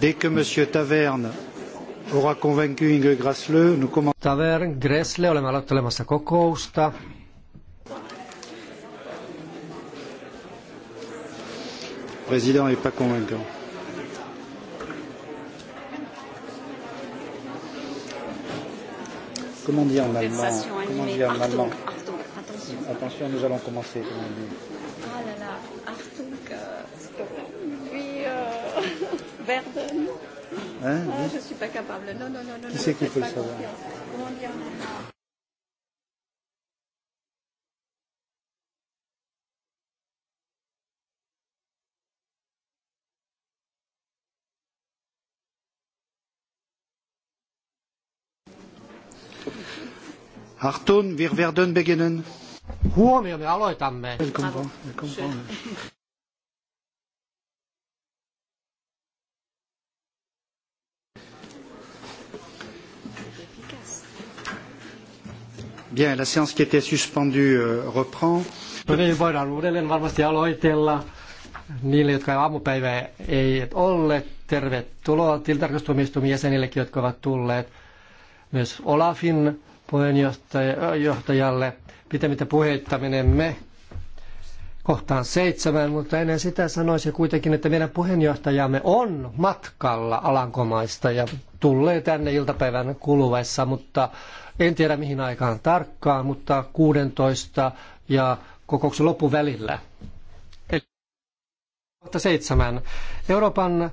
Dès que Monsieur Taverne aura convaincu Inge Grasle, nous commençons. Taverne, Gressle, olemme aloittelemassa kokousta. Président n'est pas convaincant. Comment dire en allemand Comment dire en allemand Attention, nous allons commencer. Comment dire. Hein, ah, je ne suis pas capable. Non, non, non, non. Qui c'est qui peut le savoir Comment dire Hartun, wir werden beginnen. Huomio, me aloitamme. Welcome, welcome. Bien, la séance qui était suspendue euh, reprend. No niin, voidaan uudelleen varmasti aloitella. Niille, jotka aamupäivää ei ole, tervetuloa tilintarkastustoimiston jäsenillekin, jotka ovat tulleet. Myös Olafin puheenjohtajalle äh, pitämättä puheitta menemme kohtaan seitsemän, mutta ennen sitä sanoisin kuitenkin, että meidän puheenjohtajamme on matkalla Alankomaista ja tulee tänne iltapäivän kuluessa, mutta en tiedä mihin aikaan tarkkaan, mutta 16 ja kokouksen loppuvälillä. Kohta seitsemän. Euroopan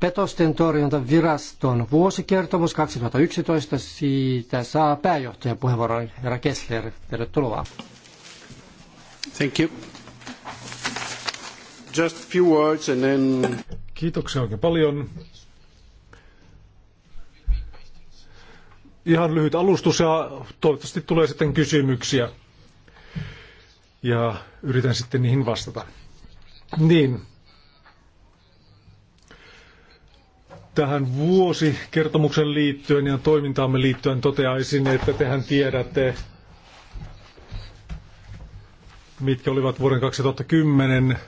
petosten torjuntaviraston vuosikertomus 2011. Siitä saa pääjohtajan puheenvuoron herra Kessler. Tervetuloa. Thank you. Just few words and then... Kiitoksia oikein paljon. Ihan lyhyt alustus ja toivottavasti tulee sitten kysymyksiä. Ja yritän sitten niihin vastata. Niin. Tähän vuosikertomuksen liittyen ja toimintaamme liittyen toteaisin, että tehän tiedätte, mitkä olivat vuoden 2010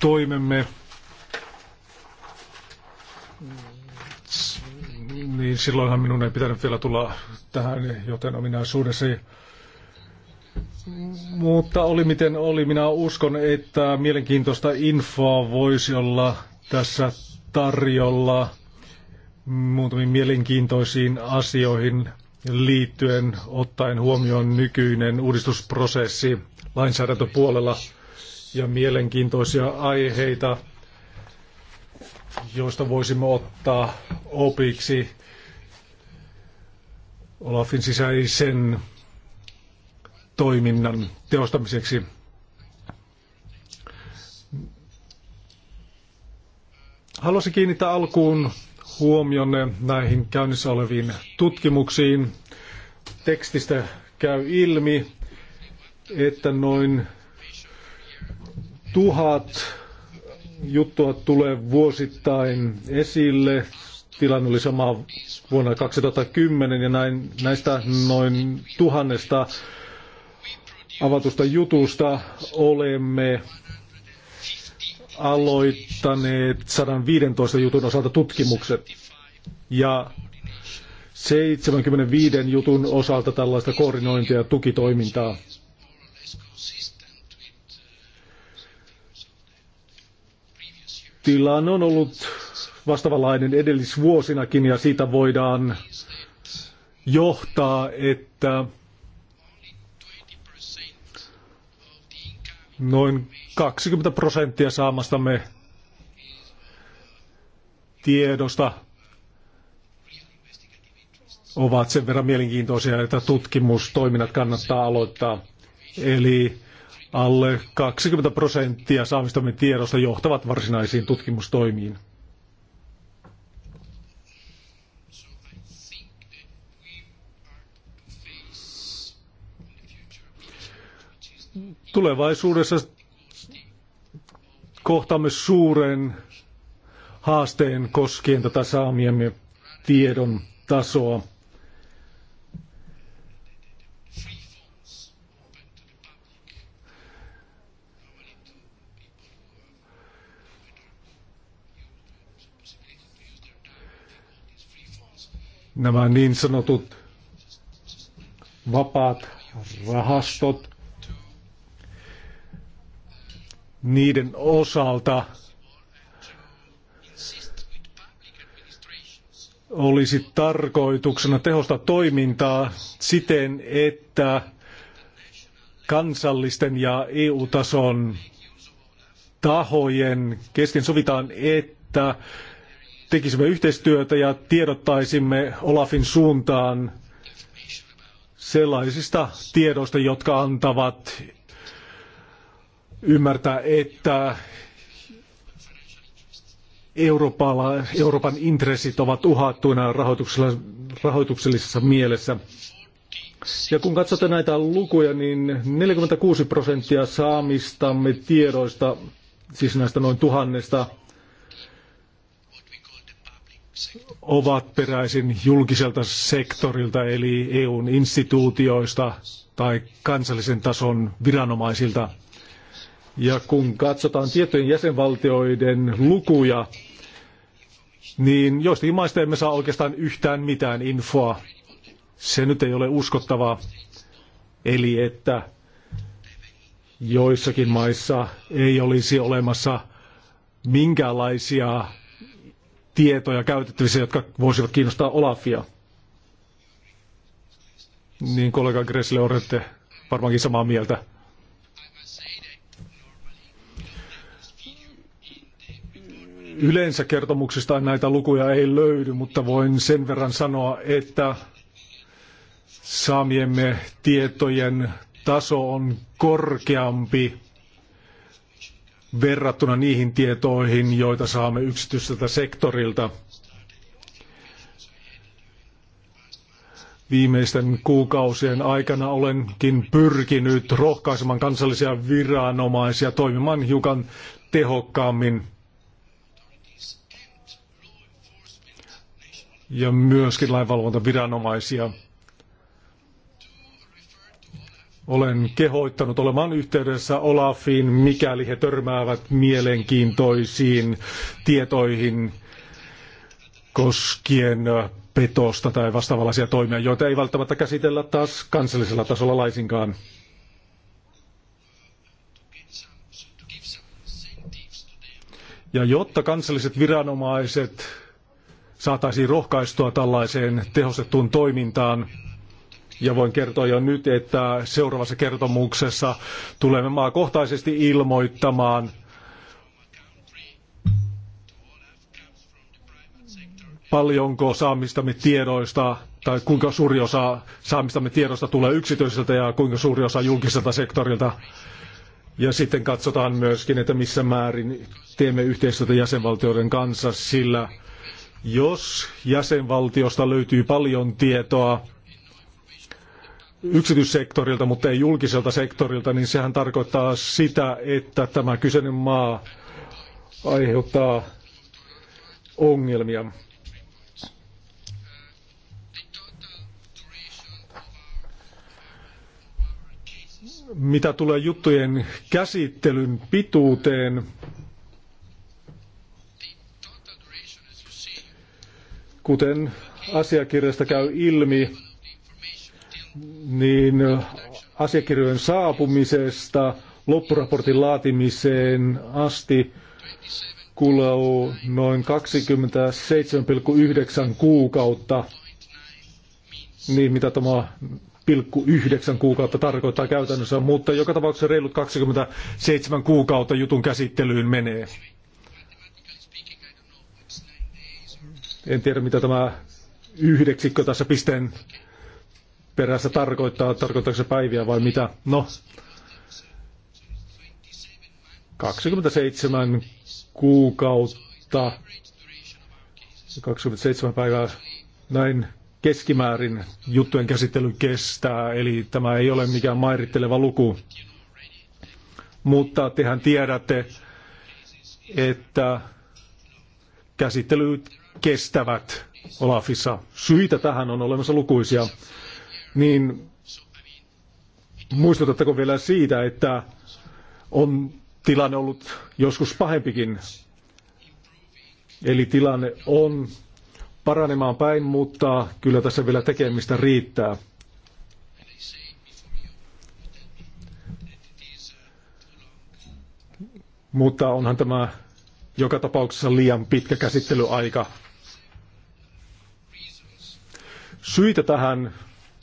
toimemme, niin silloinhan minun ei pitänyt vielä tulla tähän, joten ominaisuudesi mutta oli miten oli, minä uskon, että mielenkiintoista infoa voisi olla tässä tarjolla muutamiin mielenkiintoisiin asioihin liittyen, ottaen huomioon nykyinen uudistusprosessi lainsäädäntöpuolella ja mielenkiintoisia aiheita, joista voisimme ottaa opiksi Olafin sisäisen toiminnan teostamiseksi. Haluaisin kiinnittää alkuun huomionne näihin käynnissä oleviin tutkimuksiin. Tekstistä käy ilmi, että noin Tuhat juttua tulee vuosittain esille. Tilanne oli sama vuonna 2010 ja näin, näistä noin tuhannesta avatusta jutusta olemme aloittaneet 115 jutun osalta tutkimukset. Ja 75 jutun osalta tällaista koordinointia ja tukitoimintaa. tilanne on ollut vastavallainen edellisvuosinakin ja siitä voidaan johtaa, että noin 20 prosenttia saamastamme tiedosta ovat sen verran mielenkiintoisia, että tutkimustoiminnat kannattaa aloittaa. Eli Alle 20 prosenttia saamistamme tiedosta johtavat varsinaisiin tutkimustoimiin. Tulevaisuudessa kohtaamme suuren haasteen koskien tätä saamiemme tiedon tasoa. nämä niin sanotut vapaat rahastot, niiden osalta olisi tarkoituksena tehostaa toimintaa siten, että kansallisten ja EU-tason tahojen kesken sovitaan, että tekisimme yhteistyötä ja tiedottaisimme Olafin suuntaan sellaisista tiedoista, jotka antavat ymmärtää, että Euroopalla, Euroopan intressit ovat uhattuina rahoituksellisessa, rahoituksellisessa mielessä. Ja kun katsotte näitä lukuja, niin 46 prosenttia saamistamme tiedoista, siis näistä noin tuhannesta ovat peräisin julkiselta sektorilta eli EUn instituutioista tai kansallisen tason viranomaisilta. Ja kun katsotaan tiettyjen jäsenvaltioiden lukuja, niin joistakin maista emme saa oikeastaan yhtään mitään infoa. Se nyt ei ole uskottavaa. Eli että joissakin maissa ei olisi olemassa minkäänlaisia tietoja käytettävissä, jotka voisivat kiinnostaa Olafia. Niin kollega Gressille olette varmaankin samaa mieltä. Yleensä kertomuksista näitä lukuja ei löydy, mutta voin sen verran sanoa, että saamiemme tietojen taso on korkeampi verrattuna niihin tietoihin, joita saamme yksityiseltä sektorilta. Viimeisten kuukausien aikana olenkin pyrkinyt rohkaisemaan kansallisia viranomaisia toimimaan hiukan tehokkaammin ja myöskin lainvalvontaviranomaisia viranomaisia olen kehoittanut olemaan yhteydessä Olafiin, mikäli he törmäävät mielenkiintoisiin tietoihin koskien äh, petosta tai vastaavanlaisia toimia, joita ei välttämättä käsitellä taas kansallisella tasolla laisinkaan. Ja jotta kansalliset viranomaiset saataisiin rohkaistua tällaiseen tehostettuun toimintaan, ja voin kertoa jo nyt, että seuraavassa kertomuksessa tulemme maakohtaisesti ilmoittamaan paljonko saamistamme tiedoista tai kuinka suuri osa saamistamme tiedosta tulee yksityiseltä ja kuinka suuri osa julkiselta sektorilta. Ja sitten katsotaan myöskin, että missä määrin teemme yhteistyötä jäsenvaltioiden kanssa, sillä jos jäsenvaltiosta löytyy paljon tietoa, yksityissektorilta, mutta ei julkiselta sektorilta, niin sehän tarkoittaa sitä, että tämä kyseinen maa aiheuttaa ongelmia. Mitä tulee juttujen käsittelyn pituuteen, kuten asiakirjasta käy ilmi, niin asiakirjojen saapumisesta loppuraportin laatimiseen asti kuluu noin 27,9 kuukautta. Niin mitä tämä pilkku yhdeksän kuukautta tarkoittaa käytännössä, mutta joka tapauksessa reilut 27 kuukautta jutun käsittelyyn menee. En tiedä, mitä tämä yhdeksikkö tässä pisteen perässä tarkoittaa, tarkoittaako se päiviä vai mitä. No, 27 kuukautta, 27 päivää, näin keskimäärin juttujen käsittely kestää, eli tämä ei ole mikään mairitteleva luku. Mutta tehän tiedätte, että käsittelyt kestävät Olafissa. Syitä tähän on olemassa lukuisia niin muistutatteko vielä siitä, että on tilanne ollut joskus pahempikin. Eli tilanne on paranemaan päin, mutta kyllä tässä vielä tekemistä riittää. Mutta onhan tämä joka tapauksessa liian pitkä käsittelyaika. Syitä tähän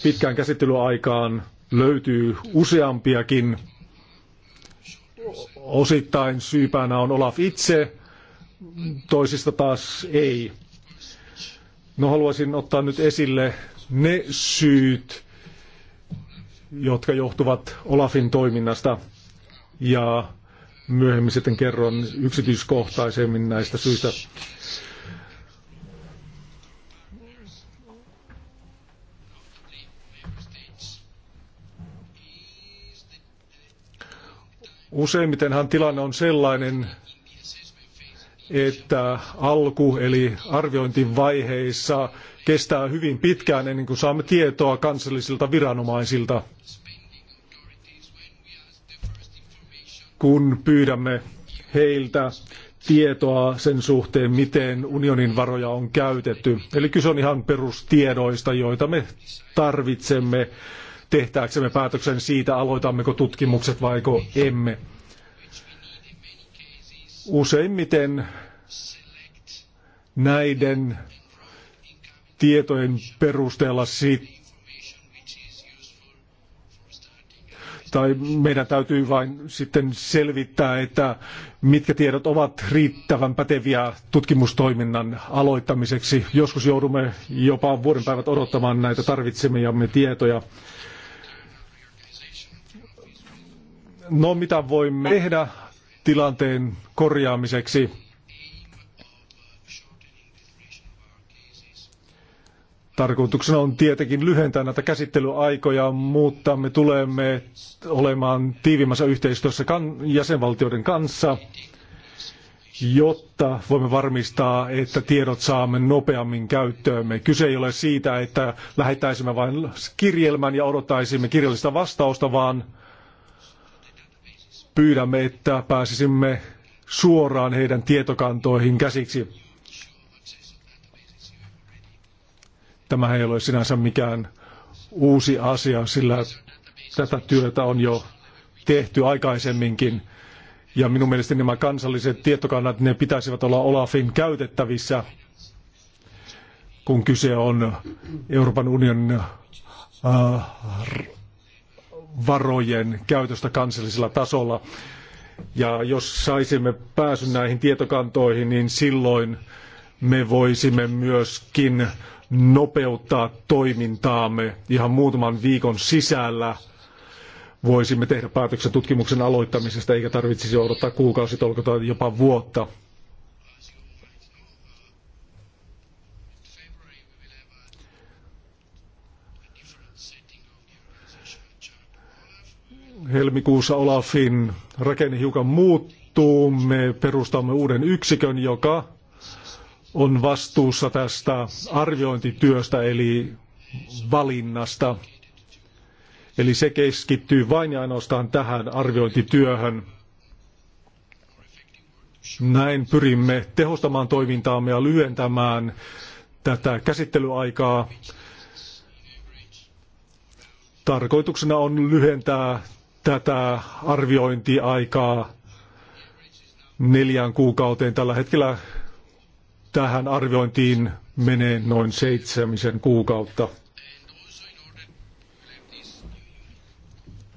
pitkään käsittelyaikaan löytyy useampiakin. Osittain syypänä on Olaf itse, toisista taas ei. No haluaisin ottaa nyt esille ne syyt, jotka johtuvat Olafin toiminnasta ja myöhemmin sitten kerron yksityiskohtaisemmin näistä syistä. Useimmitenhan tilanne on sellainen, että alku- eli arviointivaiheissa kestää hyvin pitkään ennen kuin saamme tietoa kansallisilta viranomaisilta, kun pyydämme heiltä tietoa sen suhteen, miten unionin varoja on käytetty. Eli kyse on ihan perustiedoista, joita me tarvitsemme tehtääksemme päätöksen siitä, aloitammeko tutkimukset vaiko emme. Useimmiten näiden tietojen perusteella sitten tai meidän täytyy vain sitten selvittää, että mitkä tiedot ovat riittävän päteviä tutkimustoiminnan aloittamiseksi. Joskus joudumme jopa vuoden päivät odottamaan näitä tarvitsemiamme tietoja. No mitä voimme tehdä tilanteen korjaamiseksi? Tarkoituksena on tietenkin lyhentää näitä käsittelyaikoja, mutta me tulemme olemaan tiivimmässä yhteistyössä jäsenvaltioiden kanssa, jotta voimme varmistaa, että tiedot saamme nopeammin käyttöömme. Kyse ei ole siitä, että lähettäisimme vain kirjelmän ja odottaisimme kirjallista vastausta, vaan pyydämme, että pääsisimme suoraan heidän tietokantoihin käsiksi. Tämä ei ole sinänsä mikään uusi asia, sillä tätä työtä on jo tehty aikaisemminkin. Ja minun mielestäni nämä kansalliset tietokannat, ne pitäisivät olla Olafin käytettävissä, kun kyse on Euroopan unionin äh, varojen käytöstä kansallisella tasolla. Ja jos saisimme pääsyn näihin tietokantoihin, niin silloin me voisimme myöskin nopeuttaa toimintaamme ihan muutaman viikon sisällä. Voisimme tehdä päätöksen tutkimuksen aloittamisesta, eikä tarvitsisi odottaa kuukausitolkota jopa vuotta. helmikuussa Olafin rakenne hiukan muuttuu. Me perustamme uuden yksikön, joka on vastuussa tästä arviointityöstä eli valinnasta. Eli se keskittyy vain ja ainoastaan tähän arviointityöhön. Näin pyrimme tehostamaan toimintaamme ja lyhentämään tätä käsittelyaikaa. Tarkoituksena on lyhentää tätä arviointiaikaa neljään kuukauteen. Tällä hetkellä tähän arviointiin menee noin seitsemisen kuukautta.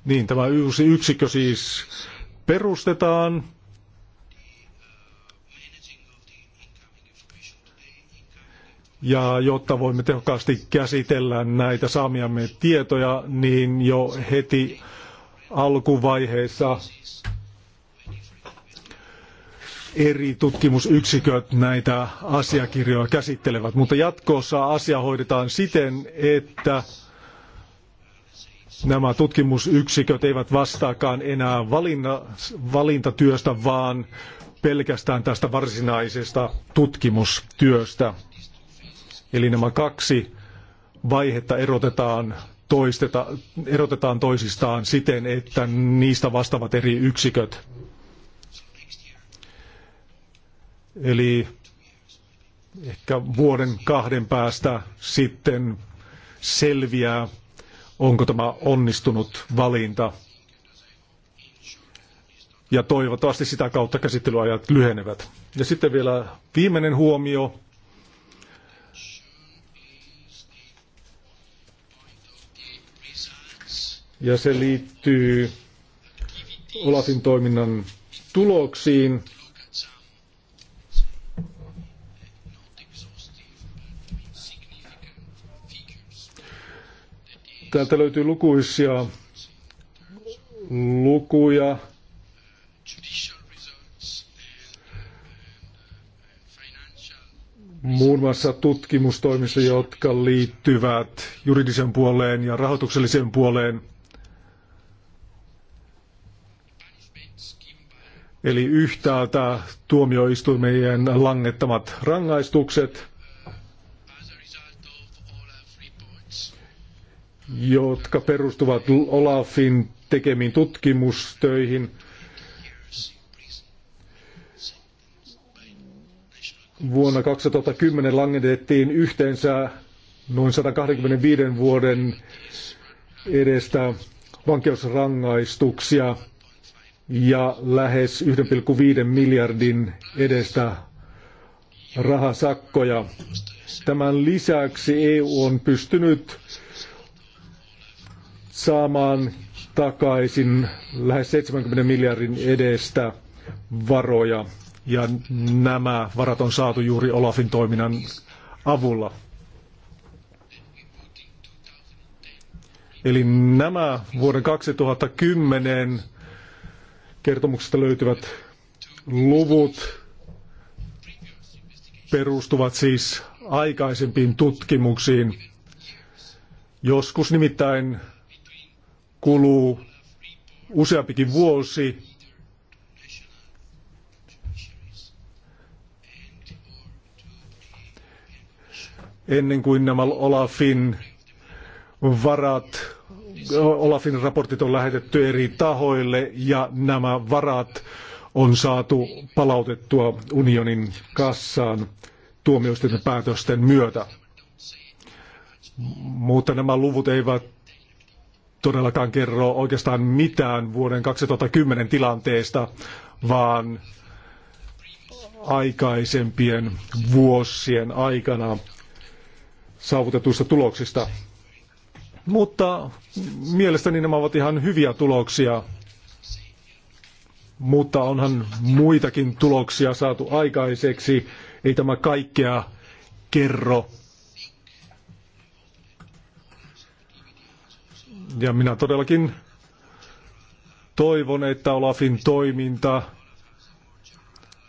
Niin, tämä uusi yksikkö siis perustetaan. Ja jotta voimme tehokkaasti käsitellä näitä saamiamme tietoja, niin jo heti alkuvaiheessa eri tutkimusyksiköt näitä asiakirjoja käsittelevät, mutta jatkossa asia hoidetaan siten, että nämä tutkimusyksiköt eivät vastaakaan enää valinna, valintatyöstä, vaan pelkästään tästä varsinaisesta tutkimustyöstä. Eli nämä kaksi vaihetta erotetaan toisteta, erotetaan toisistaan siten, että niistä vastaavat eri yksiköt. Eli ehkä vuoden kahden päästä sitten selviää, onko tämä onnistunut valinta. Ja toivottavasti sitä kautta käsittelyajat lyhenevät. Ja sitten vielä viimeinen huomio ja se liittyy Olafin toiminnan tuloksiin. Täältä löytyy lukuisia lukuja. Muun muassa tutkimustoimissa, jotka liittyvät juridisen puoleen ja rahoituksellisen puoleen. Eli yhtäältä tuomioistuimien langettamat rangaistukset, jotka perustuvat Olafin tekemiin tutkimustöihin, vuonna 2010 langetettiin yhteensä noin 125 vuoden edestä vankeusrangaistuksia ja lähes 1,5 miljardin edestä rahasakkoja. Tämän lisäksi EU on pystynyt saamaan takaisin lähes 70 miljardin edestä varoja ja nämä varat on saatu juuri Olafin toiminnan avulla. Eli nämä vuoden 2010 kertomuksesta löytyvät luvut perustuvat siis aikaisempiin tutkimuksiin. Joskus nimittäin kuluu useampikin vuosi ennen kuin nämä Olafin varat Olafin raportit on lähetetty eri tahoille ja nämä varat on saatu palautettua unionin kassaan tuomioistuimen päätösten myötä. Mutta nämä luvut eivät todellakaan kerro oikeastaan mitään vuoden 2010 tilanteesta, vaan aikaisempien vuosien aikana saavutetuista tuloksista. Mutta mielestäni nämä ovat ihan hyviä tuloksia. Mutta onhan muitakin tuloksia saatu aikaiseksi. Ei tämä kaikkea kerro. Ja minä todellakin toivon, että Olafin toiminta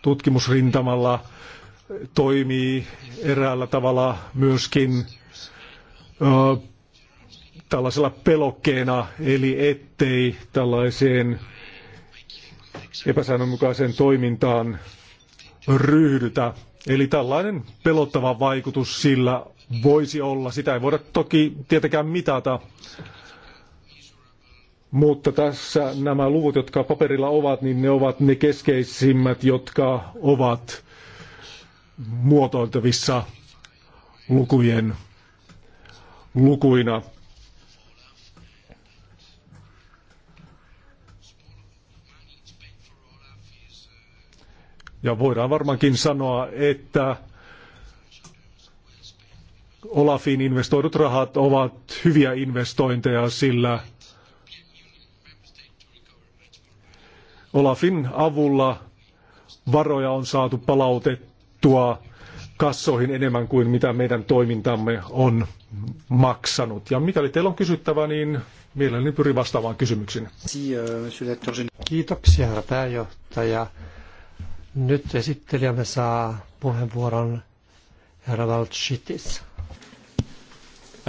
tutkimusrintamalla toimii eräällä tavalla myöskin tällaisella pelokkeena, eli ettei tällaiseen epäsäännönmukaiseen toimintaan ryhdytä. Eli tällainen pelottava vaikutus sillä voisi olla. Sitä ei voida toki tietenkään mitata, mutta tässä nämä luvut, jotka paperilla ovat, niin ne ovat ne keskeisimmät, jotka ovat muotoiltavissa lukujen lukuina. Ja voidaan varmaankin sanoa, että Olafiin investoidut rahat ovat hyviä investointeja, sillä Olafin avulla varoja on saatu palautettua kassoihin enemmän kuin mitä meidän toimintamme on maksanut. Ja mikäli teillä on kysyttävä, niin mielelläni pyrin vastaamaan kysymyksiin. Euh, Kiitoksia, herra pääjohtaja. Nyt esittelijämme saa puheenvuoron herra Valtsitis.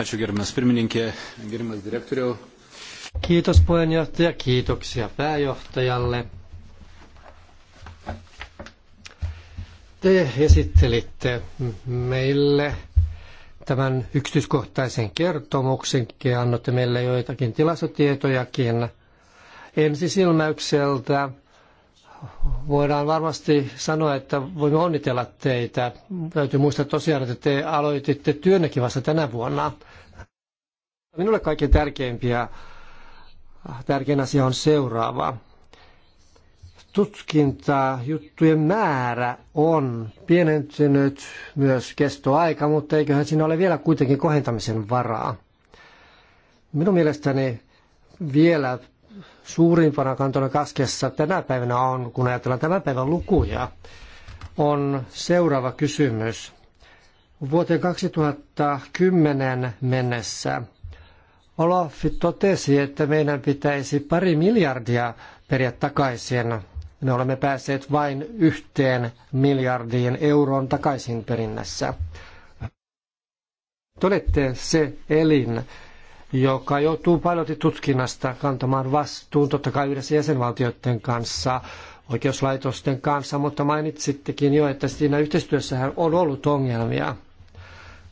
Ačiū gerbiamas pirmininkė, gerbiamas direktoriau. Kiitos puheenjohtaja, kiitoksia pääjohtajalle. Te esittelitte meille tämän yksityiskohtaisen kertomuksen ja annoitte meille joitakin tilastotietojakin ensisilmäykseltä voidaan varmasti sanoa, että voimme onnitella teitä. Täytyy muistaa tosiaan, että te aloititte työnnekin vasta tänä vuonna. Minulle kaikkein tärkeimpiä, tärkein asia on seuraava. Tutkintajuttujen määrä on pienentynyt myös kestoaika, mutta eiköhän siinä ole vielä kuitenkin kohentamisen varaa. Minun mielestäni vielä suurimpana kantona kaskessa tänä päivänä on, kun ajatellaan tämän päivän lukuja, on seuraava kysymys. Vuoteen 2010 mennessä Olaf totesi, että meidän pitäisi pari miljardia periä takaisin. Me olemme päässeet vain yhteen miljardiin euron takaisin perinnässä. Te olette se elin, joka joutuu paljolti tutkinnasta kantamaan vastuun, totta kai yhdessä jäsenvaltioiden kanssa, oikeuslaitosten kanssa, mutta mainitsittekin jo, että siinä yhteistyössähän on ollut ongelmia.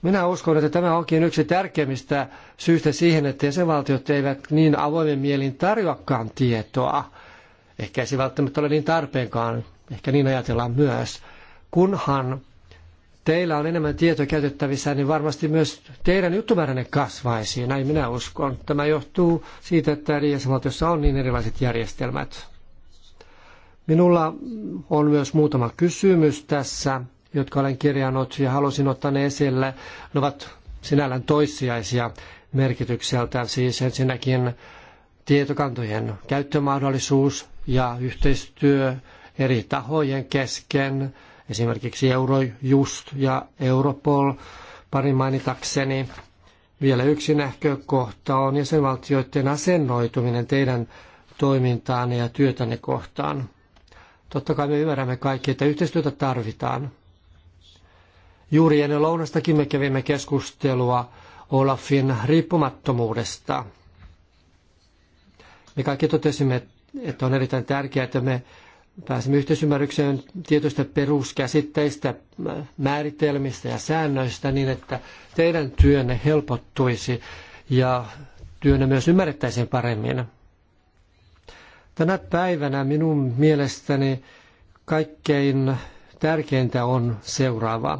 Minä uskon, että tämä onkin yksi tärkeimmistä syistä siihen, että jäsenvaltiot eivät niin avoimen mielin tarjoakaan tietoa. Ehkä ei se välttämättä ole niin tarpeenkaan, ehkä niin ajatellaan myös, kunhan teillä on enemmän tietoa käytettävissä, niin varmasti myös teidän juttumääränne kasvaisi. Näin minä uskon. Tämä johtuu siitä, että eri jäsenvaltiossa on niin erilaiset järjestelmät. Minulla on myös muutama kysymys tässä, jotka olen kirjannut ja halusin ottaa ne esille. Ne ovat sinällään toissijaisia merkitykseltään, siis ensinnäkin tietokantojen käyttömahdollisuus ja yhteistyö eri tahojen kesken – Esimerkiksi Eurojust ja Europol, pari mainitakseni. Vielä yksi näkökohta on jäsenvaltioiden asennoituminen teidän toimintaanne ja työtänne kohtaan. Totta kai me ymmärrämme kaikki, että yhteistyötä tarvitaan. Juuri ennen lounastakin me kävimme keskustelua Olafin riippumattomuudesta. Me kaikki totesimme, että on erittäin tärkeää, että me pääsemme yhteisymmärrykseen tietyistä peruskäsitteistä, määritelmistä ja säännöistä niin, että teidän työnne helpottuisi ja työnne myös ymmärrettäisiin paremmin. Tänä päivänä minun mielestäni kaikkein tärkeintä on seuraava.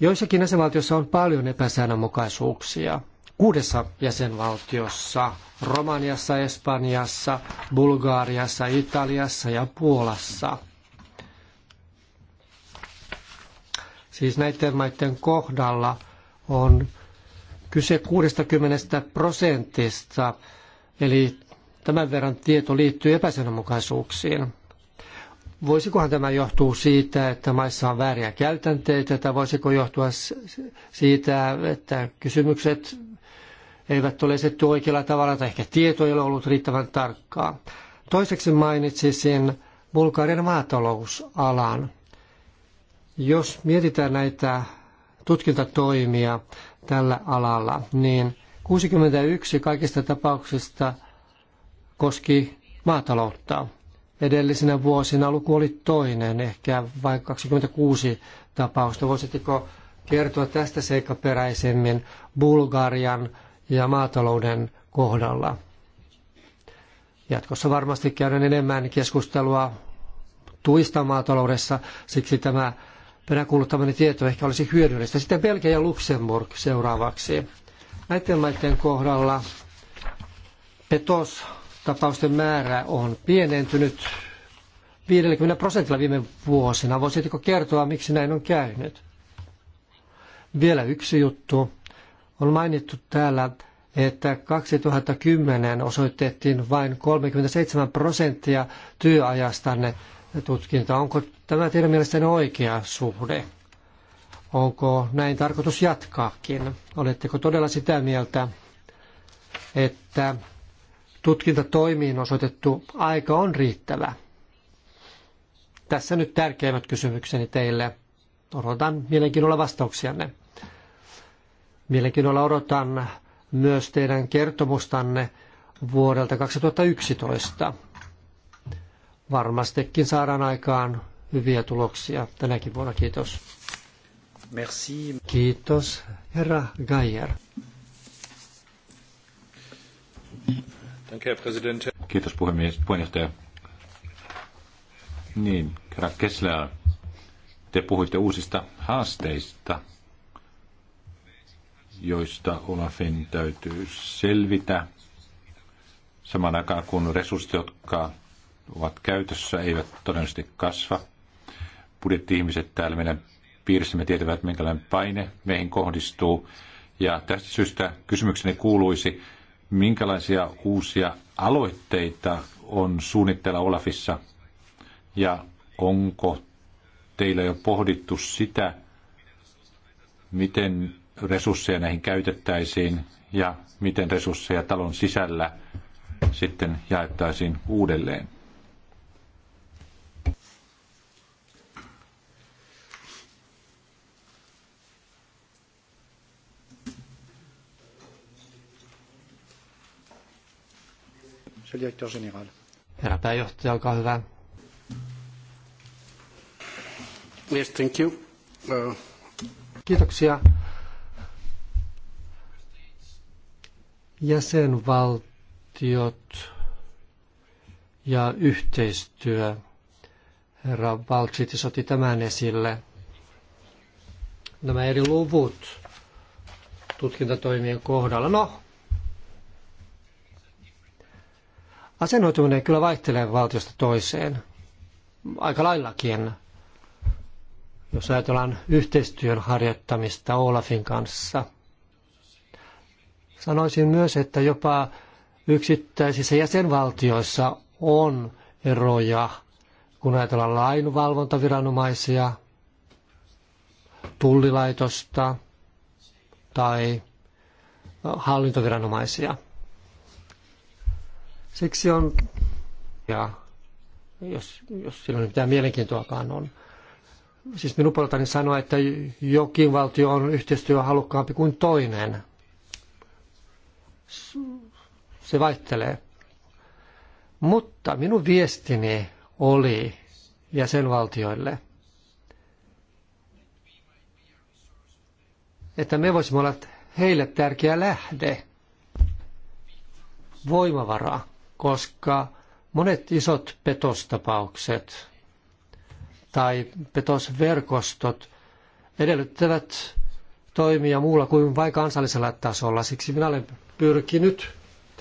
Joissakin jäsenvaltioissa on paljon epäsäännönmukaisuuksia – kuudessa jäsenvaltiossa, Romaniassa, Espanjassa, Bulgaariassa, Italiassa ja Puolassa. Siis näiden maiden kohdalla on kyse 60 prosentista, eli tämän verran tieto liittyy epäsenomukaisuuksiin. Voisikohan tämä johtua siitä, että maissa on vääriä käytänteitä, tai voisiko johtua siitä, että kysymykset eivät ole esitetty oikealla tavalla tai ehkä tieto ei ole ollut riittävän tarkkaa. Toiseksi mainitsisin Bulgarian maatalousalan. Jos mietitään näitä tutkintatoimia tällä alalla, niin 61 kaikista tapauksista koski maataloutta. Edellisinä vuosina luku oli toinen, ehkä vain 26 tapausta. Voisitteko kertoa tästä seikkaperäisemmin Bulgarian ja maatalouden kohdalla. Jatkossa varmasti käydään enemmän keskustelua tuista maataloudessa, siksi tämä peräkuuluttamani tieto ehkä olisi hyödyllistä. Sitten Belgia ja Luxemburg seuraavaksi. Näiden maiden kohdalla petostapausten määrä on pienentynyt 50 prosentilla viime vuosina. Voisitko kertoa, miksi näin on käynyt? Vielä yksi juttu. On mainittu täällä, että 2010 osoitettiin vain 37 prosenttia työajastanne tutkinta. Onko tämä teidän mielestänne oikea suhde? Onko näin tarkoitus jatkaakin? Oletteko todella sitä mieltä, että tutkintatoimiin osoitettu aika on riittävä? Tässä nyt tärkeimmät kysymykseni teille. Odotan mielenkiinnolla vastauksianne. Mielenkiinnolla odotan myös teidän kertomustanne vuodelta 2011. Varmastikin saadaan aikaan hyviä tuloksia tänäkin vuonna. Kiitos. Merci. Kiitos, herra Geier. Kiitos puhemies, puheenjohtaja. Niin, herra Kessler, te puhuitte uusista haasteista, joista Olafin täytyy selvitä. Samaan aikaan kun resurssit, jotka ovat käytössä, eivät todennäköisesti kasva. Budjetti-ihmiset täällä meidän piirissämme tietävät, minkälainen paine meihin kohdistuu. Ja tästä syystä kysymykseni kuuluisi, minkälaisia uusia aloitteita on suunnitteilla Olafissa ja onko teillä jo pohdittu sitä, miten resursseja näihin käytettäisiin ja miten resursseja talon sisällä sitten jaettaisiin uudelleen. Herra pääjohtaja, olkaa hyvä. Yes, thank you. Uh... Kiitoksia. jäsenvaltiot ja yhteistyö. Herra Balchitis otti tämän esille. Nämä eri luvut tutkintatoimien kohdalla. No, asennoituminen kyllä vaihtelee valtiosta toiseen. Aika laillakin, jos ajatellaan yhteistyön harjoittamista Olafin kanssa – Sanoisin myös, että jopa yksittäisissä jäsenvaltioissa on eroja, kun ajatellaan lainvalvontaviranomaisia, tullilaitosta tai hallintoviranomaisia. Siksi on, ja jos, jos silloin mitään mielenkiintoakaan on, siis minun puoleltani sanoa, että jokin valtio on yhteistyöhalukkaampi kuin toinen – se vaihtelee. Mutta minun viestini oli jäsenvaltioille, että me voisimme olla heille tärkeä lähde, voimavara, koska monet isot petostapaukset tai petosverkostot edellyttävät toimia muulla kuin vain kansallisella tasolla. Siksi minä olen pyrkinyt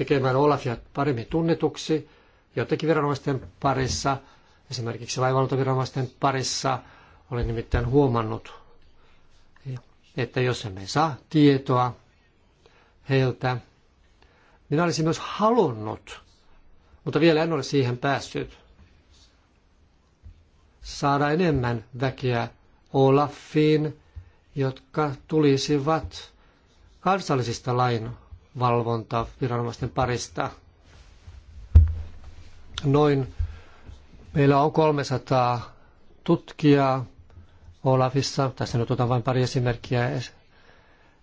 tekemään Olafia paremmin tunnetuksi jotenkin viranomaisten parissa, esimerkiksi laivalvontaviranomaisten parissa. Olen nimittäin huomannut, että jos emme saa tietoa heiltä, minä olisin myös halunnut, mutta vielä en ole siihen päässyt, saada enemmän väkeä Olafiin, jotka tulisivat kansallisista lain valvonta viranomaisten parista. Noin meillä on 300 tutkijaa Olafissa, tässä nyt otan vain pari esimerkkiä,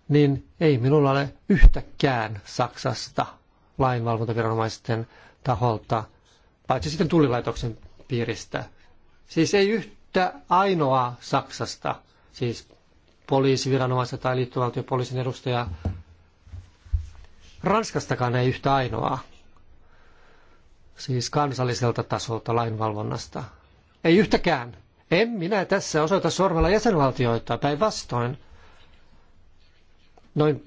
niin ei minulla ole yhtäkään Saksasta lainvalvontaviranomaisten taholta, paitsi sitten tullilaitoksen piiristä. Siis ei yhtä ainoaa Saksasta, siis poliisiviranomaista tai liittovaltiopoliisin edustajaa Ranskastakaan ei yhtä ainoaa, siis kansalliselta tasolta lainvalvonnasta. Ei yhtäkään. En minä tässä osoita sormella jäsenvaltioita, päinvastoin. Noin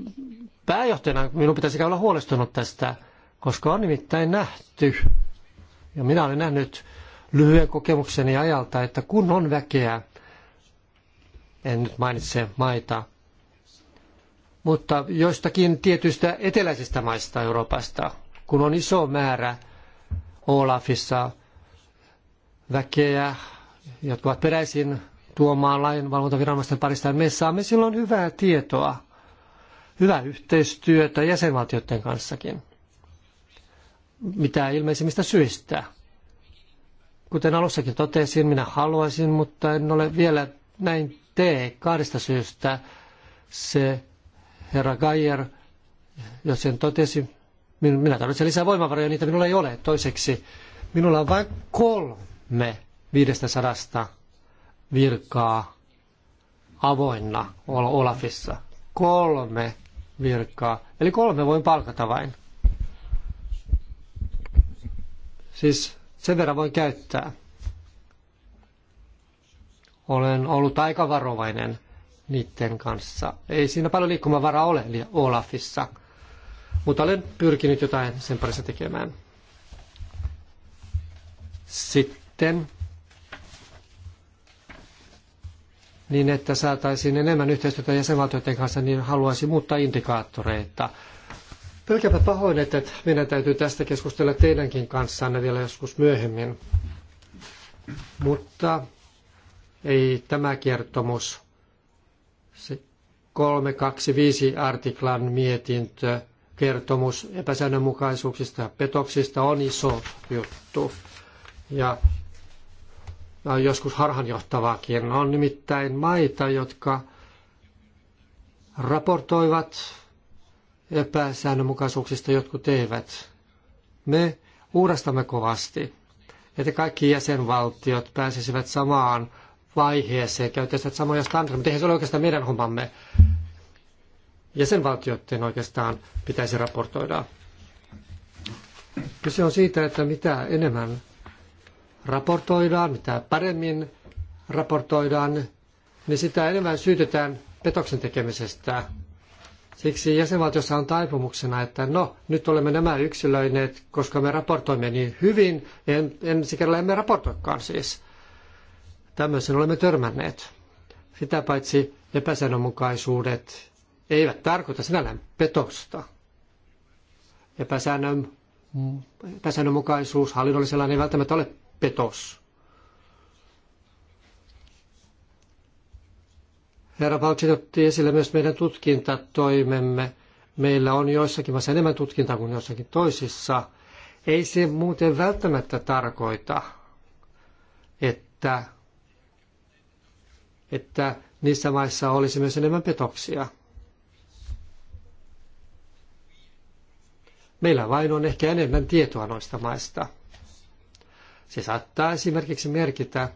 pääjohtajana minun pitäisi olla huolestunut tästä, koska on nimittäin nähty, ja minä olen nähnyt lyhyen kokemukseni ajalta, että kun on väkeä, en nyt mainitse maita, mutta joistakin tietyistä eteläisistä maista Euroopasta, kun on iso määrä Olafissa väkeä, jotka ovat peräisin tuomaan lainvalvontaviranomaisten parista, me saamme silloin hyvää tietoa, hyvää yhteistyötä jäsenvaltioiden kanssakin. Mitä ilmeisimmistä syistä. Kuten alussakin totesin, minä haluaisin, mutta en ole vielä näin tee kahdesta syystä. Se herra Gayer, jos sen totesi, minä tarvitsen lisää voimavaroja, niitä minulla ei ole. Toiseksi, minulla on vain kolme viidestä sadasta virkaa avoinna Olafissa. Kolme virkaa. Eli kolme voin palkata vain. Siis sen verran voin käyttää. Olen ollut aika varovainen – niiden kanssa. Ei siinä paljon liikkumavaraa ole eli Olafissa, mutta olen pyrkinyt jotain sen parissa tekemään. Sitten niin, että saataisiin enemmän yhteistyötä jäsenvaltioiden kanssa, niin haluaisin muuttaa indikaattoreita. Pelkäpä pahoin, että meidän täytyy tästä keskustella teidänkin kanssanne vielä joskus myöhemmin. Mutta ei tämä kertomus 325 artiklan mietintö, kertomus epäsäännönmukaisuuksista ja petoksista on iso juttu. Ja joskus harhanjohtavaakin. On nimittäin maita, jotka raportoivat epäsäännönmukaisuuksista, jotkut eivät. Me uurastamme kovasti, että kaikki jäsenvaltiot pääsisivät samaan vaiheeseen käyttäisivät samoja standardeja, mutta eihän se ole oikeastaan meidän hommamme. Jäsenvaltioiden oikeastaan pitäisi raportoida. Kyse on siitä, että mitä enemmän raportoidaan, mitä paremmin raportoidaan, niin sitä enemmän syytetään petoksen tekemisestä. Siksi jäsenvaltiossa on taipumuksena, että no, nyt olemme nämä yksilöineet, koska me raportoimme niin hyvin, en, ensi kerralla emme raportoikaan siis. Tämmöisen olemme törmänneet. Sitä paitsi epäsäännönmukaisuudet eivät tarkoita sinällään petosta. Epäsäännön, epäsäännönmukaisuus hallinnollisella ei välttämättä ole petos. Herra Paltsit otti esille myös meidän tutkintatoimemme. Meillä on joissakin maissa enemmän tutkintaa kuin joissakin toisissa. Ei se muuten välttämättä tarkoita, että että niissä maissa olisi myös enemmän petoksia. Meillä vain on ehkä enemmän tietoa noista maista. Se saattaa esimerkiksi merkitä,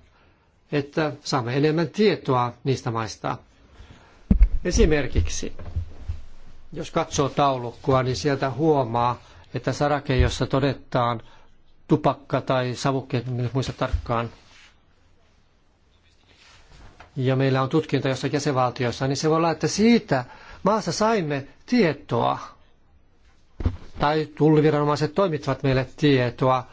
että saamme enemmän tietoa niistä maista. Esimerkiksi, jos katsoo taulukkoa, niin sieltä huomaa, että sarake, jossa todetaan tupakka tai savukkeet, en niin muista tarkkaan, ja meillä on tutkinta jossakin jäsenvaltiossa, niin se voi olla, että siitä maassa saimme tietoa. Tai tulliviranomaiset toimittavat meille tietoa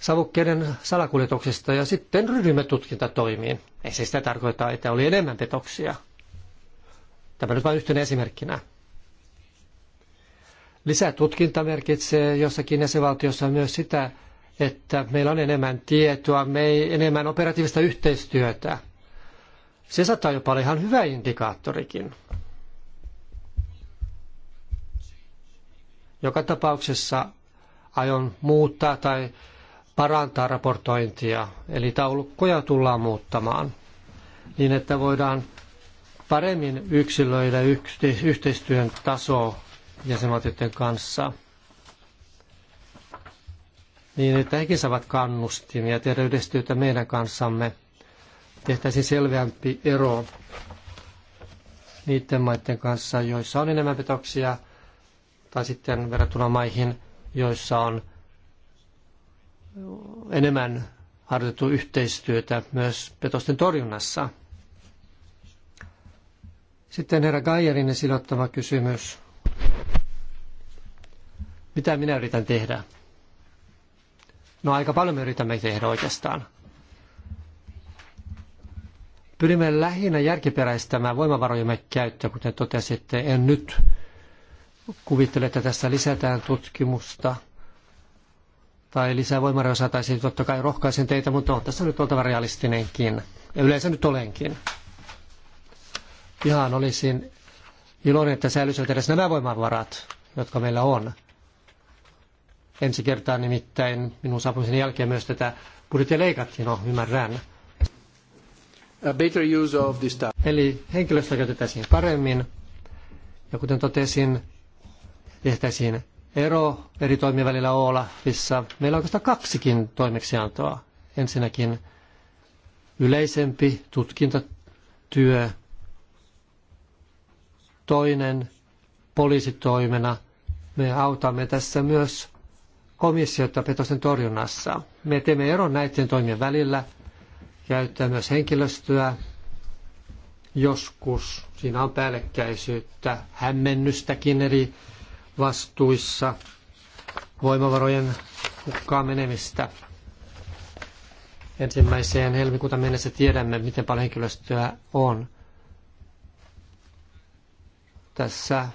savukkeiden salakuljetuksesta ja sitten ryhdymme tutkintatoimiin. Ei se sitä tarkoita, että oli enemmän petoksia. Tämä nyt vain yhtenä esimerkkinä. Lisätutkinta merkitsee jossakin jäsenvaltiossa myös sitä, että meillä on enemmän tietoa, me ei enemmän operatiivista yhteistyötä – se saattaa jopa olla ihan hyvä indikaattorikin. Joka tapauksessa aion muuttaa tai parantaa raportointia, eli taulukkoja tullaan muuttamaan niin, että voidaan paremmin yksilöidä yhteistyön taso jäsenvaltioiden kanssa. Niin, että hekin saavat kannustimia tehdä yhteistyötä meidän kanssamme tehtäisiin selvempi ero niiden maiden kanssa, joissa on enemmän petoksia, tai sitten verrattuna maihin, joissa on enemmän harjoitettu yhteistyötä myös petosten torjunnassa. Sitten herra Gajerin esille ottama kysymys. Mitä minä yritän tehdä? No aika paljon me yritämme tehdä oikeastaan. Pyrimme lähinnä järkiperäistämään voimavarojemme käyttöä, kuten totesitte. En nyt kuvittele, että tässä lisätään tutkimusta tai lisää voimavaroja saataisiin. Totta kai rohkaisen teitä, mutta on tässä nyt oltava realistinenkin. Ja yleensä nyt olenkin. Ihan olisin iloinen, että säilyisivät edes nämä voimavarat, jotka meillä on. Ensi kertaa nimittäin minun saapumiseni jälkeen myös tätä budjettia leikattiin, no ymmärrän a better use of this Eli henkilöstöä käytettäisiin paremmin ja kuten totesin, tehtäisiin ero eri toimien välillä Olafissa. Meillä on oikeastaan kaksikin toimeksiantoa. Ensinnäkin yleisempi tutkintatyö, toinen poliisitoimena. Me autamme tässä myös komissiota petosten torjunnassa. Me teemme eron näiden toimien välillä – käyttää myös henkilöstöä. Joskus siinä on päällekkäisyyttä, hämmennystäkin eri vastuissa, voimavarojen hukkaan menemistä. Ensimmäiseen helmikuuta mennessä tiedämme, miten paljon henkilöstöä on. Tässä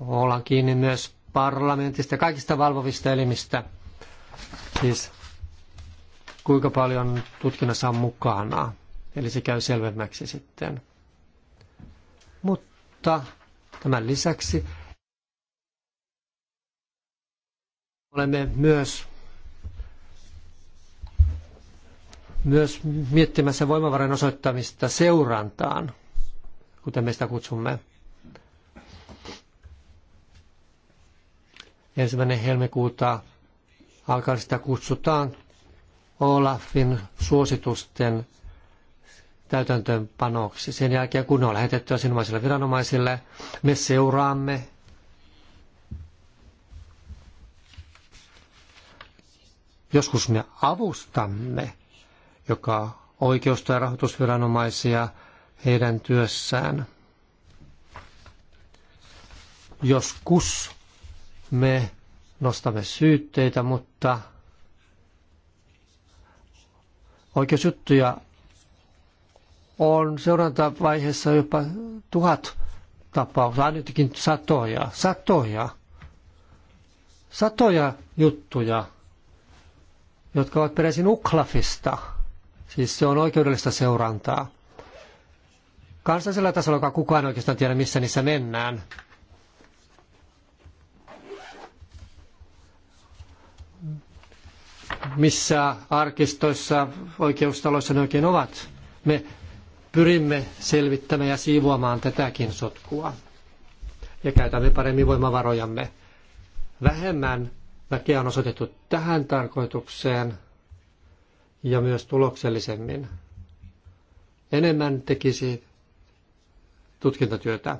ollaan kiinni myös parlamentista ja kaikista valvovista elimistä. Siis kuinka paljon tutkinnassa on mukana. Eli se käy selvemmäksi sitten. Mutta tämän lisäksi olemme myös myös miettimässä voimavarojen osoittamista seurantaan, kuten me sitä kutsumme. Ensimmäinen helmikuuta alkaa sitä kutsutaan Olafin suositusten täytäntöönpanoksi. Sen jälkeen, kun ne on lähetetty asianomaisille viranomaisille, me seuraamme Joskus me avustamme, joka oikeus- tai rahoitusviranomaisia heidän työssään. Joskus me nostamme syytteitä, mutta Oikeusjuttuja on seurantavaiheessa jopa tuhat tapausta, ainakin satoja, satoja, satoja juttuja, jotka ovat peräisin Uklafista. Siis se on oikeudellista seurantaa. Kansallisella tasolla, joka kukaan oikeastaan tiedä, missä niissä mennään, missä arkistoissa, oikeustaloissa ne oikein ovat. Me pyrimme selvittämään ja siivoamaan tätäkin sotkua. Ja käytämme paremmin voimavarojamme. Vähemmän väkeä on osoitettu tähän tarkoitukseen ja myös tuloksellisemmin. Enemmän tekisi tutkintatyötä.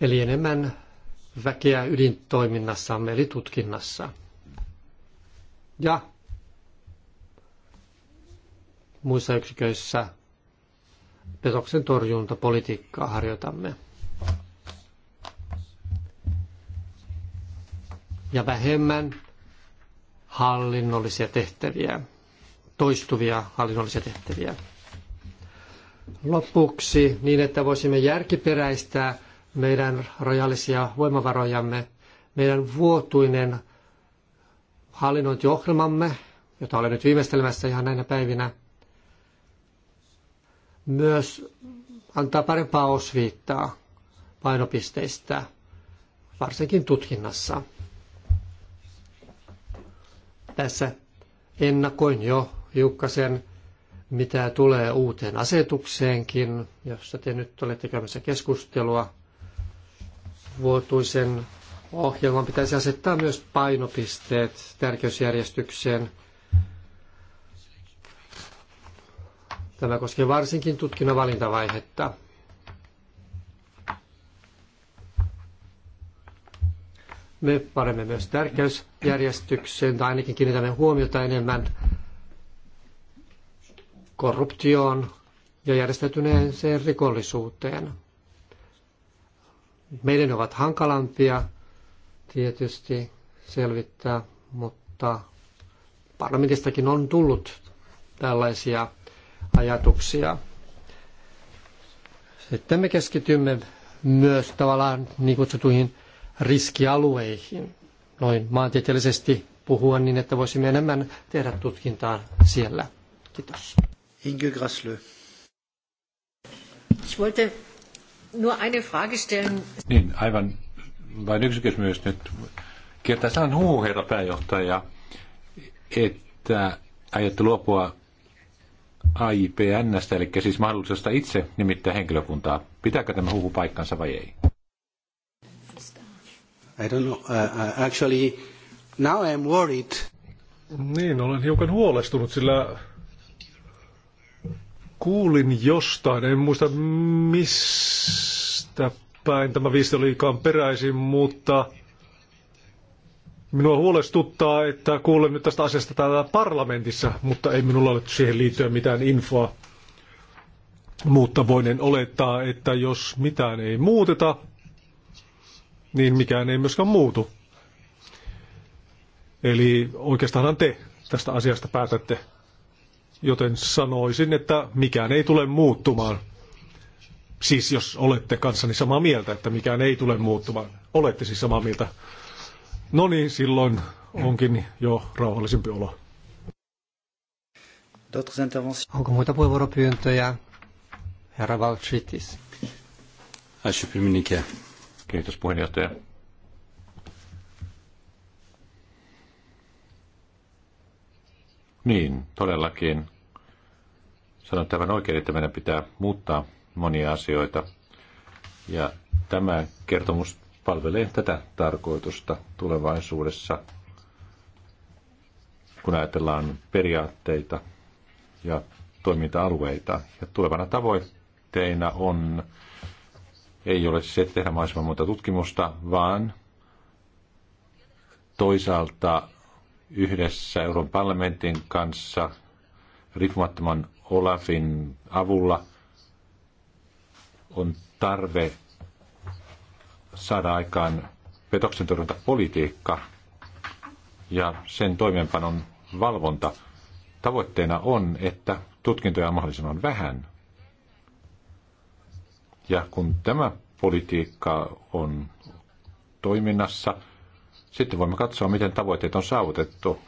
Eli enemmän väkeä ydintoiminnassamme eli tutkinnassa ja muissa yksiköissä petoksen torjuntapolitiikkaa harjoitamme. Ja vähemmän hallinnollisia tehtäviä, toistuvia hallinnollisia tehtäviä. Lopuksi niin, että voisimme järkiperäistää meidän rajallisia voimavarojamme, meidän vuotuinen hallinnointiohjelmamme, jota olen nyt viimeistelemässä ihan näinä päivinä, myös antaa parempaa osviittaa painopisteistä, varsinkin tutkinnassa. Tässä ennakoin jo hiukkasen, mitä tulee uuteen asetukseenkin, josta te nyt olette käymässä keskustelua vuotuisen ohjelman pitäisi asettaa myös painopisteet tärkeysjärjestykseen. Tämä koskee varsinkin tutkinnon valintavaihetta. Me paremme myös tärkeysjärjestykseen, tai ainakin kiinnitämme huomiota enemmän korruptioon ja järjestäytyneeseen rikollisuuteen. Meidän ovat hankalampia tietysti selvittää, mutta parlamentistakin on tullut tällaisia ajatuksia. Sitten me keskitymme myös tavallaan niin kutsutuihin riskialueihin, noin maantieteellisesti puhua niin, että voisimme enemmän tehdä tutkintaa siellä. Kiitos. Inge Graslö. Ich wollte nur eine Frage stellen. Niin, aivan vain yksi kysymys nyt. Kiertää sanan huu, herra pääjohtaja, että aiotte luopua AIPNstä, eli siis mahdollisesta itse nimittää henkilökuntaa. Pitääkö tämä huhu paikkansa vai ei? I don't know. Uh, uh, actually, now I'm worried. Niin, olen hiukan huolestunut, sillä kuulin jostain, en muista mistä päin tämä viesti olikaan peräisin, mutta minua huolestuttaa, että kuulen nyt tästä asiasta täällä parlamentissa, mutta ei minulla ole siihen liittyen mitään infoa. Mutta voinen olettaa, että jos mitään ei muuteta, niin mikään ei myöskään muutu. Eli oikeastaan te tästä asiasta päätätte. Joten sanoisin, että mikään ei tule muuttumaan. Siis jos olette kanssani samaa mieltä, että mikään ei tule muuttumaan. Olette siis samaa mieltä. No niin, silloin onkin jo rauhallisempi olo. Onko muita puheenvuoropyyntöjä? Herra Valtritis. Kiitos puheenjohtaja. Niin, todellakin. Sanoin tämän oikein, että meidän pitää muuttaa monia asioita. Ja tämä kertomus palvelee tätä tarkoitusta tulevaisuudessa, kun ajatellaan periaatteita ja toiminta-alueita. Ja tulevana tavoitteena on, ei ole se, tehdä mahdollisimman monta tutkimusta, vaan toisaalta yhdessä Euroopan parlamentin kanssa riippumattoman Olafin avulla – on tarve saada aikaan petoksen torjuntapolitiikka ja sen toimeenpanon valvonta. Tavoitteena on, että tutkintoja on mahdollisimman vähän. Ja kun tämä politiikka on toiminnassa, sitten voimme katsoa, miten tavoitteet on saavutettu.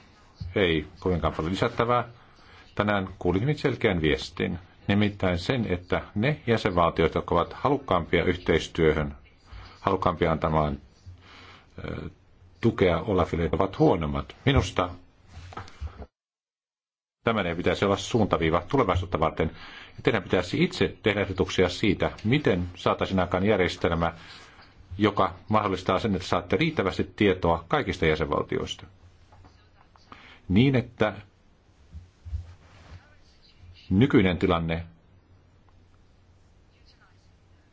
Ei kovinkaan paljon lisättävää. Tänään kuulin hyvin selkeän viestin nimittäin sen, että ne jäsenvaltiot, jotka ovat halukkaampia yhteistyöhön, halukkaampia antamaan tukea Olafille, ovat huonommat. Minusta tämän ei pitäisi olla suuntaviiva tulevaisuutta varten. Ja teidän pitäisi itse tehdä ehdotuksia siitä, miten saataisiin aikaan järjestelmä, joka mahdollistaa sen, että saatte riittävästi tietoa kaikista jäsenvaltioista. Niin, että nykyinen tilanne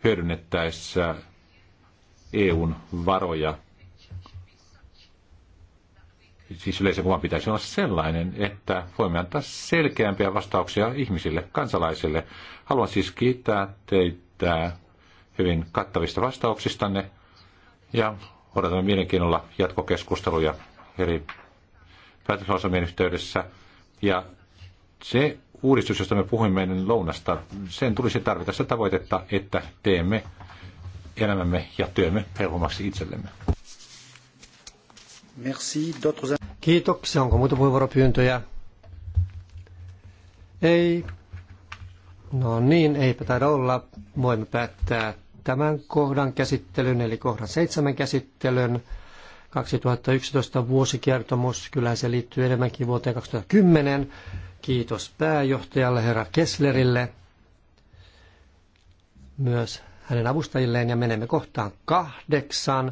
hyödynnettäessä EUn varoja. Siis yleisen kuvan pitäisi olla sellainen, että voimme antaa selkeämpiä vastauksia ihmisille, kansalaisille. Haluan siis kiittää teitä hyvin kattavista vastauksistanne ja odotamme mielenkiinnolla jatkokeskusteluja eri päätöslausamien yhteydessä. Ja se uudistus, josta me puhuimme ennen lounasta, sen tulisi tarvita sitä tavoitetta, että teemme elämämme ja työmme helpommaksi itsellemme. Merci. Kiitoksia. Onko muita puheenvuoropyyntöjä? Ei. No niin, eipä taida olla. Voimme päättää tämän kohdan käsittelyn, eli kohdan seitsemän käsittelyn. 2011 vuosikertomus, kyllä se liittyy enemmänkin vuoteen 2010. Kiitos pääjohtajalle herra Kesslerille, myös hänen avustajilleen ja menemme kohtaan kahdeksan.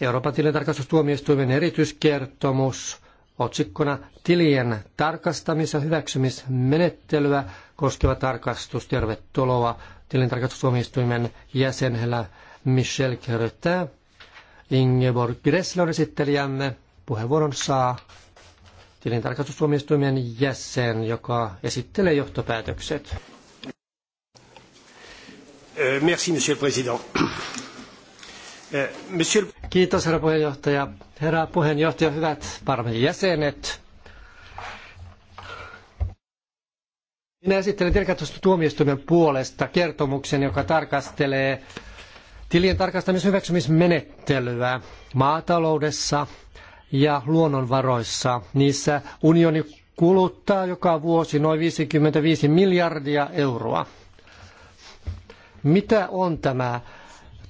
Euroopan tilintarkastustuomioistuimen erityiskertomus otsikkona tilien tarkastamis- ja hyväksymismenettelyä koskeva tarkastus. Tervetuloa tilintarkastustuomioistuimen jäsenellä Michel Kertin. Ingeborg Gressler esittelijämme puheenvuoron saa tilintarkastustuomioistuimen jäsen, joka esittelee johtopäätökset. Eh, merci, monsieur le président. Eh, monsieur... Kiitos, herra puheenjohtaja. Herra puheenjohtaja, hyvät parlamentin jäsenet. Minä esittelen tilintarkastustuomioistuimen puolesta kertomuksen, joka tarkastelee tilien tarkastamishyväksymismenettelyä maataloudessa – ja luonnonvaroissa. Niissä unioni kuluttaa joka vuosi noin 55 miljardia euroa. Mitä on tämä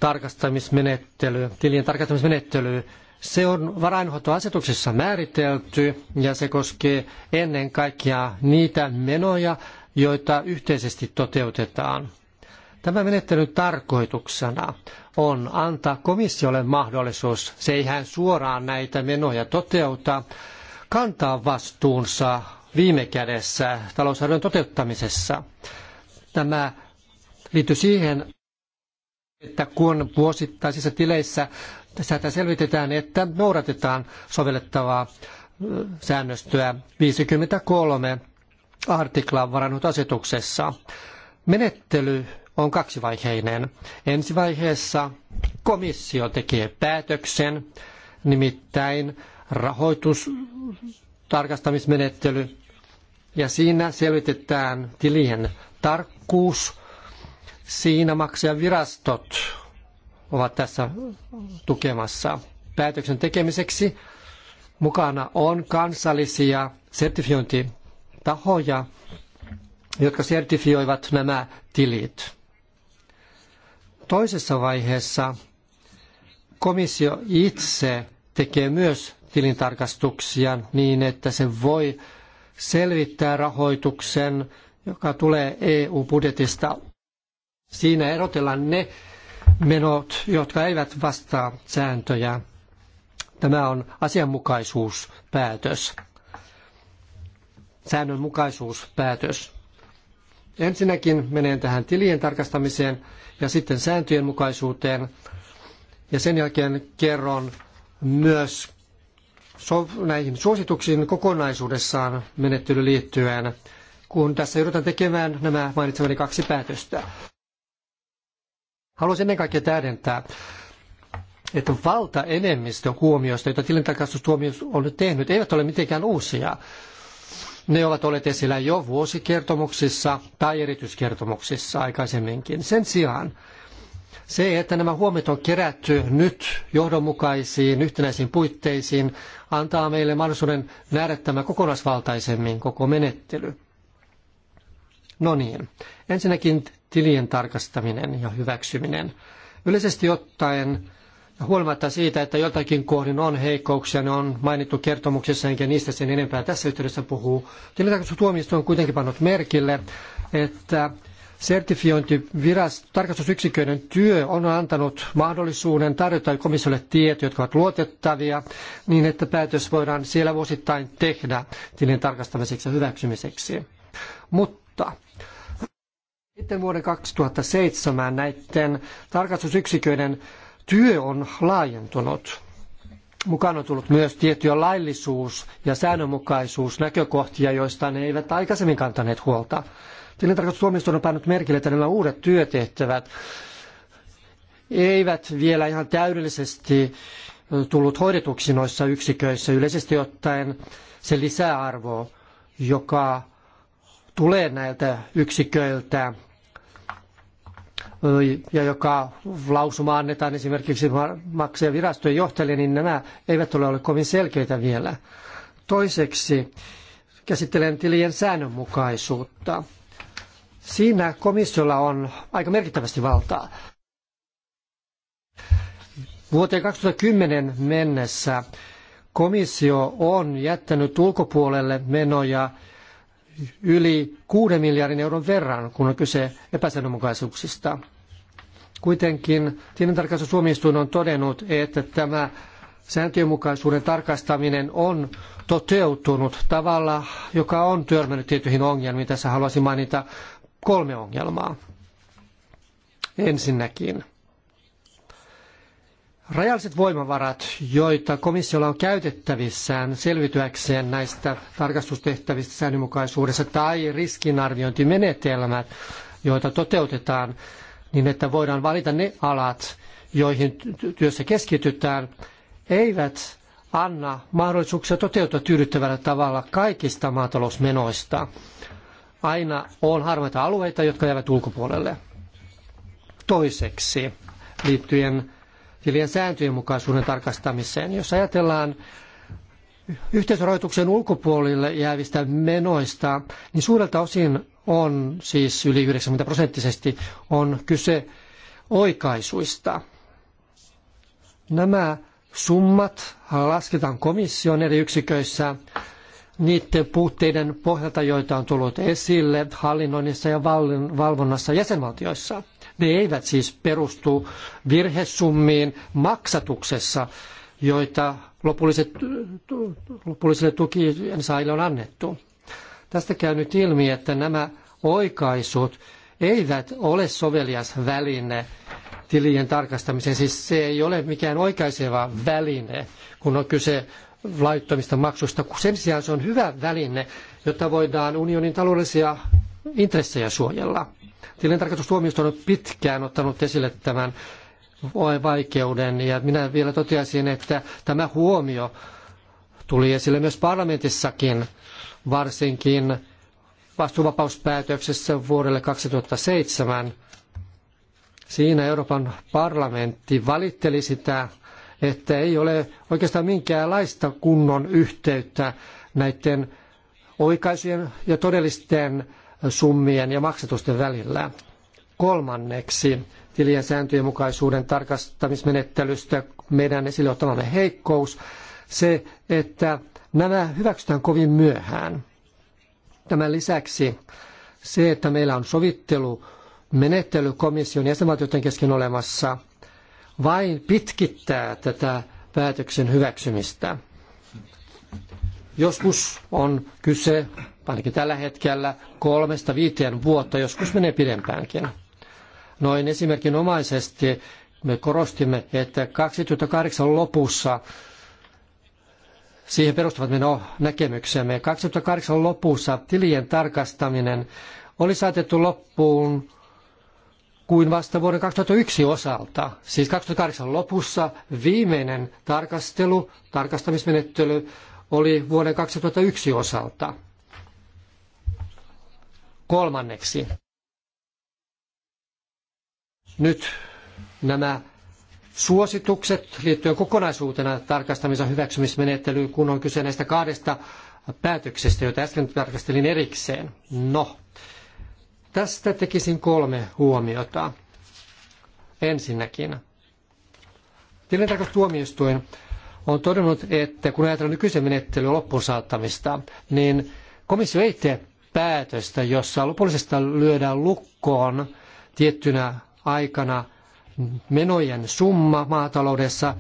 tarkastamismenettely, tilien tarkastamismenettely? Se on varainhoitoasetuksessa määritelty ja se koskee ennen kaikkea niitä menoja, joita yhteisesti toteutetaan. Tämä menettely tarkoituksena on antaa komissiolle mahdollisuus, se ei hän suoraan näitä menoja toteuta, kantaa vastuunsa viime kädessä talousarvion toteuttamisessa. Tämä liittyy siihen, että kun vuosittaisissa tileissä tätä selvitetään, että noudatetaan sovellettavaa säännöstöä 53 artiklaan varannut asetuksessa. Menettely on kaksivaiheinen. Ensivaiheessa komissio tekee päätöksen, nimittäin rahoitustarkastamismenettely, ja siinä selvitetään tilien tarkkuus. Siinä maksajavirastot ovat tässä tukemassa päätöksen tekemiseksi. Mukana on kansallisia sertifiointitahoja, jotka sertifioivat nämä tilit. Toisessa vaiheessa komissio itse tekee myös tilintarkastuksia niin, että se voi selvittää rahoituksen, joka tulee EU-budjetista. Siinä erotellaan ne menot, jotka eivät vastaa sääntöjä. Tämä on asianmukaisuuspäätös. Säännönmukaisuuspäätös. Ensinnäkin menen tähän tilien tarkastamiseen ja sitten sääntöjen mukaisuuteen. Ja sen jälkeen kerron myös näihin suosituksiin kokonaisuudessaan menettely liittyen, kun tässä joudutaan tekemään nämä mainitsemani kaksi päätöstä. Haluaisin ennen kaikkea tähdentää, että valtaenemmistö huomioista, joita tilintarkastustuomio on nyt tehnyt, eivät ole mitenkään uusia. Ne ovat olleet esillä jo vuosikertomuksissa tai erityiskertomuksissa aikaisemminkin. Sen sijaan se, että nämä huomiot on kerätty nyt johdonmukaisiin yhtenäisiin puitteisiin, antaa meille mahdollisuuden nähdä tämä kokonaisvaltaisemmin koko menettely. No niin, ensinnäkin tilien tarkastaminen ja hyväksyminen. Yleisesti ottaen huolimatta siitä, että joltakin kohdin on heikkouksia, ne on mainittu kertomuksessa, enkä niistä sen enempää tässä yhteydessä puhuu. Tilintarkastustuomioistuin on kuitenkin pannut merkille, että sertifiointivirast, tarkastusyksiköiden työ on antanut mahdollisuuden tarjota komissiolle tietoja, jotka ovat luotettavia, niin että päätös voidaan siellä vuosittain tehdä tilin tarkastamiseksi ja hyväksymiseksi. Mutta sitten vuoden 2007 näiden tarkastusyksiköiden työ on laajentunut. Mukaan on tullut myös tiettyjä laillisuus- ja säännönmukaisuusnäkökohtia, joista ne eivät aikaisemmin kantaneet huolta. Tilintarkastustuomioistuin on pannut merkille, että nämä uudet työtehtävät eivät vielä ihan täydellisesti tullut hoidetuksi noissa yksiköissä yleisesti ottaen se lisäarvo, joka tulee näiltä yksiköiltä ja joka lausuma annetaan esimerkiksi maksajavirastojen johtajille, niin nämä eivät ole olleet kovin selkeitä vielä. Toiseksi käsittelen tilien säännönmukaisuutta. Siinä komissiolla on aika merkittävästi valtaa. Vuoteen 2010 mennessä komissio on jättänyt ulkopuolelle menoja, yli 6 miljardin euron verran, kun on kyse epäsäännönmukaisuuksista. Kuitenkin tilintarkastus Suomistuin on todennut, että tämä sääntöjenmukaisuuden tarkastaminen on toteutunut tavalla, joka on törmännyt tiettyihin ongelmiin. Tässä haluaisin mainita kolme ongelmaa. Ensinnäkin Rajalliset voimavarat, joita komissiolla on käytettävissään selvityäkseen näistä tarkastustehtävistä säännönmukaisuudessa tai riskinarviointimenetelmät, joita toteutetaan, niin että voidaan valita ne alat, joihin työssä keskitytään, eivät anna mahdollisuuksia toteuttaa tyydyttävällä tavalla kaikista maatalousmenoista. Aina on harmaita alueita, jotka jäävät ulkopuolelle. Toiseksi liittyen tilien sääntöjen mukaisuuden tarkastamiseen. Jos ajatellaan yhteisrahoituksen ulkopuolille jäävistä menoista, niin suurelta osin on siis yli 90 prosenttisesti on kyse oikaisuista. Nämä summat lasketaan komission eri yksiköissä niiden puutteiden pohjalta, joita on tullut esille hallinnoinnissa ja valvonnassa jäsenvaltioissa – ne eivät siis perustu virhesummiin maksatuksessa, joita lopulliset, tukien saajille on annettu. Tästä käy nyt ilmi, että nämä oikaisut eivät ole sovelias väline tilien tarkastamiseen. Siis se ei ole mikään oikaiseva väline, kun on kyse laittomista maksuista. Sen sijaan se on hyvä väline, jotta voidaan unionin taloudellisia intressejä suojella. Tilintarkastustuomioistuin on pitkään ottanut esille tämän vaikeuden ja minä vielä toteaisin, että tämä huomio tuli esille myös parlamentissakin, varsinkin vastuuvapauspäätöksessä vuodelle 2007. Siinä Euroopan parlamentti valitteli sitä, että ei ole oikeastaan minkäänlaista kunnon yhteyttä näiden oikaisujen ja todellisten summien ja maksatusten välillä. Kolmanneksi tilien sääntöjen mukaisuuden tarkastamismenettelystä meidän esille ottamamme heikkous, se, että nämä hyväksytään kovin myöhään. Tämän lisäksi se, että meillä on sovittelu menettely komission jäsenvaltioiden kesken olemassa, vain pitkittää tätä päätöksen hyväksymistä. Joskus on kyse ainakin tällä hetkellä kolmesta viiteen vuotta, joskus menee pidempäänkin. Noin esimerkinomaisesti me korostimme, että 2008 lopussa siihen perustuvat meidän näkemyksemme. 2008 lopussa tilien tarkastaminen oli saatettu loppuun kuin vasta vuoden 2001 osalta. Siis 2008 lopussa viimeinen tarkastelu, tarkastamismenettely oli vuoden 2001 osalta. Kolmanneksi, nyt nämä suositukset liittyen kokonaisuutena tarkastamis- ja hyväksymismenettelyyn, kun on kyse näistä kahdesta päätöksestä, joita äsken tarkastelin erikseen. No, tästä tekisin kolme huomiota. Ensinnäkin, tilintarkastuomioistuin on todennut, että kun ajatellaan nykyisen menettelyn loppuun saattamista, niin komissio ei tee päätöstä, jossa lopullisesta lyödään lukkoon tiettynä aikana menojen summa maataloudessa,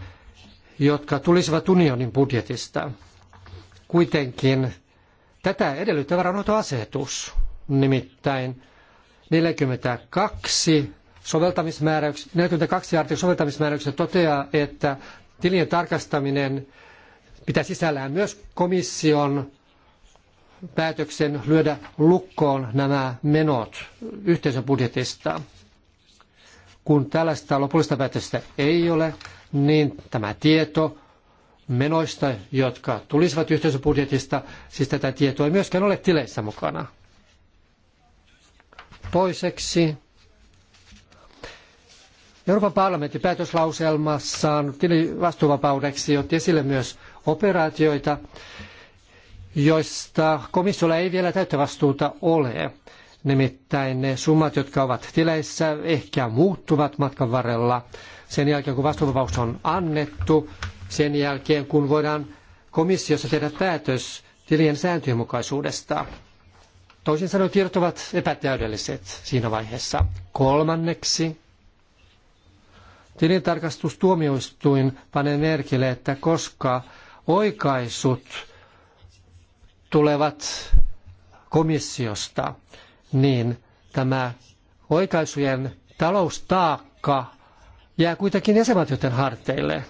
jotka tulisivat unionin budjetista. Kuitenkin tätä edellyttää varanhoitoasetus, nimittäin 42 soveltamismääräyks, 42 artikon soveltamismääräyksessä toteaa, että tilien tarkastaminen pitää sisällään myös komission päätöksen lyödä lukkoon nämä menot yhteisön budjetista. Kun tällaista lopullista päätöstä ei ole, niin tämä tieto menoista, jotka tulisivat yhteisöbudjetista, siis tätä tietoa ei myöskään ole tileissä mukana. Toiseksi Euroopan parlamentti päätöslauselmassaan tilivastuuvapaudeksi otti esille myös operaatioita, joista komissiolla ei vielä täyttä vastuuta ole. Nimittäin ne summat, jotka ovat tileissä, ehkä muuttuvat matkan varrella sen jälkeen, kun vastuuvapaus on annettu, sen jälkeen, kun voidaan komissiossa tehdä päätös tilien sääntöjen mukaisuudesta. Toisin sanoen tiedot ovat epätäydelliset siinä vaiheessa. Kolmanneksi, tilintarkastustuomioistuin panee merkille, että koska oikaisut tulevat komissiosta, niin tämä oikaisujen taloustaakka jää kuitenkin jäsenvaltioiden harteille.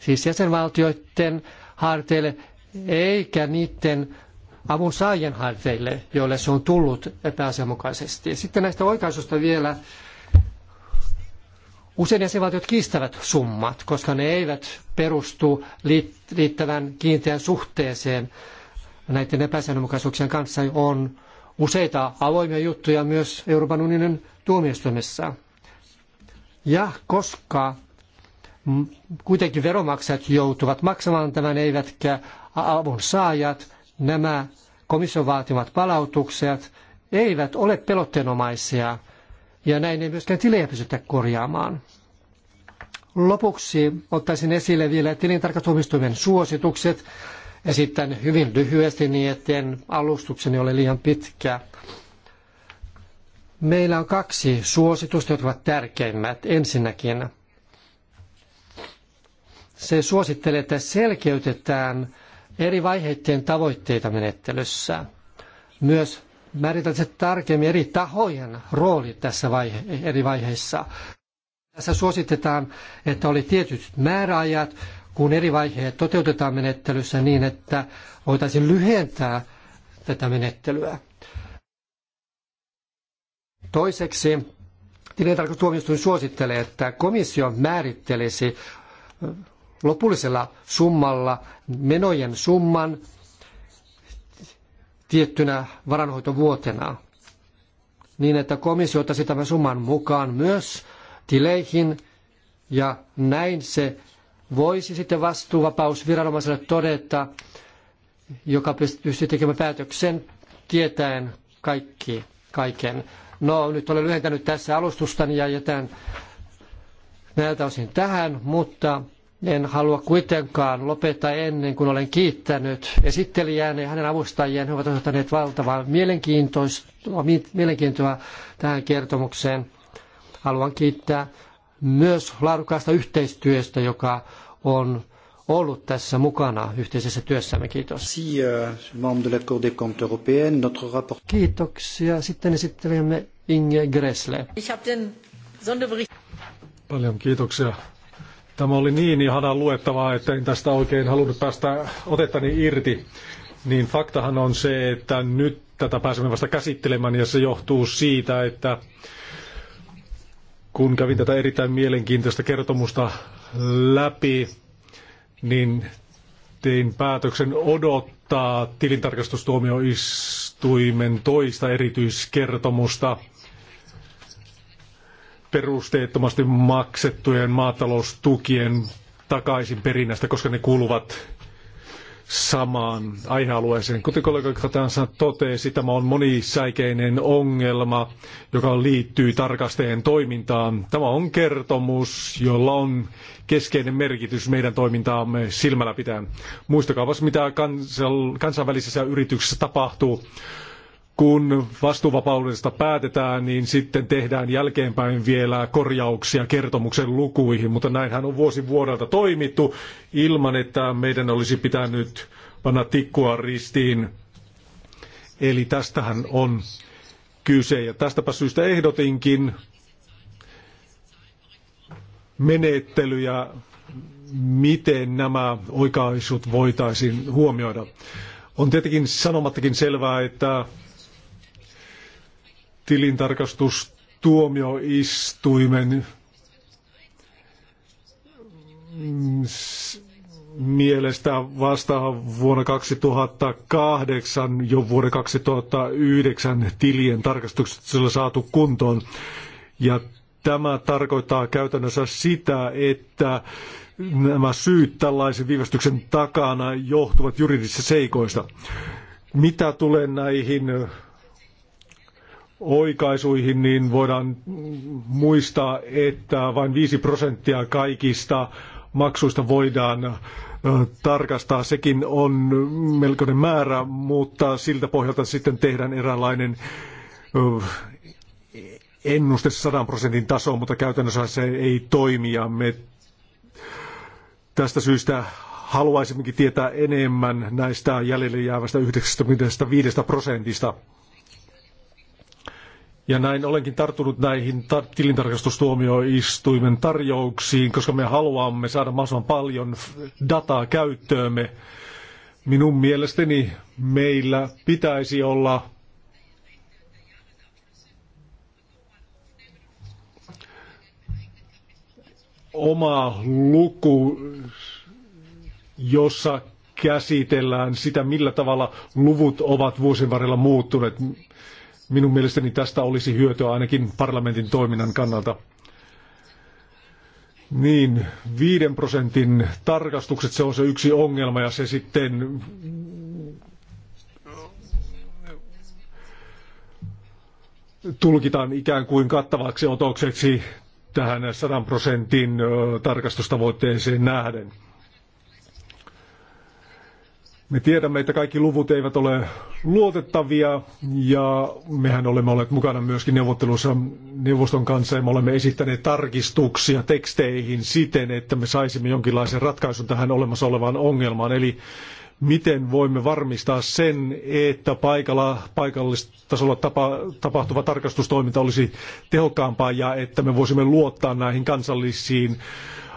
Siis jäsenvaltioiden harteille eikä niiden avunsaajien harteille, joille se on tullut epäasianmukaisesti. Sitten näistä oikaisusta vielä. Usein jäsenvaltiot kiistävät summat, koska ne eivät perustu riittävän kiinteään suhteeseen näiden epäsäännönmukaisuuksien kanssa on useita avoimia juttuja myös Euroopan unionin tuomioistuimessa. Ja koska kuitenkin veromaksajat joutuvat maksamaan tämän, eivätkä avun saajat, nämä komission vaatimat palautukset eivät ole pelotteenomaisia, ja näin ei myöskään tilejä pystytä korjaamaan. Lopuksi ottaisin esille vielä tilintarkastuomistuimen suositukset sitten hyvin lyhyesti niin, etten alustukseni ole liian pitkä. Meillä on kaksi suositusta, jotka ovat tärkeimmät. Ensinnäkin se suosittelee, että selkeytetään eri vaiheiden tavoitteita menettelyssä. Myös se tarkemmin eri tahojen rooli tässä vaihe, eri vaiheissa. Tässä suositetaan, että oli tietyt määräajat, kun eri vaiheet toteutetaan menettelyssä niin, että voitaisiin lyhentää tätä menettelyä. Toiseksi tilintarkastustuomioistuin suosittelee, että komissio määrittelisi lopullisella summalla menojen summan tiettynä varanhoitovuotena, niin että komissio ottaisi tämän summan mukaan myös tileihin ja näin se voisi sitten vastuuvapaus todeta, joka pystyy tekemään päätöksen tietäen kaikki, kaiken. No nyt olen lyhentänyt tässä alustustani ja jätän näiltä osin tähän, mutta en halua kuitenkaan lopettaa ennen kuin olen kiittänyt esittelijään ja hänen avustajiaan. He ovat osoittaneet valtavaa mielenkiintoa tähän kertomukseen. Haluan kiittää myös laadukkaasta yhteistyöstä, joka on ollut tässä mukana yhteisessä työssämme. Kiitos. Euh, kiitoksia. Sitten esittelemme Inge Gressle. Paljon kiitoksia. Tämä oli niin ihanaa luettavaa, että en tästä oikein halunnut päästä otettani irti. Niin faktahan on se, että nyt tätä pääsemme vasta käsittelemään ja se johtuu siitä, että kun kävin tätä erittäin mielenkiintoista kertomusta läpi, niin tein päätöksen odottaa tilintarkastustuomioistuimen toista erityiskertomusta perusteettomasti maksettujen maataloustukien takaisin perinnästä, koska ne kuuluvat samaan aihealueeseen. Kuten kollega Katansa totesi, tämä on monisäikeinen ongelma, joka liittyy tarkastajien toimintaan. Tämä on kertomus, jolla on keskeinen merkitys meidän toimintaamme silmällä pitäen. Muistakaa, mitä kansainvälisissä yrityksissä tapahtuu kun vastuuvapaudesta päätetään, niin sitten tehdään jälkeenpäin vielä korjauksia kertomuksen lukuihin, mutta näinhän on vuosi vuodelta toimittu ilman, että meidän olisi pitänyt panna tikkua ristiin. Eli tästähän on kyse ja tästäpä syystä ehdotinkin menettelyjä, miten nämä oikaisut voitaisiin huomioida. On tietenkin sanomattakin selvää, että tilintarkastustuomioistuimen mielestä vasta vuonna 2008 jo vuoden 2009 tilien tarkastukset sillä saatu kuntoon. Ja tämä tarkoittaa käytännössä sitä, että nämä syyt tällaisen viivästyksen takana johtuvat juridisista seikoista. Mitä tulee näihin oikaisuihin, niin voidaan muistaa, että vain 5 prosenttia kaikista maksuista voidaan tarkastaa. Sekin on melkoinen määrä, mutta siltä pohjalta sitten tehdään eräänlainen ennuste 100 prosentin tasoon, mutta käytännössä se ei toimi ja me tästä syystä haluaisimmekin tietää enemmän näistä jäljelle jäävästä 95 prosentista. Ja näin olenkin tarttunut näihin tar- tilintarkastustuomioistuimen tarjouksiin, koska me haluamme saada mahdollisimman paljon dataa käyttöömme. Minun mielestäni meillä pitäisi olla oma luku, jossa käsitellään sitä, millä tavalla luvut ovat vuosien varrella muuttuneet. Minun mielestäni tästä olisi hyötyä ainakin parlamentin toiminnan kannalta. Niin, viiden prosentin tarkastukset, se on se yksi ongelma ja se sitten äh, tulkitaan ikään kuin kattavaksi otokseksi tähän 100 prosentin äh, tarkastustavoitteeseen nähden. Me tiedämme, että kaikki luvut eivät ole luotettavia ja mehän olemme olleet mukana myöskin neuvottelussa neuvoston kanssa ja me olemme esittäneet tarkistuksia teksteihin siten, että me saisimme jonkinlaisen ratkaisun tähän olemassa olevaan ongelmaan. Eli miten voimme varmistaa sen, että paikalla, paikallistasolla tapa, tapahtuva tarkastustoiminta olisi tehokkaampaa ja että me voisimme luottaa näihin kansallisiin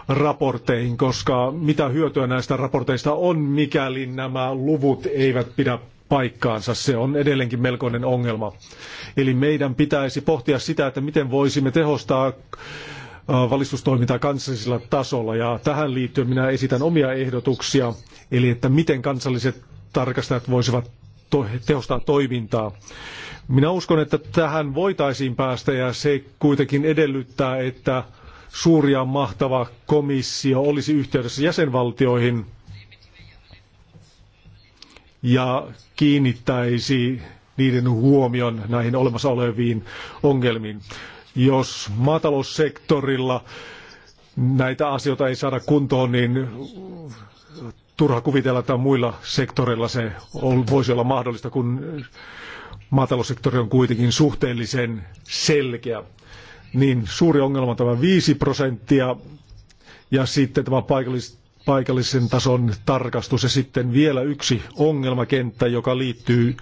raportteihin, koska mitä hyötyä näistä raporteista on, mikäli nämä luvut eivät pidä paikkaansa. Se on edelleenkin melkoinen ongelma. Eli meidän pitäisi pohtia sitä, että miten voisimme tehostaa äh, valistustoimintaa kansallisella tasolla. Ja tähän liittyen minä esitän omia ehdotuksia, eli että miten kansalliset tarkastajat voisivat tehostaa toimintaa. Minä uskon, että tähän voitaisiin päästä ja se kuitenkin edellyttää, että ja mahtava komissio olisi yhteydessä jäsenvaltioihin ja kiinnittäisi niiden huomion näihin olemassa oleviin ongelmiin. Jos maataloussektorilla näitä asioita ei saada kuntoon, niin turha kuvitella, että muilla sektoreilla se voisi olla mahdollista, kun maataloussektori on kuitenkin suhteellisen selkeä niin suuri ongelma tämä 5 prosenttia ja sitten tämä paikallis, paikallisen tason tarkastus ja sitten vielä yksi ongelmakenttä, joka liittyy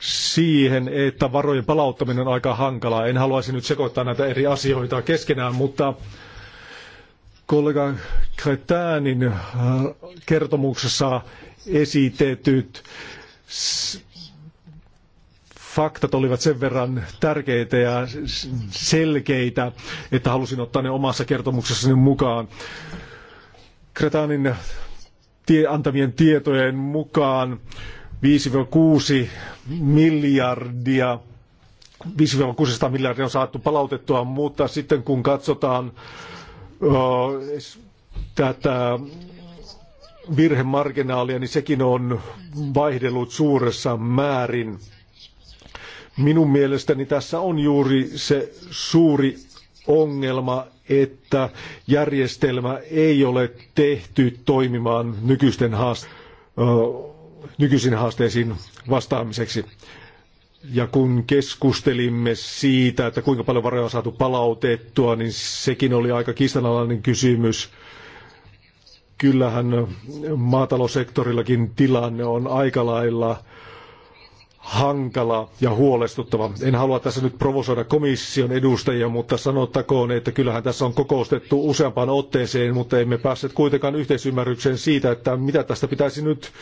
siihen, että varojen palauttaminen on aika hankalaa. En haluaisi nyt sekoittaa näitä eri asioita keskenään, mutta kollega Kretäänin äh, kertomuksessa esitetyt faktat olivat sen verran tärkeitä ja selkeitä, että halusin ottaa ne omassa kertomuksessani mukaan. Kretanin tie, antamien tietojen mukaan 5-6 miljardia 5-600 miljardia on saatu palautettua, mutta sitten kun katsotaan tätä virhemarginaalia, niin sekin on vaihdellut suuressa määrin. Minun mielestäni tässä on juuri se suuri ongelma, että järjestelmä ei ole tehty toimimaan nykyisten haast- haasteisiin vastaamiseksi. Ja kun keskustelimme siitä, että kuinka paljon varoja on saatu palautettua, niin sekin oli aika kiistanalainen kysymys. Kyllähän maataloussektorillakin tilanne on aika lailla hankala ja huolestuttava. En halua tässä nyt provosoida komission edustajia, mutta sanottakoon, että kyllähän tässä on kokoustettu useampaan otteeseen, mutta emme päässeet kuitenkaan yhteisymmärrykseen siitä, että mitä tästä pitäisi nyt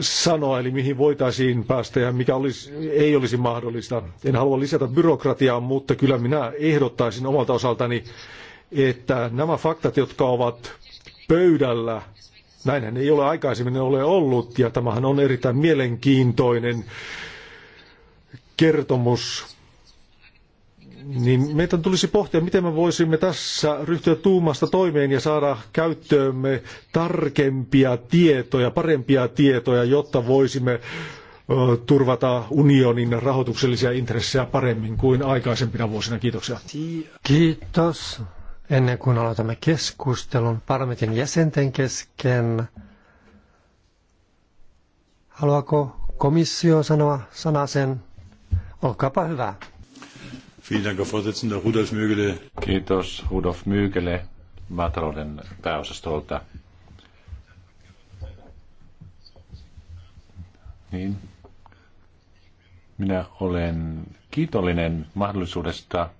sanoa, eli mihin voitaisiin päästä ja mikä olisi, ei olisi mahdollista. En halua lisätä byrokratiaa, mutta kyllä minä ehdottaisin omalta osaltani, että nämä faktat, jotka ovat pöydällä, Näinhän ei ole aikaisemmin ole ollut ja tämähän on erittäin mielenkiintoinen kertomus. Niin meidän tulisi pohtia, miten me voisimme tässä ryhtyä tuumasta toimeen ja saada käyttöömme tarkempia tietoja, parempia tietoja, jotta voisimme turvata unionin rahoituksellisia intressejä paremmin kuin aikaisempina vuosina. Kiitoksia. Kiitos ennen kuin aloitamme keskustelun parlamentin jäsenten kesken. Haluaako komissio sanoa sanasen? Olkaapa hyvä. Kiitos Rudolf Mygele maatalouden pääosastolta. Niin. Minä olen kiitollinen mahdollisuudesta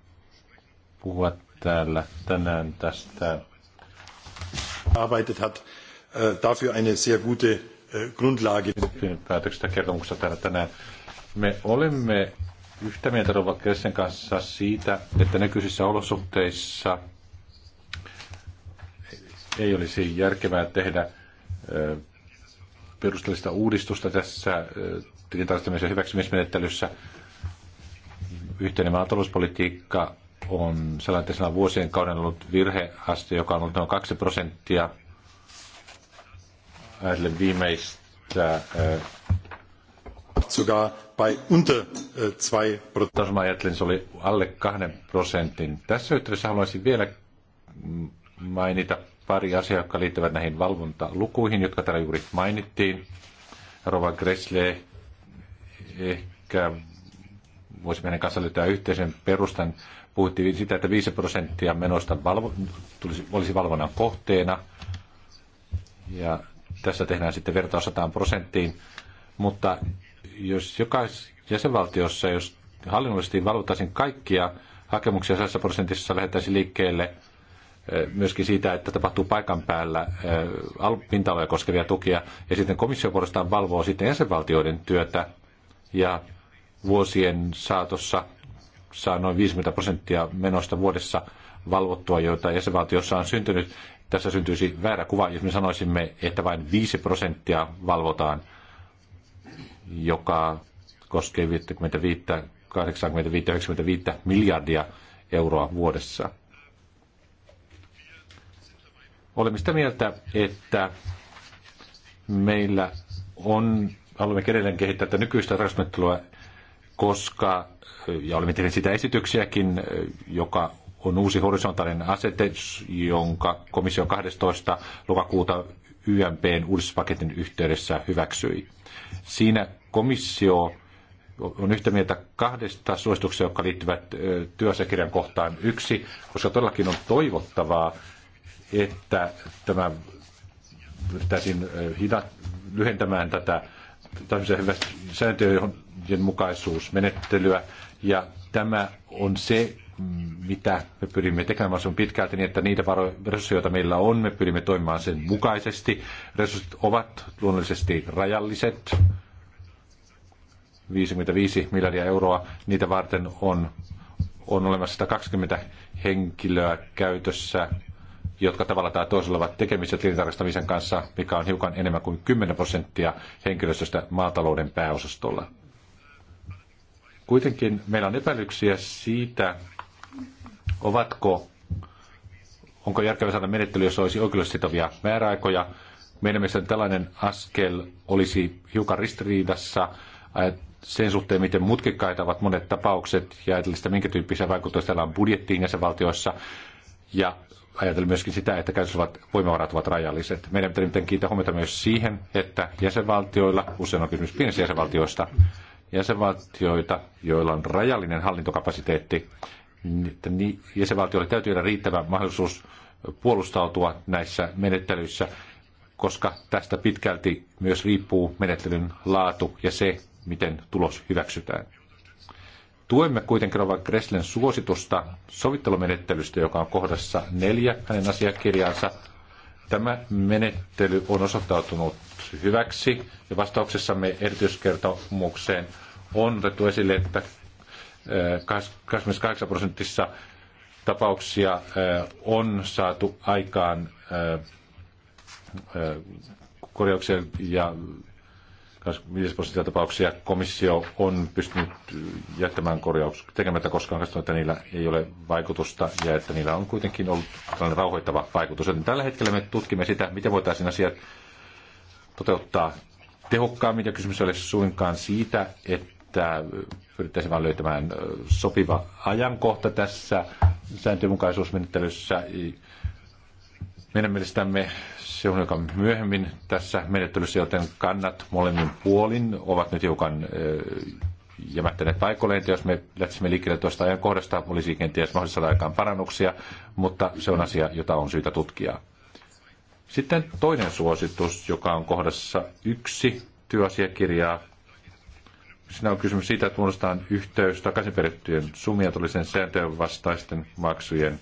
puhua täällä tänään tästä arbeitet hat, äh, dafür eine sehr gute äh, Grundlage. Päätöksestä kertomuksesta täällä tänään. Me olemme yhtä mieltä Rova Kersen kanssa siitä, että nykyisissä olosuhteissa ei olisi järkevää tehdä äh, perusteellista uudistusta tässä tilintarkastamisen hyväksymismenettelyssä. Yhteinen maatalouspolitiikka on sellainen vuosien kauden ollut virheaste, joka on ollut noin 2 prosenttia. Ajatellen viimeistä sogar bei unter 2 äh, prosenttia. Ajattelin, se oli alle 2 prosentin. Tässä yhteydessä haluaisin vielä mainita pari asiaa, jotka liittyvät näihin valvontalukuihin, jotka täällä juuri mainittiin. Rova Gressle ehkä voisi meidän kanssa löytää yhteisen perustan Puhuttiin sitä, että 5 prosenttia menosta valvo, tulisi, olisi valvonnan kohteena. Ja tässä tehdään sitten vertaus 100 prosenttiin. Mutta jos jokaisessa jäsenvaltiossa, jos hallinnollisesti valvotaisiin kaikkia hakemuksia 100 prosentissa, lähettäisiin liikkeelle eh, myöskin siitä, että tapahtuu paikan päällä eh, pinta-aloja koskevia tukia. Ja sitten komissio puolestaan valvoo sitten jäsenvaltioiden työtä ja vuosien saatossa saa noin 50 prosenttia menosta vuodessa valvottua, joita jäsenvaltiossa on syntynyt. Tässä syntyisi väärä kuva, jos me sanoisimme, että vain 5 prosenttia valvotaan, joka koskee 85, 95 miljardia euroa vuodessa. Olemme sitä mieltä, että meillä on, haluamme edelleen kehittää tätä nykyistä tarkastusmenettelua koska, ja olemme tehneet sitä esityksiäkin, joka on uusi horisontaalinen asetus, jonka komissio 12. lokakuuta YMPn uudistuspaketin yhteydessä hyväksyi. Siinä komissio on yhtä mieltä kahdesta suosituksesta, jotka liittyvät työasiakirjan kohtaan yksi, koska todellakin on toivottavaa, että tämä pyrittäisiin lyhentämään tätä sääntöjen mukaisuusmenettelyä. Ja tämä on se, mitä me pyrimme tekemään, se on pitkälti niin, että niitä varo- resursseja, joita meillä on, me pyrimme toimimaan sen mukaisesti. Resurssit ovat luonnollisesti rajalliset, 55 miljardia euroa. Niitä varten on, on olemassa 120 henkilöä käytössä jotka tavalla tai toisella ovat tekemisissä tilintarkastamisen kanssa, mikä on hiukan enemmän kuin 10 prosenttia henkilöstöstä maatalouden pääosastolla. Kuitenkin meillä on epäilyksiä siitä, ovatko, onko järkevää saada menettely, jos olisi oikeudellissitovia määräaikoja. Meidän mielestä tällainen askel olisi hiukan ristiriidassa äh, sen suhteen, miten mutkikkaita ovat monet tapaukset ja ajatellen minkä tyyppisiä vaikutuksia on budjettiin jäsenvaltioissa. Ja ajatellen myöskin sitä, että käytössä voimavarat ovat rajalliset. Meidän pitää kiinnittää huomiota myös siihen, että jäsenvaltioilla, usein on kysymys pienistä jäsenvaltioista, jäsenvaltioita, joilla on rajallinen hallintokapasiteetti, niin jäsenvaltioille täytyy olla riittävä mahdollisuus puolustautua näissä menettelyissä, koska tästä pitkälti myös riippuu menettelyn laatu ja se, miten tulos hyväksytään. Tuemme kuitenkin Rova Gresslen suositusta sovittelumenettelystä, joka on kohdassa neljä hänen asiakirjansa. Tämä menettely on osoittautunut hyväksi ja vastauksessamme erityiskertomukseen on otettu esille, että 28 eh, prosentissa tapauksia eh, on saatu aikaan eh, korjauksia ja 25 prosenttia tapauksia komissio on pystynyt äh, jättämään korjaus tekemättä, koska on katsonut, että niillä ei ole vaikutusta ja että niillä on kuitenkin ollut tällainen rauhoittava vaikutus. Joten tällä hetkellä me tutkimme sitä, miten voitaisiin asiat toteuttaa tehokkaammin. Ja kysymys olisi suinkaan siitä, että pyrittäisiin vain löytämään äh, sopiva ajankohta tässä sääntömukaisuusmenettelyssä meidän mielestämme se on joka myöhemmin tässä menettelyssä, joten kannat molemmin puolin ovat nyt hiukan jämättäneet paikoilleen. Jos me lähtisimme liikkeelle tuosta ajankohdasta, olisi kenties mahdollista saada aikaan parannuksia, mutta se on asia, jota on syytä tutkia. Sitten toinen suositus, joka on kohdassa yksi työasiakirjaa. Siinä on kysymys siitä, että muodostetaan yhteys takaisin perittyjen summia tulisen sääntöjen vastaisten maksujen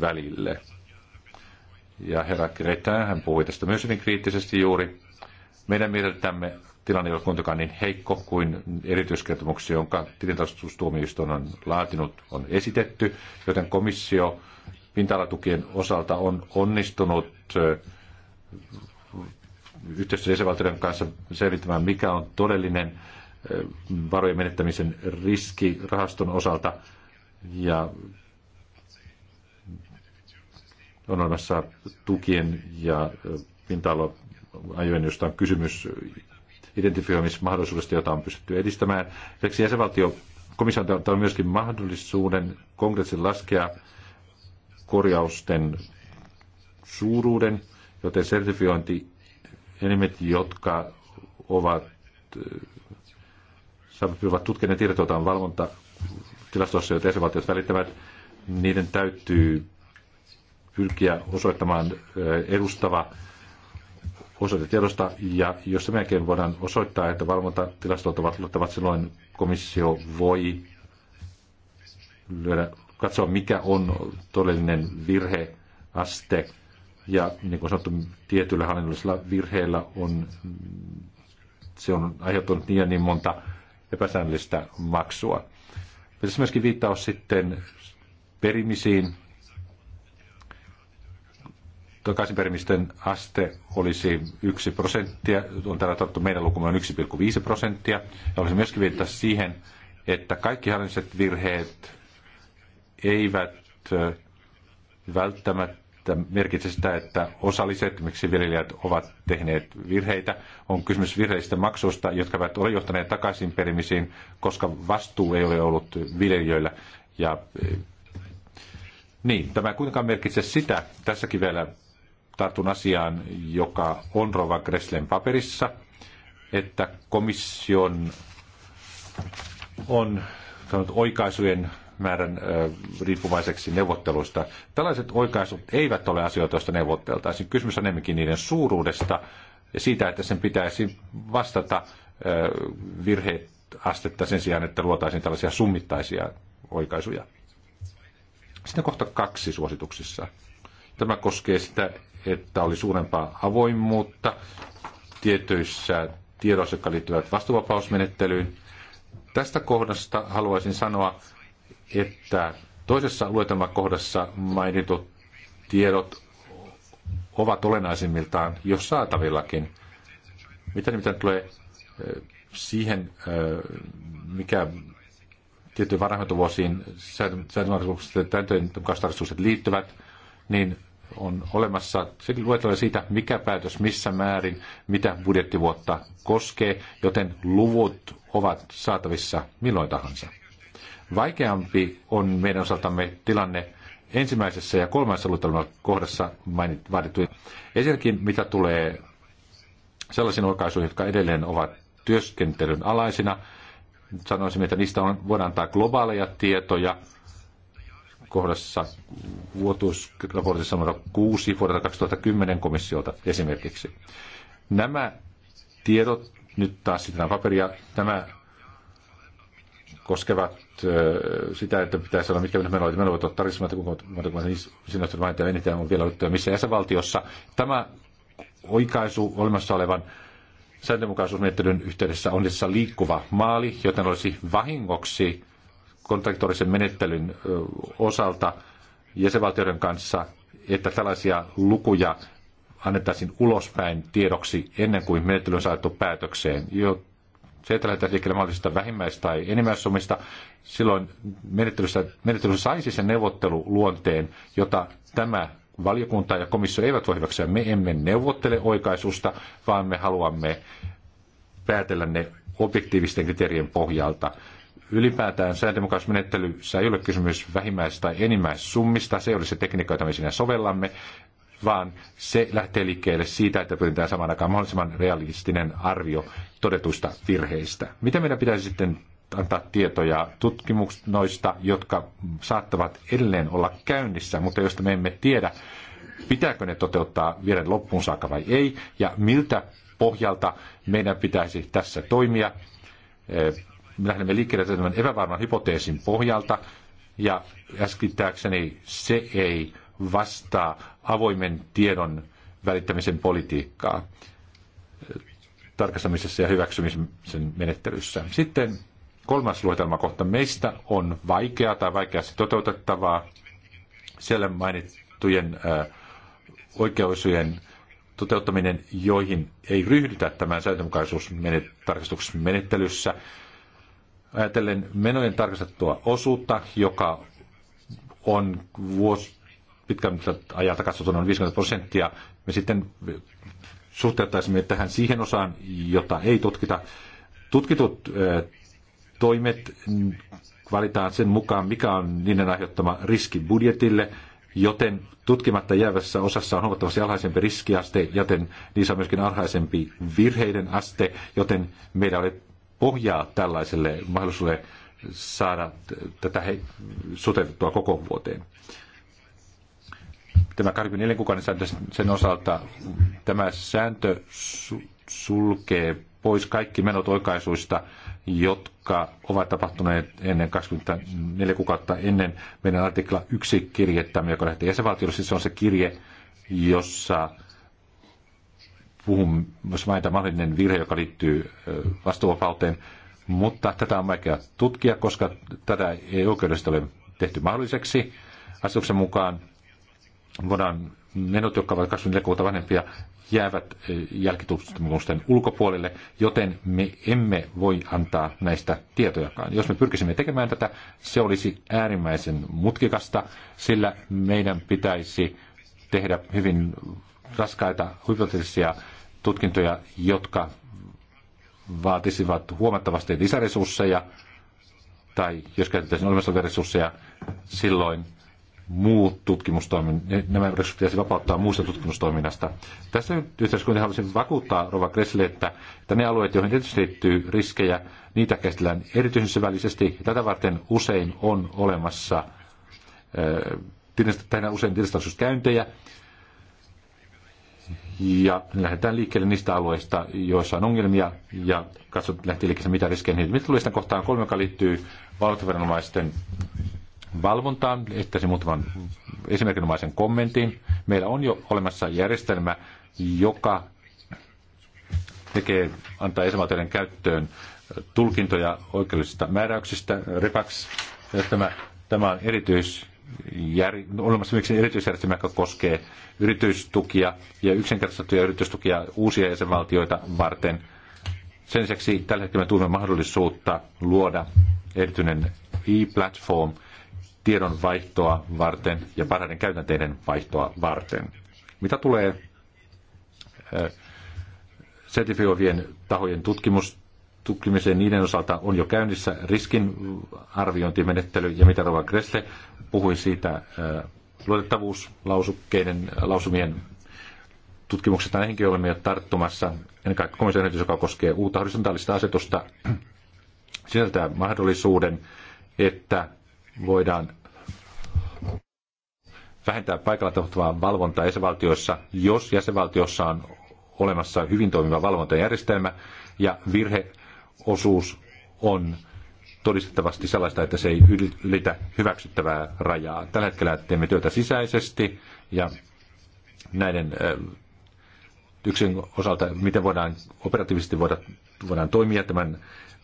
välille ja herra Gretään, hän puhui tästä myös hyvin kriittisesti juuri. Meidän mielestämme tilanne ei ole kuitenkaan niin heikko kuin erityiskertomuksia, jonka tilintarkastustuomioistuin on laatinut, on esitetty, joten komissio pinta-alatukien osalta on onnistunut yhteistyössä jäsenvaltioiden kanssa selvittämään, mikä on todellinen varojen menettämisen riski rahaston osalta. Ja on olemassa tukien ja pinta aloajojen josta on kysymys identifioimismahdollisuudesta, jota on pystytty edistämään. Lisäksi jäsenvaltio komissio antaa myöskin mahdollisuuden konkreettisesti laskea korjausten suuruuden, joten sertifiointielimet, jotka ovat, saavat tutkineet valvonta tilastossa, joita jäsenvaltiot välittävät, niiden täytyy pyrkiä osoittamaan edustava osoitetiedosta, ja jos sen jälkeen voidaan osoittaa, että valvontatilastot ovat luottavat, silloin komissio voi lyödä, katsoa, mikä on todellinen virheaste, ja niin kuin sanottu, tietyillä hallinnollisilla virheillä on, se on aiheuttanut niin ja niin monta epäsäännöllistä maksua. Tässä myöskin viittaus sitten perimisiin, takaisinperimisten aste olisi 1 prosenttia, on täällä tarttu meidän lukumme on 1,5 prosenttia. Ja olisi myöskin viittaa siihen, että kaikki hallinnolliset virheet eivät välttämättä merkitse sitä, että osalliset, miksi viljelijät ovat tehneet virheitä, on kysymys virheistä maksuista, jotka eivät ole johtaneet takaisinperimisiin, koska vastuu ei ole ollut viljelijöillä. Ja niin, tämä ei kuitenkaan merkitse sitä, tässäkin vielä tartun asiaan, joka on Rova Gresslen paperissa, että komission on sanot, oikaisujen määrän riippuvaiseksi neuvotteluista. Tällaiset oikaisut eivät ole asioita, joista neuvotteltaisiin. Kysymys on enemmänkin niiden suuruudesta ja siitä, että sen pitäisi vastata astetta sen sijaan, että luotaisiin tällaisia summittaisia oikaisuja. Sitten kohta kaksi suosituksissa. Tämä koskee sitä, että oli suurempaa avoimuutta tietyissä tiedoissa, jotka liittyvät vastuvapausmenettelyyn. Tästä kohdasta haluaisin sanoa, että toisessa luetelmakohdassa mainitut tiedot ovat olennaisimmiltaan jo saatavillakin. Mitä nimittäin tulee siihen, mikä tiettyyn varainhoitovuosiin säätömahdollisuuksien kanssa liittyvät, niin on olemassa luettelo siitä, mikä päätös missä määrin, mitä budjettivuotta koskee, joten luvut ovat saatavissa milloin tahansa. Vaikeampi on meidän osaltamme tilanne ensimmäisessä ja kolmannessa luettelman kohdassa mainit, vaadittu. Ensinnäkin mitä tulee sellaisiin oikaisuihin, jotka edelleen ovat työskentelyn alaisina, sanoisin, että niistä on, voidaan antaa globaaleja tietoja – kohdassa vuotuisraportissa numero 6 vuodelta 2010 komissiolta esimerkiksi. Nämä tiedot, nyt taas sitten paperia, nämä koskevat sitä, että pitäisi olla, mitkä menot, menot voivat olla tarkistelmat, kuinka sinne vähintään eniten on vielä juttuja missä jäsenvaltiossa. Tämä oikaisu olemassa olevan sääntömukaisuusmenettelyn yhteydessä on liikkuva maali, joten olisi vahingoksi kontraktorisen menettelyn osalta jäsenvaltioiden kanssa, että tällaisia lukuja annettaisiin ulospäin tiedoksi ennen kuin menettely on saatu päätökseen. Jo se, että lähdetään liikkeelle mahdollisista vähimmäis- tai enimmäissumista, silloin menettelyssä, menettelyssä saisi sen neuvotteluluonteen, jota tämä valiokunta ja komissio eivät voi hyväksyä. Me emme neuvottele oikaisusta, vaan me haluamme päätellä ne objektiivisten kriteerien pohjalta ylipäätään sääntömukaismenettelyssä ei ole kysymys vähimmäis- tai enimmäissummista, se ei ole se tekniikka, jota me siinä sovellamme, vaan se lähtee liikkeelle siitä, että pyritään samaan aikaan mahdollisimman realistinen arvio todetuista virheistä. Mitä meidän pitäisi sitten antaa tietoja tutkimuksista, jotka saattavat edelleen olla käynnissä, mutta joista me emme tiedä, pitääkö ne toteuttaa vielä loppuun saakka vai ei, ja miltä pohjalta meidän pitäisi tässä toimia eh, me lähdemme liikkeelle tämän epävarman hypoteesin pohjalta, ja äskittääkseni se ei vastaa avoimen tiedon välittämisen politiikkaa tarkastamisessa ja hyväksymisen menettelyssä. Sitten kolmas luetelmakohta meistä on vaikeaa tai vaikeasti toteutettavaa. Siellä mainittujen oikeusujen toteuttaminen, joihin ei ryhdytä tämän tarkastuksen menettelyssä. Ajatellen menojen tarkastettua osuutta, joka on vuosi, pitkän ajalta katsottuna on 50 prosenttia, me sitten suhteuttaisimme tähän siihen osaan, jota ei tutkita. Tutkitut eh, toimet valitaan sen mukaan, mikä on niiden aiheuttama riski budjetille, joten tutkimatta jäävässä osassa on huomattavasti alhaisempi riskiaste, joten niissä on myöskin alhaisempi virheiden aste, joten meidän ohjaa tällaiselle mahdollisuudelle saada tätä sotetettua koko vuoteen. Tämä 24 kuukauden sääntö sen osalta, tämä sääntö sulkee pois kaikki menot oikaisuista, jotka ovat tapahtuneet ennen 24 kuukautta ennen meidän artikla 1 kirjettämme, joka lähtee jäsenvaltiolle. Siis se on se kirje, jossa puhun, jos mainita mahdollinen virhe, joka liittyy vastuuvapauteen, mutta tätä on vaikea tutkia, koska tätä ei oikeudesta ole tehty mahdolliseksi. Asetuksen mukaan voidaan menot, jotka ovat 24 vuotta vanhempia, jäävät jälkitutkimusten ulkopuolelle, joten me emme voi antaa näistä tietojakaan. Jos me pyrkisimme tekemään tätä, se olisi äärimmäisen mutkikasta, sillä meidän pitäisi tehdä hyvin raskaita hypoteettisia tutkintoja, jotka vaatisivat huomattavasti lisäresursseja, tai jos käytettäisiin olemassa olevia resursseja, silloin muut tutkimustoiminnat, nämä resurssit pitäisi vapauttaa muusta tutkimustoiminnasta. Tässä yhteydessä kuitenkin haluaisin vakuuttaa Rova Kressille, että, että ne alueet, joihin tietysti liittyy riskejä, niitä käsitellään erityisen syvällisesti. Tätä varten usein on olemassa, tehdään usein tilastarkastuskäyntejä, ja lähdetään liikkeelle niistä alueista, joissa on ongelmia ja katsot, lähtee liikkeelle mitä riskejä niitä. Mitä tulee sitä kohtaan kolme, joka liittyy valvontaviranomaisten valvontaan. Esittäisin muutaman esimerkinomaisen kommentin. Meillä on jo olemassa järjestelmä, joka tekee, antaa esimerkiksi käyttöön tulkintoja oikeudellisista määräyksistä, REPAX. Tämä, tämä on erityis jär, olemassa yksi erityisjärjestelmä, joka koskee yritystukia ja yksinkertaistettuja yritystukia uusia jäsenvaltioita varten. Sen lisäksi tällä hetkellä me tuumme mahdollisuutta luoda erityinen e-platform tiedon vaihtoa varten ja parhaiden käytänteiden vaihtoa varten. Mitä tulee sertifioivien tahojen tutkimusta, Tutkimiseen niiden osalta on jo käynnissä riskinarviointimenettely ja mitä Rova Gressle puhui siitä äh, luotettavuuslausukkeiden äh, lausumien tutkimuksesta näihinkin olemme jo tarttumassa. Ennen kaikkea komission ehdotus, joka koskee uutta horisontaalista asetusta, sisältää mahdollisuuden, että voidaan vähentää paikalla tapahtuvaa valvontaa jäsenvaltioissa, jos jäsenvaltiossa on olemassa hyvin toimiva valvontajärjestelmä ja virhe osuus on todistettavasti sellaista, että se ei ylitä hyväksyttävää rajaa. Tällä hetkellä teemme työtä sisäisesti ja näiden eh, yksin osalta, miten voidaan operatiivisesti voida, voidaan toimia tämän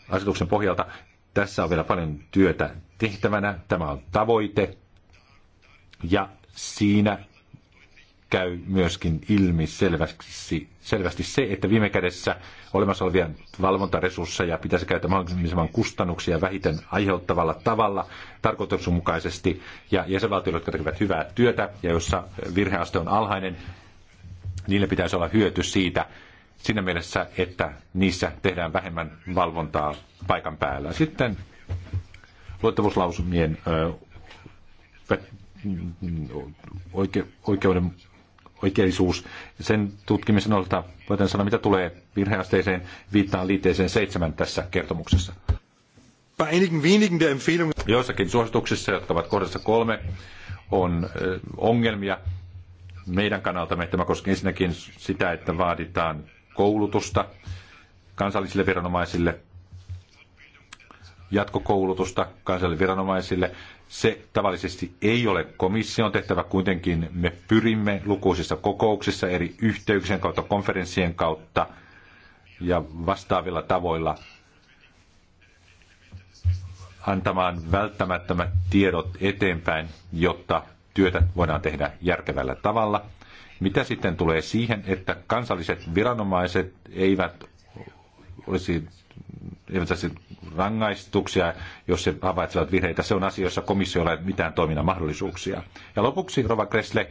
asetuksen pohjalta. Tässä on vielä paljon työtä tehtävänä. Tämä on tavoite ja siinä käy myöskin ilmi selvästi, selvästi se, että viime kädessä olemassa olevia valvontaresursseja pitäisi käyttää mahdollisimman kustannuksia vähiten aiheuttavalla tavalla tarkoituksenmukaisesti. Ja jäsenvaltioille, jotka tekevät hyvää työtä ja jossa virheaste on alhainen, niille pitäisi olla hyöty siitä siinä mielessä, että niissä tehdään vähemmän valvontaa paikan päällä. Sitten luottavuuslausumien oikeuden oikeellisuus. Sen tutkimisen osalta voidaan sanoa, mitä tulee virheasteeseen viittaan liitteeseen seitsemän tässä kertomuksessa. Joissakin suosituksissa, jotka ovat kohdassa kolme, on ongelmia meidän kannalta. Tämä koskee ensinnäkin sitä, että vaaditaan koulutusta kansallisille viranomaisille, jatkokoulutusta kansallisille viranomaisille se tavallisesti ei ole komission tehtävä, kuitenkin me pyrimme lukuisissa kokouksissa eri yhteyksien kautta, konferenssien kautta ja vastaavilla tavoilla antamaan välttämättömät tiedot eteenpäin, jotta työtä voidaan tehdä järkevällä tavalla. Mitä sitten tulee siihen, että kansalliset viranomaiset eivät olisi eivät saisi siis rangaistuksia, jos se havaitsevat virheitä. Se on asia, jossa komissiolla ei ole mitään toiminnan mahdollisuuksia. Ja lopuksi, Rova Kresle,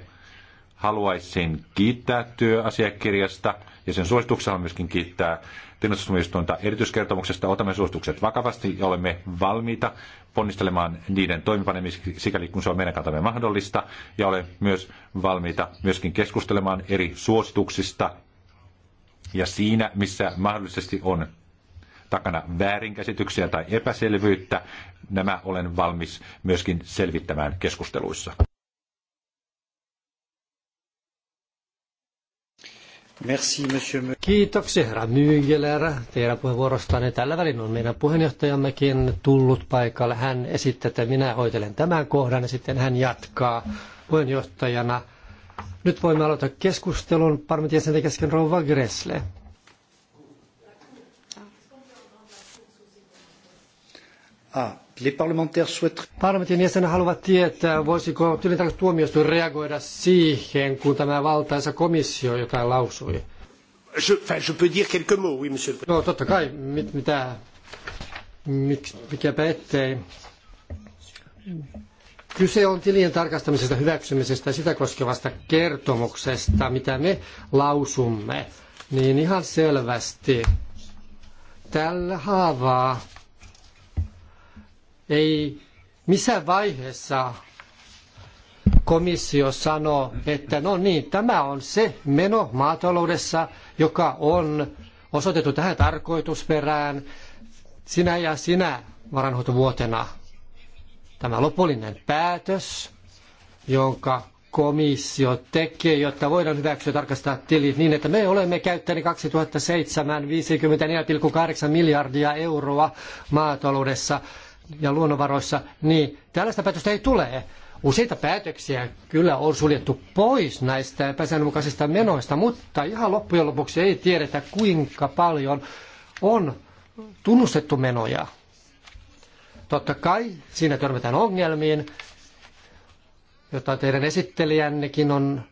haluaisin kiittää työasiakirjasta ja sen suosituksella myöskin kiittää tilastustuomioistuinta erityiskertomuksesta. Otamme suositukset vakavasti ja olemme valmiita ponnistelemaan niiden toimipanemiseksi sikäli kun se on meidän kantamme mahdollista. Ja olen myös valmiita myöskin keskustelemaan eri suosituksista ja siinä, missä mahdollisesti on takana väärinkäsityksiä tai epäselvyyttä. Nämä olen valmis myöskin selvittämään keskusteluissa. Merci, monsieur. Kiitoksia, herra Myygeler, teidän puheenvuorostanne. Tällä välin on meidän puheenjohtajammekin tullut paikalle. Hän esittää, että minä hoitelen tämän kohdan ja sitten hän jatkaa puheenjohtajana. Nyt voimme aloittaa keskustelun parlamentin jäsenten kesken Rouva Gressle. Ah, Parlamentin jäsen haluavat tietää, voisiko tilintarkastustuomioistuin reagoida siihen, kun tämä valtaisa komissio jotain lausui. Je, enfin, je peux dire quelques mots, oui, monsieur le No, totta kai, mit, mitä, miksi, mikäpä ettei. Kyse on tilien tarkastamisesta, hyväksymisestä ja sitä koskevasta kertomuksesta, mitä me lausumme. Niin ihan selvästi tällä haavaa ei missään vaiheessa komissio sanoo, että no niin, tämä on se meno maataloudessa, joka on osoitettu tähän tarkoitusperään sinä ja sinä varanhoitovuotena. Tämä lopullinen päätös, jonka komissio tekee, jotta voidaan hyväksyä tarkastaa tilit niin, että me olemme käyttäneet 2007 54,8 miljardia euroa maataloudessa ja luonnonvaroissa, niin tällaista päätöstä ei tule. Useita päätöksiä kyllä on suljettu pois näistä epäsäännönmukaisista menoista, mutta ihan loppujen lopuksi ei tiedetä kuinka paljon on tunnustettu menoja. Totta kai siinä törmätään ongelmiin, jota teidän esittelijännekin on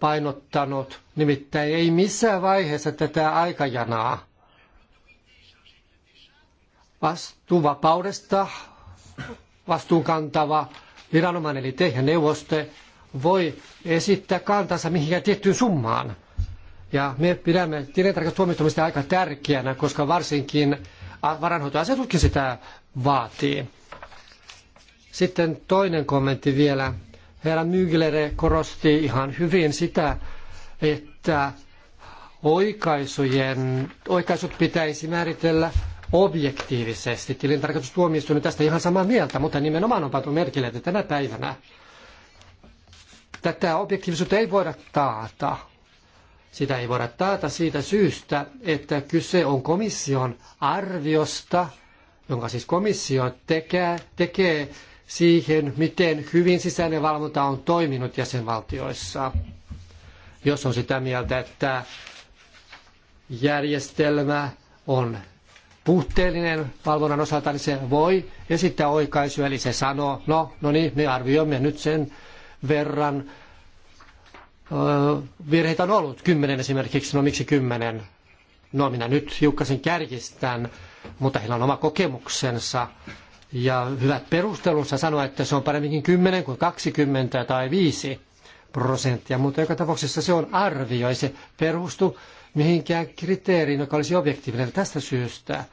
painottanut. Nimittäin ei missään vaiheessa tätä aikajanaa vastuuvapaudesta vastuunkantava viranomainen eli te ja neuvoste voi esittää kantansa mihinkään tiettyyn summaan. Ja me pidämme tilintarkastustuomioistuimista aika tärkeänä, koska varsinkin varanhoitoasetuskin sitä vaatii. Sitten toinen kommentti vielä. Herra Myglere korosti ihan hyvin sitä, että oikaisujen, oikaisut pitäisi määritellä objektiivisesti. Tilintarkastustuomioistuin tästä ihan samaa mieltä, mutta nimenomaan on pantu merkille, että tänä päivänä tätä objektiivisuutta ei voida taata. Sitä ei voida taata siitä syystä, että kyse on komission arviosta, jonka siis komissio tekee, tekee siihen, miten hyvin sisäinen valvonta on toiminut jäsenvaltioissa. Jos on sitä mieltä, että järjestelmä on puutteellinen valvonnan osalta, niin se voi esittää oikaisuja, eli se sanoo, no, no niin, me arvioimme nyt sen verran. Öö, virheitä on ollut, kymmenen esimerkiksi, no miksi kymmenen? No minä nyt hiukkasen kärjistän, mutta heillä on oma kokemuksensa ja hyvät perustelunsa sanoa, että se on paremminkin kymmenen kuin 20 tai 5 prosenttia, mutta joka tapauksessa se on arvio, ei se perustu mihinkään kriteeriin, joka olisi objektiivinen. Tästä syystä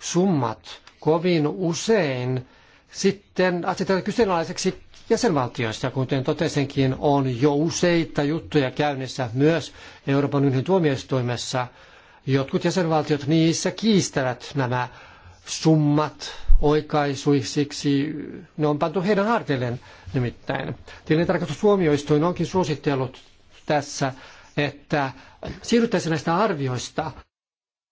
summat kovin usein sitten asetetaan kyseenalaiseksi jäsenvaltioista, kuten totesinkin, on jo useita juttuja käynnissä myös Euroopan unionin tuomioistuimessa. Jotkut jäsenvaltiot niissä kiistävät nämä summat oikaisuisiksi. Ne on pantu heidän harteilleen nimittäin. Tilintarkastustuomioistuin onkin suositellut tässä, että siirryttäisiin näistä arvioista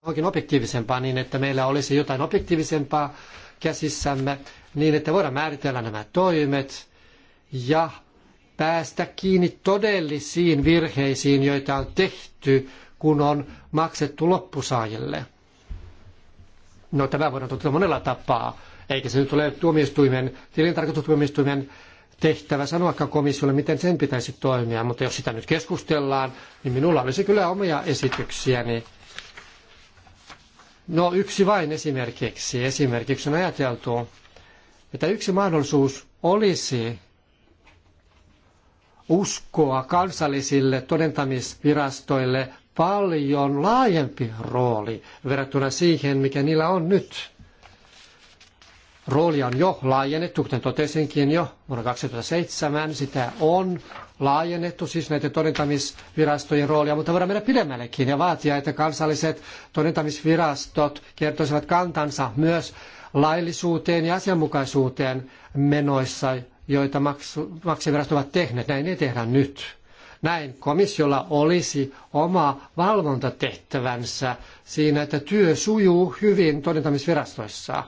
johonkin objektiivisempaa niin, että meillä olisi jotain objektiivisempaa käsissämme, niin että voidaan määritellä nämä toimet ja päästä kiinni todellisiin virheisiin, joita on tehty, kun on maksettu loppusaajille. No tämä voidaan toteuttaa monella tapaa, eikä se nyt ole tuomioistuimen, tilintarkastustuomioistuimen tehtävä sanoakaan komissiolle, miten sen pitäisi toimia, mutta jos sitä nyt keskustellaan, niin minulla olisi kyllä omia esityksiäni. No yksi vain esimerkiksi. Esimerkiksi on ajateltu, että yksi mahdollisuus olisi uskoa kansallisille todentamisvirastoille paljon laajempi rooli verrattuna siihen, mikä niillä on nyt roolia on jo laajennettu, kuten totesinkin jo vuonna 2007. Sitä on laajennettu, siis näiden todentamisvirastojen roolia, mutta voidaan mennä pidemmällekin ja vaatia, että kansalliset todentamisvirastot kertoisivat kantansa myös laillisuuteen ja asianmukaisuuteen menoissa, joita maksu, maksivirastot ovat tehneet. Näin ei tehdä nyt. Näin komissiolla olisi oma valvontatehtävänsä siinä, että työ sujuu hyvin todentamisvirastoissa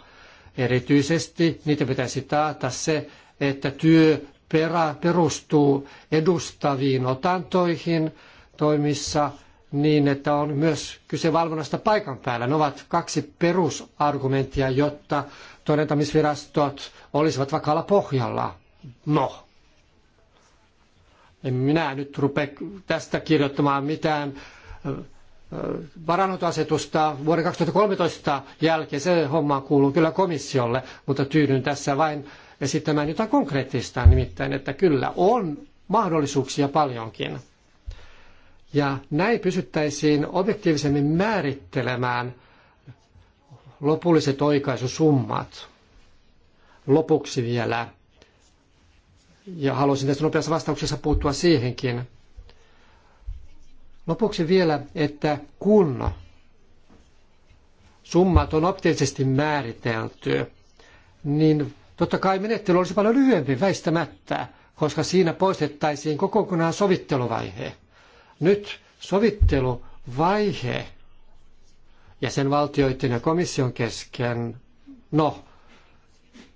Erityisesti niitä pitäisi taata se, että työ perä, perustuu edustaviin otantoihin toimissa niin, että on myös kyse valvonnasta paikan päällä. Ne ovat kaksi perusargumenttia, jotta todentamisvirastot olisivat vakaalla pohjalla. No, en minä nyt rupea tästä kirjoittamaan mitään asetusta vuoden 2013 jälkeen. Se homma kuuluu kyllä komissiolle, mutta tyydyn tässä vain esittämään jotain konkreettista, nimittäin, että kyllä on mahdollisuuksia paljonkin. Ja näin pysyttäisiin objektiivisemmin määrittelemään lopulliset oikaisusummat. Lopuksi vielä, ja haluaisin tässä nopeassa vastauksessa puuttua siihenkin, Lopuksi vielä, että kun summat on optimisesti määritelty, niin totta kai menettely olisi paljon lyhyempi väistämättä, koska siinä poistettaisiin koko kunnan sovitteluvaihe. Nyt sovitteluvaihe jäsenvaltioiden ja komission kesken, no,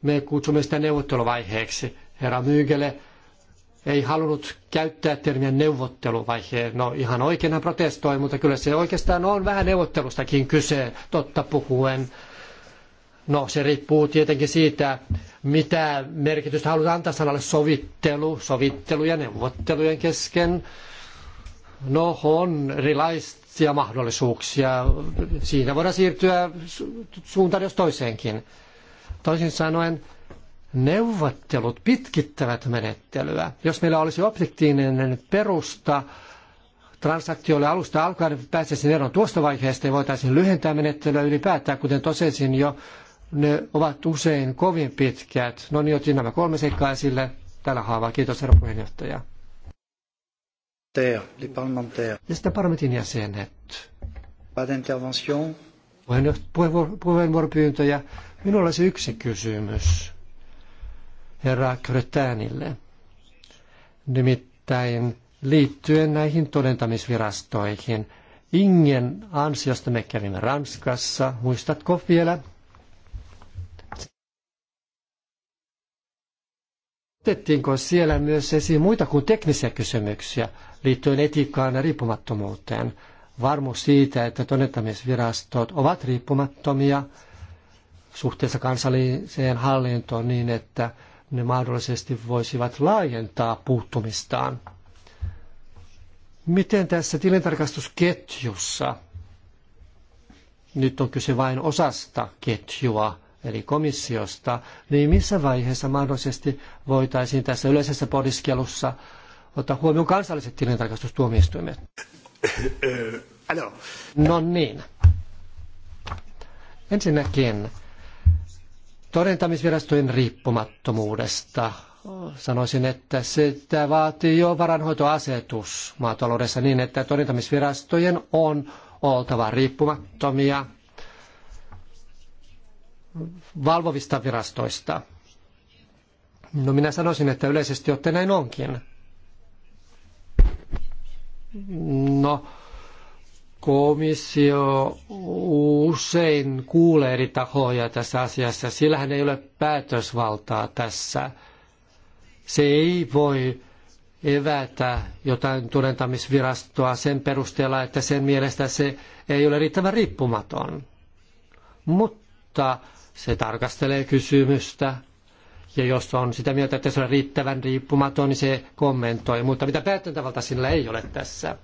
me kutsumme sitä neuvotteluvaiheeksi. Herra Myygele ei halunnut käyttää termiä neuvotteluvaihe. No ihan oikein hän protestoi, mutta kyllä se oikeastaan on vähän neuvottelustakin kyse, totta puhuen. No se riippuu tietenkin siitä, mitä merkitystä halutaan antaa sanalle sovittelu, sovittelu ja neuvottelujen kesken. No on erilaisia mahdollisuuksia. Siinä voidaan siirtyä suuntaan jos toiseenkin. Toisin sanoen, neuvottelut pitkittävät menettelyä. Jos meillä olisi objektiivinen perusta transaktioille alusta alkaen, niin pääsisin eroon tuosta vaiheesta ja voitaisiin lyhentää menettelyä ylipäätään, kuten totesin jo, ne ovat usein kovin pitkät. No niin, otin nämä kolme seikkaa esille tällä haavaa. Kiitos, herra puheenjohtaja. Ja sitten parlamentin jäsenet. Puheenvuoropyyntöjä. Minulla olisi yksi kysymys herra Kretäänille. Nimittäin liittyen näihin todentamisvirastoihin. Ingen ansiosta me kävimme Ranskassa, muistatko vielä? Otettiinko siellä myös esiin muita kuin teknisiä kysymyksiä liittyen etiikkaan ja riippumattomuuteen? Varmuus siitä, että todentamisvirastot ovat riippumattomia suhteessa kansalliseen hallintoon niin, että ne mahdollisesti voisivat laajentaa puuttumistaan. Miten tässä tilintarkastusketjussa, nyt on kyse vain osasta ketjua, eli komissiosta, niin missä vaiheessa mahdollisesti voitaisiin tässä yleisessä pohdiskelussa ottaa huomioon kansalliset tilintarkastustuomioistuimet? Eh, eh, eh, no niin. Ensinnäkin todentamisvirastojen riippumattomuudesta. Sanoisin, että sitä vaatii jo varanhoitoasetus maataloudessa niin, että todentamisvirastojen on oltava riippumattomia valvovista virastoista. No minä sanoisin, että yleisesti ottaen näin onkin. No, komissio usein kuulee eri tahoja tässä asiassa. Sillähän ei ole päätösvaltaa tässä. Se ei voi evätä jotain todentamisvirastoa sen perusteella, että sen mielestä se ei ole riittävän riippumaton. Mutta se tarkastelee kysymystä. Ja jos on sitä mieltä, että se on riittävän riippumaton, niin se kommentoi. Mutta mitä päätäntävalta sillä ei ole tässä.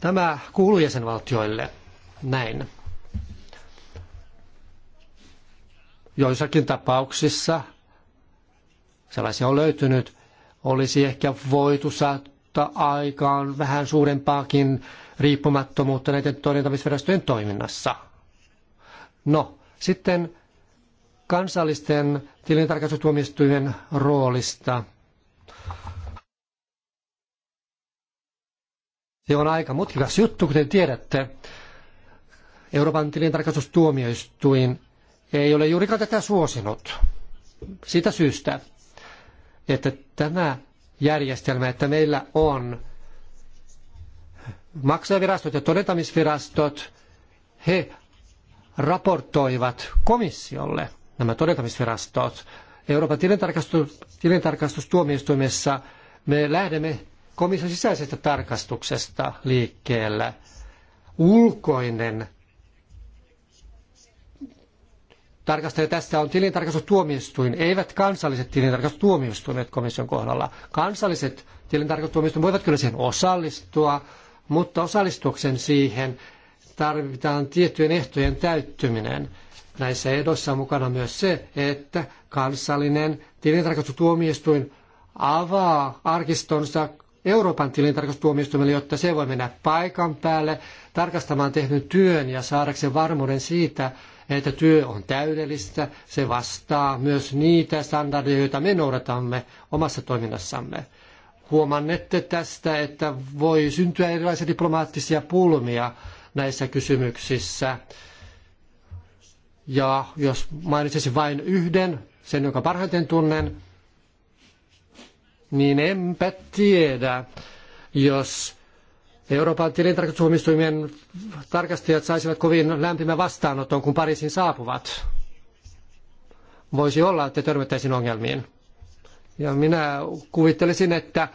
Tämä kuuluu jäsenvaltioille näin. Joissakin tapauksissa, sellaisia on löytynyt, olisi ehkä voitu saattaa aikaan vähän suurempaakin riippumattomuutta näiden todentamisvirastojen toiminnassa. No, sitten kansallisten tilintarkastustuomioistuimen roolista – Se on aika mutkikas juttu, kuten tiedätte. Euroopan tilintarkastustuomioistuin ei ole juurikaan tätä suosinut. Siitä syystä, että tämä järjestelmä, että meillä on maksajavirastot ja todentamisvirastot, he raportoivat komissiolle nämä todentamisvirastot. Euroopan tilintarkastustuomioistuimessa me lähdemme komission sisäisestä tarkastuksesta liikkeellä. Ulkoinen tarkastaja tässä on tilintarkastustuomioistuin, eivät kansalliset tilintarkastustuomioistuimet komission kohdalla. Kansalliset tilintarkastustuomioistuimet voivat kyllä siihen osallistua, mutta osallistuksen siihen tarvitaan tiettyjen ehtojen täyttyminen. Näissä edossa on mukana myös se, että kansallinen tilintarkastustuomioistuin avaa arkistonsa Euroopan tilintarkastustuomioistuimelle, jotta se voi mennä paikan päälle tarkastamaan tehdyn työn ja saadakseen varmuuden siitä, että työ on täydellistä, se vastaa myös niitä standardeja, joita me noudatamme omassa toiminnassamme. Huomannette tästä, että voi syntyä erilaisia diplomaattisia pulmia näissä kysymyksissä. Ja jos mainitsisin vain yhden, sen jonka parhaiten tunnen, niin enpä tiedä, jos Euroopan tilintarkastustuomioistuimien tarkastajat saisivat kovin lämpimän vastaanoton, kun Pariisin saapuvat. Voisi olla, että törmättäisiin ongelmiin. Ja minä kuvittelisin, että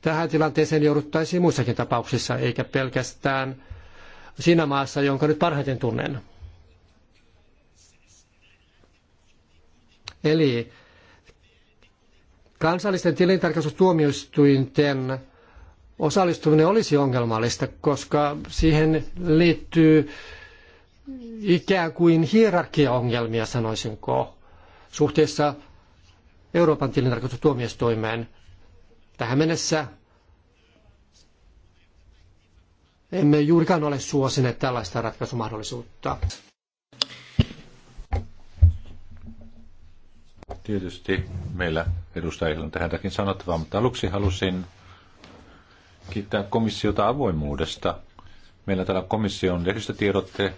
tähän tilanteeseen jouduttaisiin muissakin tapauksissa, eikä pelkästään siinä maassa, jonka nyt parhaiten tunnen. Eli Kansallisten tilintarkastustuomioistuinten osallistuminen olisi ongelmallista, koska siihen liittyy ikään kuin hierarkiaongelmia, sanoisinko, suhteessa Euroopan tilintarkastustuomioistuimeen. Tähän mennessä emme juurikaan ole suosineet tällaista ratkaisumahdollisuutta. Tietysti meillä edustajilla on tähänkin sanottavaa, mutta aluksi halusin kiittää komissiota avoimuudesta. Meillä täällä on lehdistötiedotte,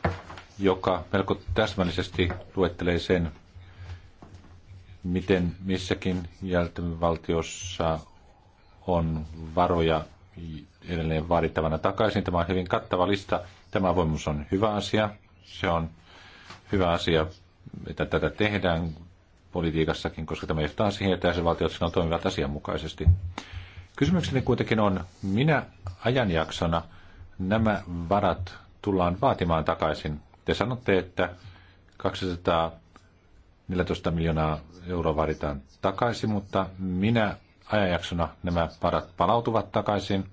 joka melko täsmällisesti luettelee sen, miten missäkin jäsenvaltiossa on varoja edelleen vaadittavana takaisin. Tämä on hyvin kattava lista. Tämä avoimuus on hyvä asia. Se on hyvä asia, että tätä tehdään politiikassakin, koska tämä johtaa siihen, että jäsenvaltiot sinä toimivat asianmukaisesti. Kysymykseni kuitenkin on, minä ajanjaksona nämä varat tullaan vaatimaan takaisin. Te sanotte, että 214 miljoonaa euroa vaaditaan takaisin, mutta minä ajanjaksona nämä varat palautuvat takaisin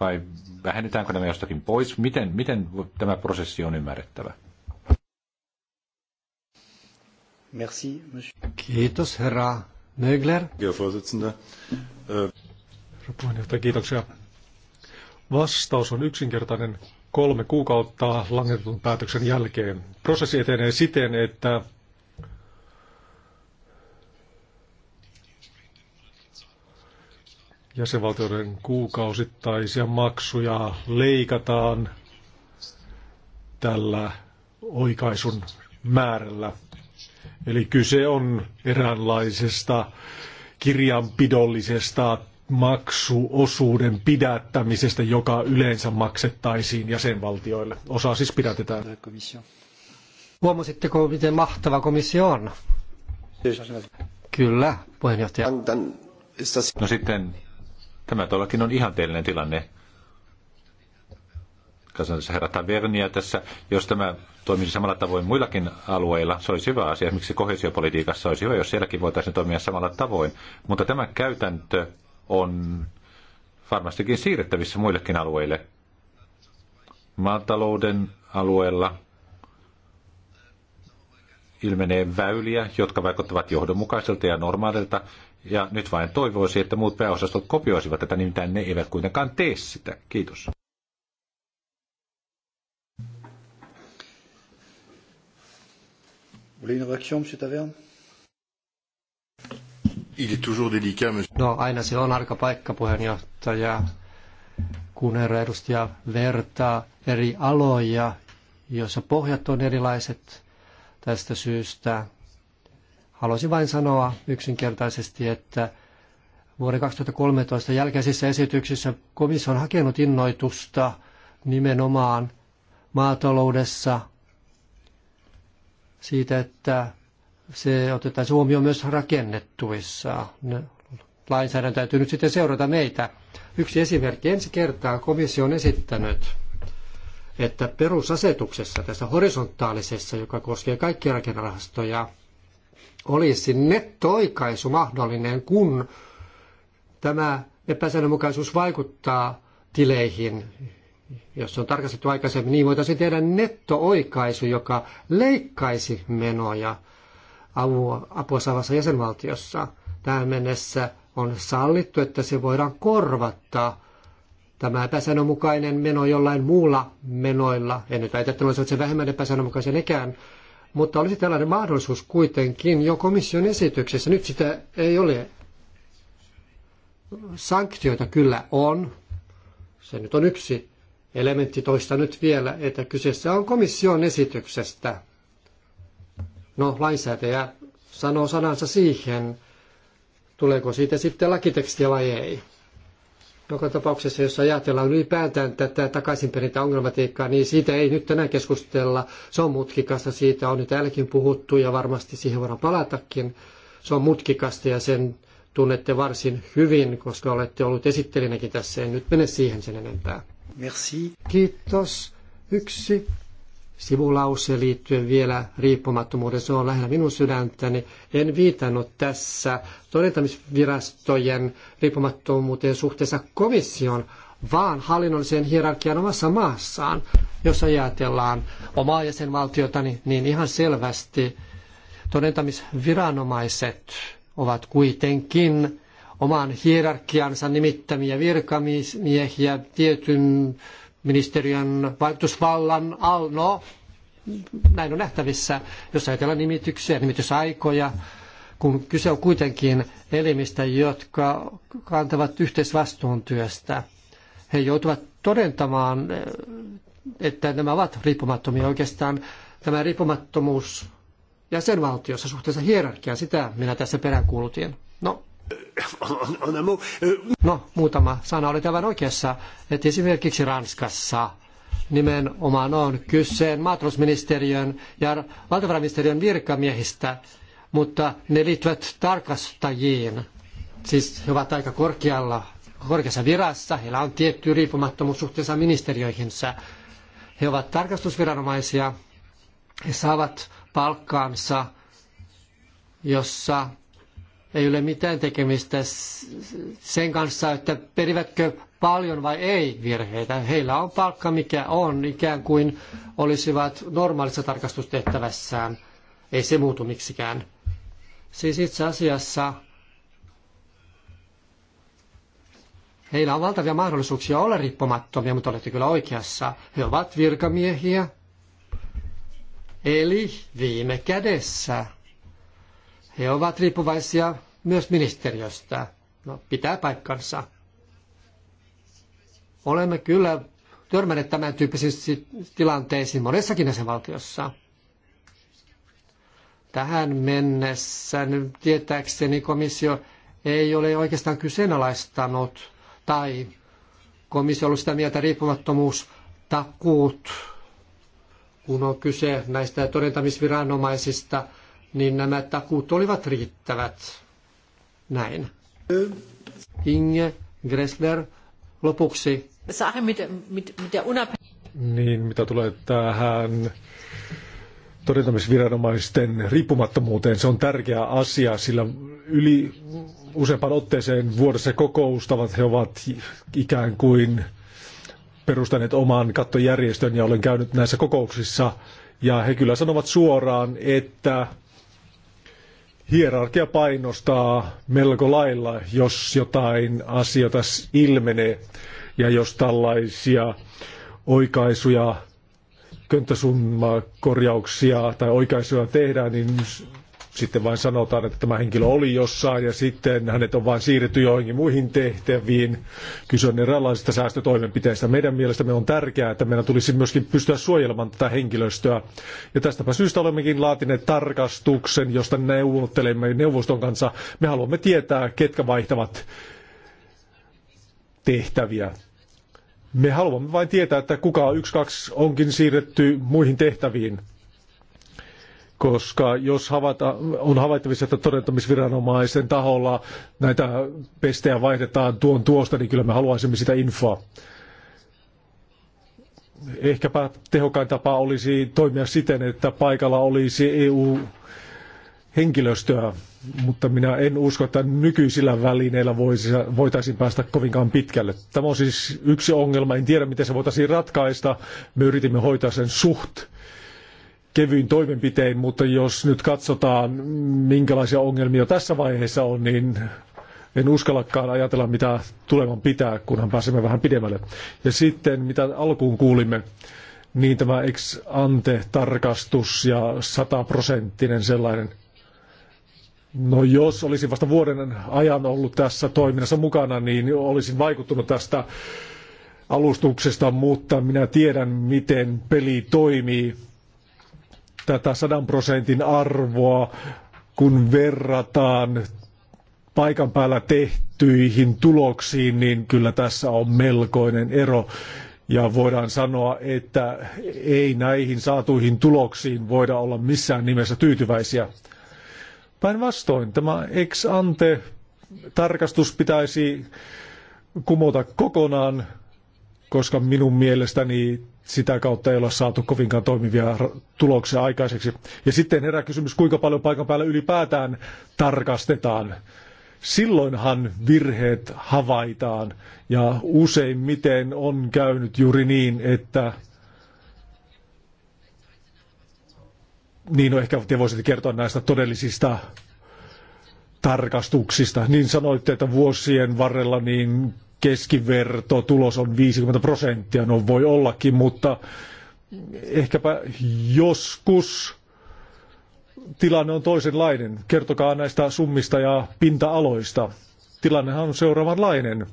vai vähennetäänkö nämä jostakin pois? Miten, miten tämä prosessi on ymmärrettävä? Merci, monsieur. Kiitos, herra Mögler. Herra puheenjohtaja, kiitoksia. Vastaus on yksinkertainen kolme kuukautta langetetun päätöksen jälkeen. Prosessi etenee siten, että jäsenvaltioiden kuukausittaisia maksuja leikataan tällä oikaisun määrällä. Eli kyse on eräänlaisesta kirjanpidollisesta maksuosuuden pidättämisestä, joka yleensä maksettaisiin jäsenvaltioille. Osa siis pidätetään. Huomasitteko, miten mahtava komissio on? Kyllä, puheenjohtaja. No sitten tämä tuollakin on ihanteellinen tilanne kansallisessa herra Tavernia tässä. Jos tämä toimisi samalla tavoin muillakin alueilla, se olisi hyvä asia. Miksi kohesiopolitiikassa olisi hyvä, jos sielläkin voitaisiin toimia samalla tavoin. Mutta tämä käytäntö on varmastikin siirrettävissä muillekin alueille. Maatalouden alueella ilmenee väyliä, jotka vaikuttavat johdonmukaiselta ja normaalilta, ja nyt vain toivoisin, että muut pääosastot kopioisivat tätä, nimittäin ne eivät kuitenkaan tee sitä. Kiitos. voulez une réaction, Taverne Il est toujours délicat, No aina se on arka paikka, puheenjohtaja, kun edustaja vertaa eri aloja, joissa pohjat on erilaiset tästä syystä. Haluaisin vain sanoa yksinkertaisesti, että vuoden 2013 jälkeisissä esityksissä komissio on hakenut innoitusta nimenomaan maataloudessa siitä, että se otetaan huomioon myös rakennettuissa. Lainsäädäntö täytyy nyt sitten seurata meitä. Yksi esimerkki. Ensi kertaa komissio on esittänyt, että perusasetuksessa, tässä horisontaalisessa, joka koskee kaikkia rakennerahastoja, olisi nettoikaisu mahdollinen, kun tämä epäsäännönmukaisuus vaikuttaa tileihin, jos se on tarkastettu aikaisemmin, niin voitaisiin tehdä netto-oikaisu, joka leikkaisi menoja avua, apua saavassa jäsenvaltiossa. Tähän mennessä on sallittu, että se voidaan korvata tämä epäsäännönmukainen meno jollain muulla menoilla. En nyt väitä, että olisivat se vähemmän epäsäännönmukaisia nekään, mutta olisi tällainen mahdollisuus kuitenkin jo komission esityksessä. Nyt sitä ei ole. Sanktioita kyllä on. Se nyt on yksi elementti toista nyt vielä, että kyseessä on komission esityksestä. No, lainsäätäjä sanoo sanansa siihen, tuleeko siitä sitten lakitekstiä vai ei. Joka tapauksessa, jos ajatellaan ylipäätään tätä takaisinperintäongelmatiikkaa, niin siitä ei nyt tänään keskustella. Se on mutkikasta, siitä on nyt täälläkin puhuttu ja varmasti siihen voidaan palatakin. Se on mutkikasta ja sen tunnette varsin hyvin, koska olette ollut esittelinäkin tässä. En nyt mene siihen sen enempää. Merci. Kiitos. Yksi sivulause liittyen vielä riippumattomuuden, se on lähellä minun sydäntäni. En viitannut tässä todentamisvirastojen riippumattomuuteen suhteessa komission, vaan hallinnolliseen hierarkian omassa maassaan. Jos ajatellaan omaa jäsenvaltiota, niin ihan selvästi todentamisviranomaiset ovat kuitenkin omaan hierarkiansa nimittämiä virkamiehiä tietyn ministeriön vaikutusvallan al. No, näin on nähtävissä, jos ajatellaan nimityksiä, nimitysaikoja, kun kyse on kuitenkin elimistä, jotka kantavat yhteisvastuun työstä. He joutuvat todentamaan, että nämä ovat riippumattomia oikeastaan. Tämä riippumattomuus jäsenvaltiossa suhteessa hierarkiaan, sitä minä tässä peräänkuulutin. No, No, muutama sana. Olet aivan oikeassa, että esimerkiksi Ranskassa nimenomaan on kyse maatalousministeriön ja valtiovarainministeriön virkamiehistä, mutta ne liittyvät tarkastajiin. Siis he ovat aika korkealla, korkeassa virassa, heillä on tietty riippumattomuus suhteessa ministeriöihinsä. He ovat tarkastusviranomaisia, he saavat palkkaansa, jossa ei ole mitään tekemistä sen kanssa, että perivätkö paljon vai ei virheitä. Heillä on palkka, mikä on, ikään kuin olisivat normaalissa tarkastustehtävässään. Ei se muutu miksikään. Siis itse asiassa heillä on valtavia mahdollisuuksia olla riippumattomia, mutta olette kyllä oikeassa. He ovat virkamiehiä. Eli viime kädessä he ovat riippuvaisia myös ministeriöstä. No, pitää paikkansa. Olemme kyllä törmänneet tämän tyyppisiin tilanteisiin monessakin jäsenvaltiossa. Tähän mennessä nyt tietääkseni komissio ei ole oikeastaan kyseenalaistanut tai komissio ollut sitä mieltä riippumattomuus takuut, kun on kyse näistä todentamisviranomaisista – niin nämä takuut olivat riittävät. Näin. Inge Gressler lopuksi. Niin, mitä tulee tähän todentamisviranomaisten riippumattomuuteen, se on tärkeä asia, sillä yli useampaan otteeseen vuodessa kokoustavat he ovat ikään kuin perustaneet oman kattojärjestön ja olen käynyt näissä kokouksissa ja he kyllä sanovat suoraan, että hierarkia painostaa melko lailla, jos jotain asioita ilmenee ja jos tällaisia oikaisuja, könttäsummakorjauksia tai oikaisuja tehdään, niin sitten vain sanotaan, että tämä henkilö oli jossain ja sitten hänet on vain siirretty joihinkin muihin tehtäviin. Kyse on erilaisista säästötoimenpiteistä. Meidän mielestämme on tärkeää, että meidän tulisi myöskin pystyä suojelemaan tätä henkilöstöä. Ja tästäpä syystä olemmekin laatineet tarkastuksen, josta neuvottelemme neuvoston kanssa. Me haluamme tietää, ketkä vaihtavat tehtäviä. Me haluamme vain tietää, että kuka yksi kaksi onkin siirretty muihin tehtäviin koska jos havaita, on havaittavissa, että todentamisviranomaisen taholla näitä pestejä vaihdetaan tuon tuosta, niin kyllä me haluaisimme sitä infoa. Ehkäpä tehokkain tapa olisi toimia siten, että paikalla olisi EU-henkilöstöä, mutta minä en usko, että nykyisillä välineillä voitaisiin päästä kovinkaan pitkälle. Tämä on siis yksi ongelma, en tiedä miten se voitaisiin ratkaista. Me yritimme hoitaa sen suht kevyin toimenpitein, mutta jos nyt katsotaan, minkälaisia ongelmia tässä vaiheessa on, niin en uskallakaan ajatella, mitä tulevan pitää, kunhan pääsemme vähän pidemmälle. Ja sitten, mitä alkuun kuulimme, niin tämä ex ante tarkastus ja sataprosenttinen sellainen. No jos olisin vasta vuoden ajan ollut tässä toiminnassa mukana, niin olisin vaikuttunut tästä alustuksesta, mutta minä tiedän, miten peli toimii tätä 100 prosentin arvoa, kun verrataan paikan päällä tehtyihin tuloksiin, niin kyllä tässä on melkoinen ero. Ja voidaan sanoa, että ei näihin saatuihin tuloksiin voida olla missään nimessä tyytyväisiä. Päinvastoin tämä ex ante tarkastus pitäisi kumota kokonaan, koska minun mielestäni sitä kautta ei ole saatu kovinkaan toimivia tuloksia aikaiseksi. Ja sitten herää kysymys, kuinka paljon paikan päällä ylipäätään tarkastetaan. Silloinhan virheet havaitaan ja useimmiten on käynyt juuri niin, että niin no ehkä te voisitte kertoa näistä todellisista tarkastuksista. Niin sanoitte, että vuosien varrella niin keskiverto tulos on 50 prosenttia, no voi ollakin, mutta ehkäpä joskus tilanne on toisenlainen. Kertokaa näistä summista ja pinta-aloista. Tilannehan on seuraavanlainen.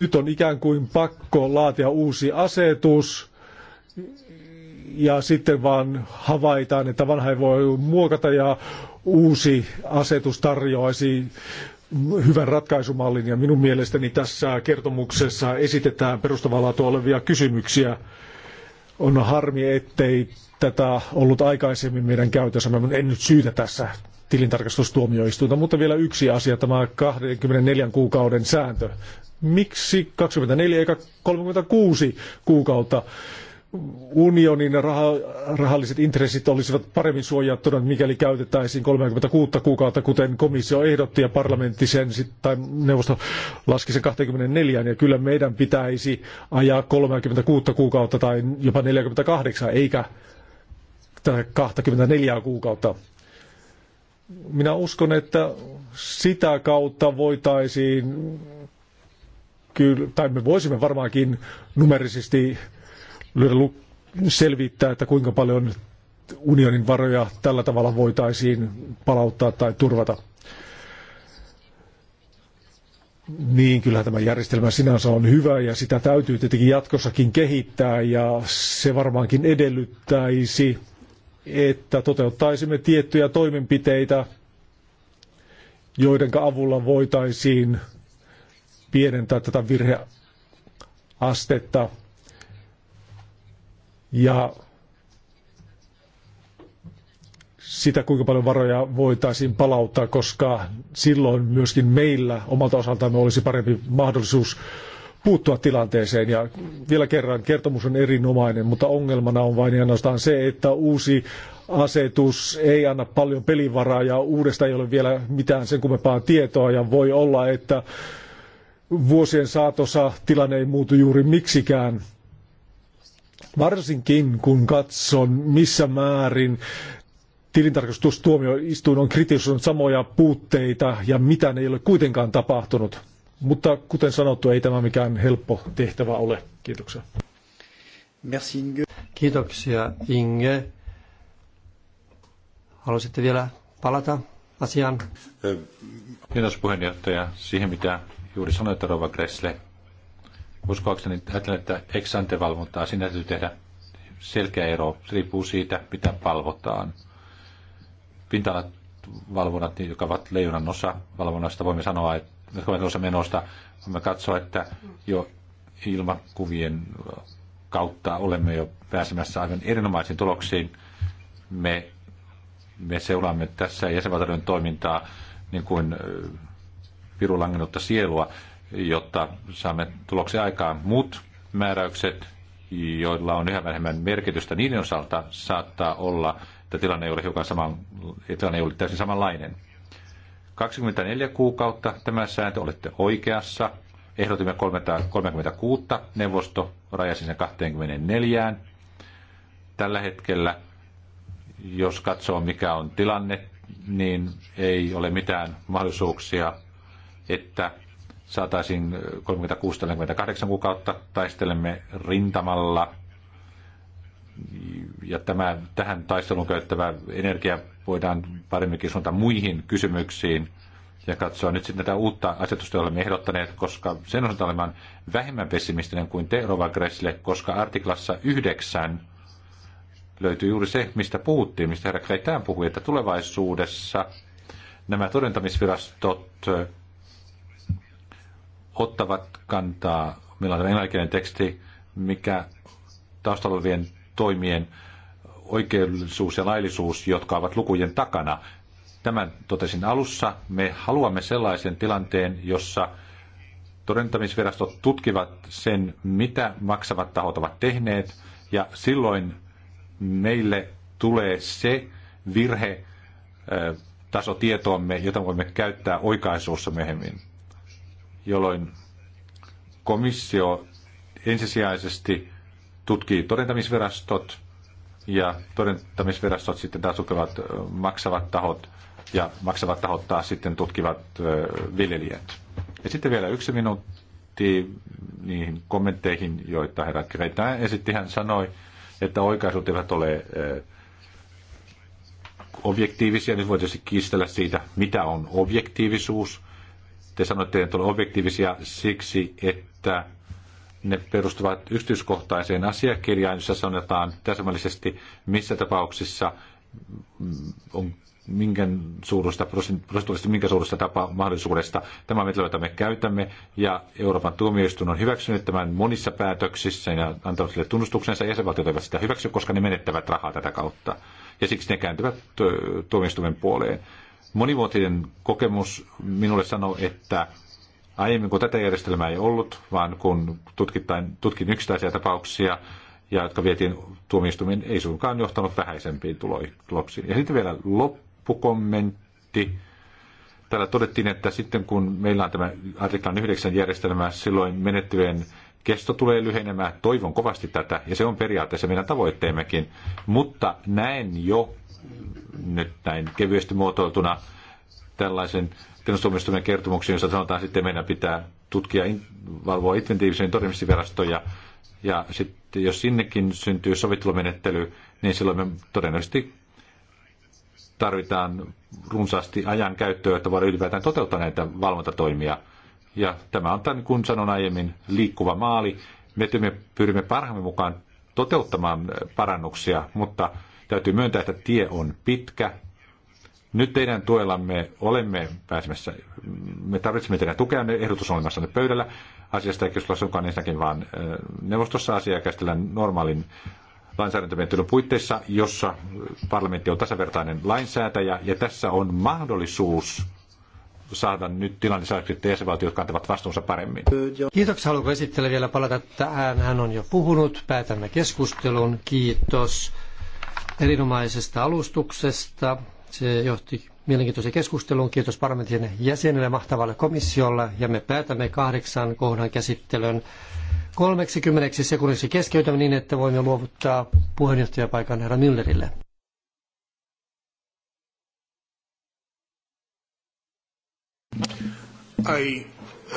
Nyt on ikään kuin pakko laatia uusi asetus ja sitten vaan havaitaan, että vanha ei voi muokata ja uusi asetus tarjoaisi hyvän ratkaisumallin ja minun mielestäni tässä kertomuksessa esitetään perustavanlaatua olevia kysymyksiä. On harmi, ettei tätä ollut aikaisemmin meidän käytössämme. En nyt syytä tässä tilintarkastustuomioistuinta, mutta vielä yksi asia, tämä 24 kuukauden sääntö. Miksi 24 eikä 36 kuukautta? unionin rah- rahalliset intressit olisivat paremmin suojattuna, mikäli käytettäisiin 36 kuukautta, kuten komissio ehdotti ja parlamentti sen tai neuvosto laski sen 24. Ja kyllä meidän pitäisi ajaa 36 kuukautta tai jopa 48, eikä 24 kuukautta. Minä uskon, että sitä kautta voitaisiin, tai me voisimme varmaankin numerisesti selvittää, että kuinka paljon unionin varoja tällä tavalla voitaisiin palauttaa tai turvata. Niin, kyllähän tämä järjestelmä sinänsä on hyvä ja sitä täytyy tietenkin jatkossakin kehittää ja se varmaankin edellyttäisi, että toteuttaisimme tiettyjä toimenpiteitä, joiden avulla voitaisiin pienentää tätä virheastetta ja sitä, kuinka paljon varoja voitaisiin palauttaa, koska silloin myöskin meillä omalta osaltamme olisi parempi mahdollisuus puuttua tilanteeseen. Ja vielä kerran, kertomus on erinomainen, mutta ongelmana on vain ainoastaan se, että uusi asetus ei anna paljon pelivaraa ja uudesta ei ole vielä mitään sen kummempaa tietoa ja voi olla, että vuosien saatossa tilanne ei muutu juuri miksikään. Varsinkin kun katson, missä määrin tilintarkastustuomioistuin on kritisoinut samoja puutteita ja mitään ei ole kuitenkaan tapahtunut. Mutta kuten sanottu, ei tämä mikään helppo tehtävä ole. Kiitoksia. Merci Inge. Kiitoksia Inge. Haluaisitte vielä palata asiaan? Kiitos puheenjohtaja siihen, mitä juuri sanoit Rova Gressle. Uskoakseni ajattelen, että eksantevalvontaa valvontaa siinä täytyy tehdä selkeä ero. Se riippuu siitä, mitä palvotaan. pinta valvonnat, niin, jotka ovat leijonan osa valvonnasta, voimme sanoa, että kun tuossa menosta, voimme katsoa, että jo ilmakuvien kautta olemme jo pääsemässä aivan erinomaisiin tuloksiin. Me, me seuraamme tässä jäsenvaltioiden toimintaa niin kuin pirulangennutta sielua jotta saamme tuloksia aikaan. Muut määräykset, joilla on yhä vähemmän merkitystä, niiden osalta saattaa olla, että tilanne ei ole, hiukan saman, tilanne ei ole täysin samanlainen. 24 kuukautta tämä sääntö, olette oikeassa. Ehdotimme 36, neuvosto rajasi sen 24. Tällä hetkellä, jos katsoo mikä on tilanne, niin ei ole mitään mahdollisuuksia, että saataisiin 36-48 kuukautta, taistelemme rintamalla. Ja tämä, tähän taisteluun käyttävä energia voidaan paremminkin suuntaa muihin kysymyksiin ja katsoa nyt sitten tätä uutta asetusta, jolla me ehdottaneet, koska sen osalta olemaan vähemmän pessimistinen kuin te, Rova Gressle, koska artiklassa 9 löytyy juuri se, mistä puhuttiin, mistä herra Kreitään puhui, että tulevaisuudessa nämä todentamisvirastot ottavat kantaa, millainen englanninkielinen teksti, mikä taustalla olevien toimien oikeellisuus ja laillisuus, jotka ovat lukujen takana. Tämän totesin alussa. Me haluamme sellaisen tilanteen, jossa todentamisvirastot tutkivat sen, mitä maksavat tahot ovat tehneet, ja silloin meille tulee se virhe taso tietoamme, jota voimme käyttää oikaisuussa myöhemmin jolloin komissio ensisijaisesti tutkii todentamisvirastot ja todentamisvirastot sitten taas tukevat maksavat tahot ja maksavat tahot taas sitten tutkivat viljelijät. Ja sitten vielä yksi minuutti niihin kommentteihin, joita herra Kreitään esitti. Hän sanoi, että oikaisut eivät ole objektiivisia. Nyt voi tietysti kiistellä siitä, mitä on objektiivisuus. Te sanoitte, että on objektiivisia siksi, että ne perustuvat yksityiskohtaiseen asiakirjaan, jossa sanotaan täsmällisesti, missä tapauksissa on minkä suuruista, prosentuaalisesti minkä suuruista tapa mahdollisuudesta. Tämä metodi, jota me käytämme, ja Euroopan tuomioistuin on hyväksynyt tämän monissa päätöksissä ja antanut sille tunnustuksensa. Jäsenvaltiot eivät sitä hyväksy, koska ne menettävät rahaa tätä kautta. Ja siksi ne kääntyvät tuomioistuimen puoleen. Monivuotinen kokemus minulle sanoi, että aiemmin kun tätä järjestelmää ei ollut, vaan kun tutkin yksittäisiä tapauksia, ja jotka vietiin tuomioistuimiin, ei suinkaan johtanut vähäisempiin tuloksiin. Ja sitten vielä loppukommentti. Täällä todettiin, että sitten kun meillä on tämä artiklan 9 järjestelmä, silloin menettelyjen kesto tulee lyhenemään. Toivon kovasti tätä, ja se on periaatteessa meidän tavoitteemmekin. Mutta näen jo nyt näin kevyesti muotoiltuna tällaisen tilastuomioistuimen kertomuksen, jossa sanotaan sitten meidän pitää tutkia, valvoa intensiivisen todennäköisesti ja sitten jos sinnekin syntyy sovittelumenettely, niin silloin me todennäköisesti tarvitaan runsaasti ajan käyttöä, että voidaan ylipäätään toteuttaa näitä valvontatoimia. Ja tämä on tämän, kun sanon aiemmin, liikkuva maali. Me pyrimme parhaamme mukaan toteuttamaan parannuksia, mutta Täytyy myöntää, että tie on pitkä. Nyt teidän tuella me olemme pääsemässä, me tarvitsemme teidän tukea, ehdotus on olemassa nyt pöydällä. Asiasta ei keskustella sunkaan ensinnäkin, vaan neuvostossa asiaa käsitellään normaalin lainsäädäntömenettelyn puitteissa, jossa parlamentti on tasavertainen lainsäätäjä, ja tässä on mahdollisuus saada nyt tilanne sellaiseksi, että jäsenvaltiot kantavat vastuunsa paremmin. Kiitoksia. Haluanko esittele vielä palata tähän? Hän on jo puhunut. Päätämme keskustelun. Kiitos erinomaisesta alustuksesta. Se johti mielenkiintoisen keskusteluun. Kiitos parlamentin jäsenille ja mahtavalle komissiolle. Ja me päätämme kahdeksan kohdan käsittelyn 30 sekunniksi keskeytämme niin, että voimme luovuttaa puheenjohtajapaikan herra Müllerille. I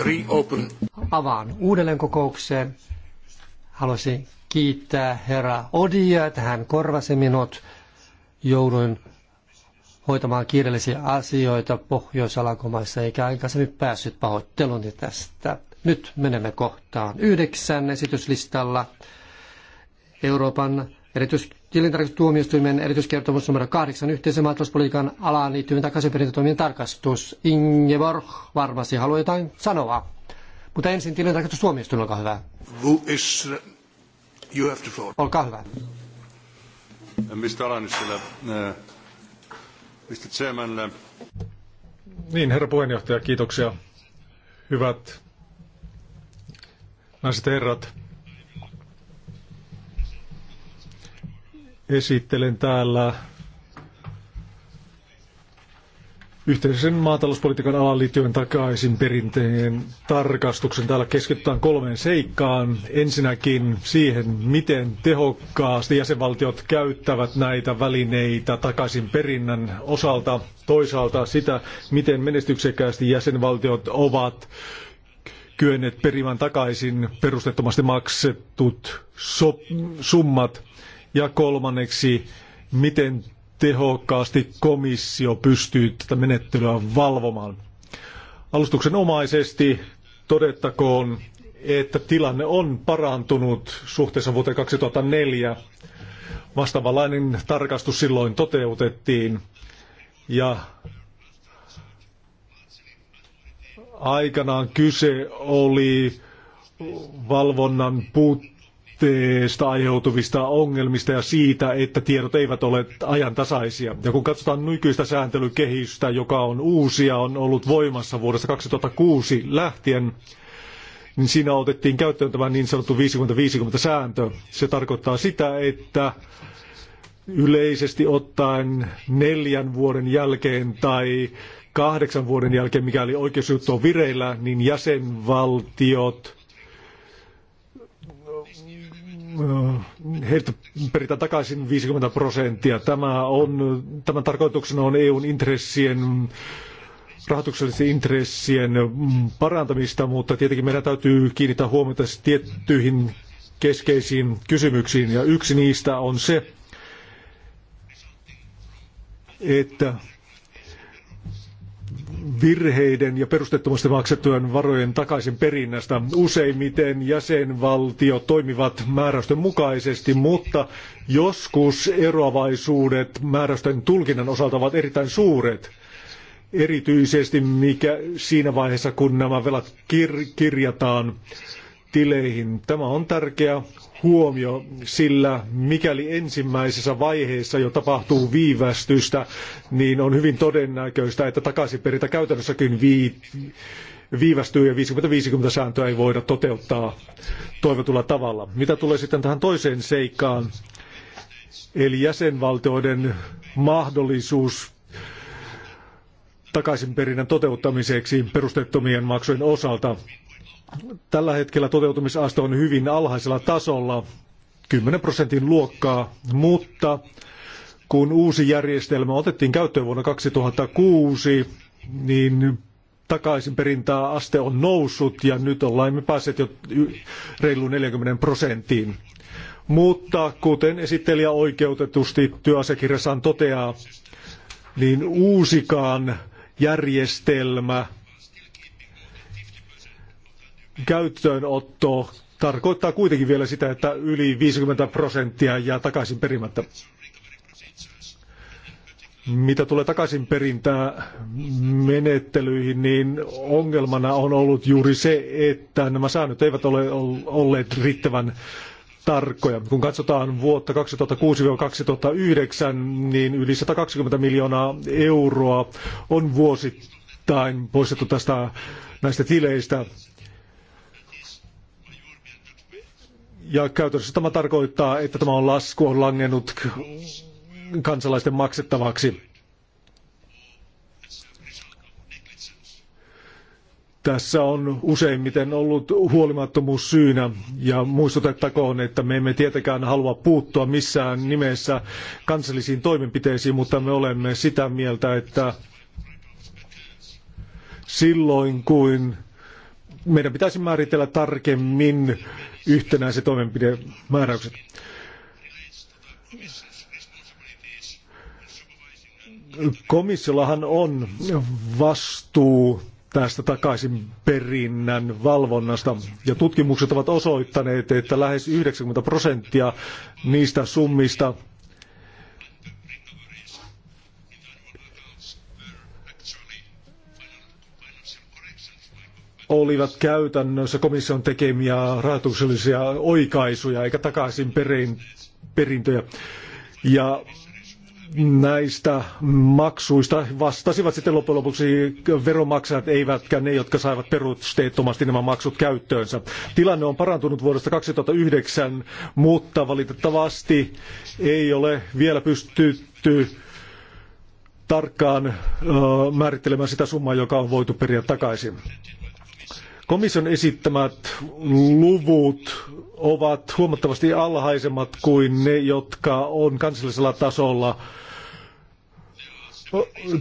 reopen. Avaan uudelleen kokoukseen. Haluaisin kiittää herra Odia, että hän korvasi minut. Jouduin hoitamaan kiireellisiä asioita Pohjois-Alankomaissa, eikä aikaisemmin päässyt pahoitteluni tästä. Nyt menemme kohtaan yhdeksän esityslistalla. Euroopan erityistilintarkastustuomioistuimen erityiskertomus numero kahdeksan yhteisen maatalouspolitiikan alaan liittyvien takaisinperintätoimien tarkastus. Ingeborg varmasti haluaa jotain sanoa. Mutta ensin tilintarkastustuomioistuin, olkaa hyvä. You have Olkaa hyvä. Mr. Mr. Chairman. Niin, herra puheenjohtaja, kiitoksia. Hyvät naiset ja herrat, esittelen täällä yhteisen maatalouspolitiikan alaan liittyen takaisin perinteen tarkastuksen. Täällä keskitytään kolmeen seikkaan. Ensinnäkin siihen, miten tehokkaasti jäsenvaltiot käyttävät näitä välineitä takaisin perinnän osalta. Toisaalta sitä, miten menestyksekkäästi jäsenvaltiot ovat kyenneet perimään takaisin perustettomasti maksetut summat. Ja kolmanneksi, miten tehokkaasti komissio pystyy tätä menettelyä valvomaan. Alustuksen omaisesti todettakoon, että tilanne on parantunut suhteessa vuoteen 2004. Vastaavanlainen tarkastus silloin toteutettiin ja aikanaan kyse oli valvonnan puutteesta suhteesta aiheutuvista ongelmista ja siitä, että tiedot eivät ole ajantasaisia. Ja kun katsotaan nykyistä sääntelykehystä, joka on uusi ja on ollut voimassa vuodesta 2006 lähtien, niin siinä otettiin käyttöön tämä niin sanottu 50-50 sääntö. Se tarkoittaa sitä, että yleisesti ottaen neljän vuoden jälkeen tai kahdeksan vuoden jälkeen, mikäli oikeusjuttu on vireillä, niin jäsenvaltiot heiltä peritään takaisin 50 prosenttia. Tämä on, tämän tarkoituksena on EUn intressien rahoituksellisten intressien parantamista, mutta tietenkin meidän täytyy kiinnittää huomiota tiettyihin keskeisiin kysymyksiin. Ja yksi niistä on se, että virheiden ja perustettomasti maksettujen varojen takaisin perinnästä. Useimmiten jäsenvaltiot toimivat määräysten mukaisesti, mutta joskus eroavaisuudet määräysten tulkinnan osalta ovat erittäin suuret. Erityisesti mikä siinä vaiheessa, kun nämä velat kir kirjataan tileihin. Tämä on tärkeää huomio, sillä mikäli ensimmäisessä vaiheessa jo tapahtuu viivästystä, niin on hyvin todennäköistä, että takaisinperintä käytännössäkin vii, viivästyy ja 50-50 sääntöä ei voida toteuttaa toivotulla tavalla. Mitä tulee sitten tähän toiseen seikkaan, eli jäsenvaltioiden mahdollisuus takaisinperinnän toteuttamiseksi perusteettomien maksujen osalta. Tällä hetkellä toteutumisaste on hyvin alhaisella tasolla, 10 prosentin luokkaa, mutta kun uusi järjestelmä otettiin käyttöön vuonna 2006, niin takaisinperintää aste on noussut ja nyt ollaan me päässeet jo reilu 40 prosenttiin. Mutta kuten esittelijä oikeutetusti työasiakirjassaan toteaa, niin uusikaan järjestelmä – käyttöönotto tarkoittaa kuitenkin vielä sitä, että yli 50 prosenttia jää takaisin perimättä. Mitä tulee takaisin perintää menettelyihin, niin ongelmana on ollut juuri se, että nämä säännöt eivät ole olleet riittävän tarkkoja. Kun katsotaan vuotta 2006-2009, niin yli 120 miljoonaa euroa on vuosittain poistettu tästä näistä tileistä. Ja käytännössä tämä tarkoittaa, että tämä on lasku on langennut kansalaisten maksettavaksi. Tässä on useimmiten ollut huolimattomuus syynä ja muistutettakoon, että me emme tietenkään halua puuttua missään nimessä kansallisiin toimenpiteisiin, mutta me olemme sitä mieltä, että silloin kun meidän pitäisi määritellä tarkemmin yhtenäiset toimenpidemääräykset. Komissiollahan on vastuu tästä takaisin perinnän valvonnasta. Ja tutkimukset ovat osoittaneet, että lähes 90 prosenttia niistä summista, olivat käytännössä komission tekemiä rahoituksellisia oikaisuja eikä takaisin perin, perintöjä. Ja näistä maksuista vastasivat sitten loppujen lopuksi veronmaksajat, eivätkä ne, jotka saivat perusteettomasti nämä maksut käyttöönsä. Tilanne on parantunut vuodesta 2009, mutta valitettavasti ei ole vielä pystytty tarkkaan määrittelemään sitä summaa, joka on voitu periä takaisin. Komission esittämät luvut ovat huomattavasti alhaisemmat kuin ne, jotka on kansallisella tasolla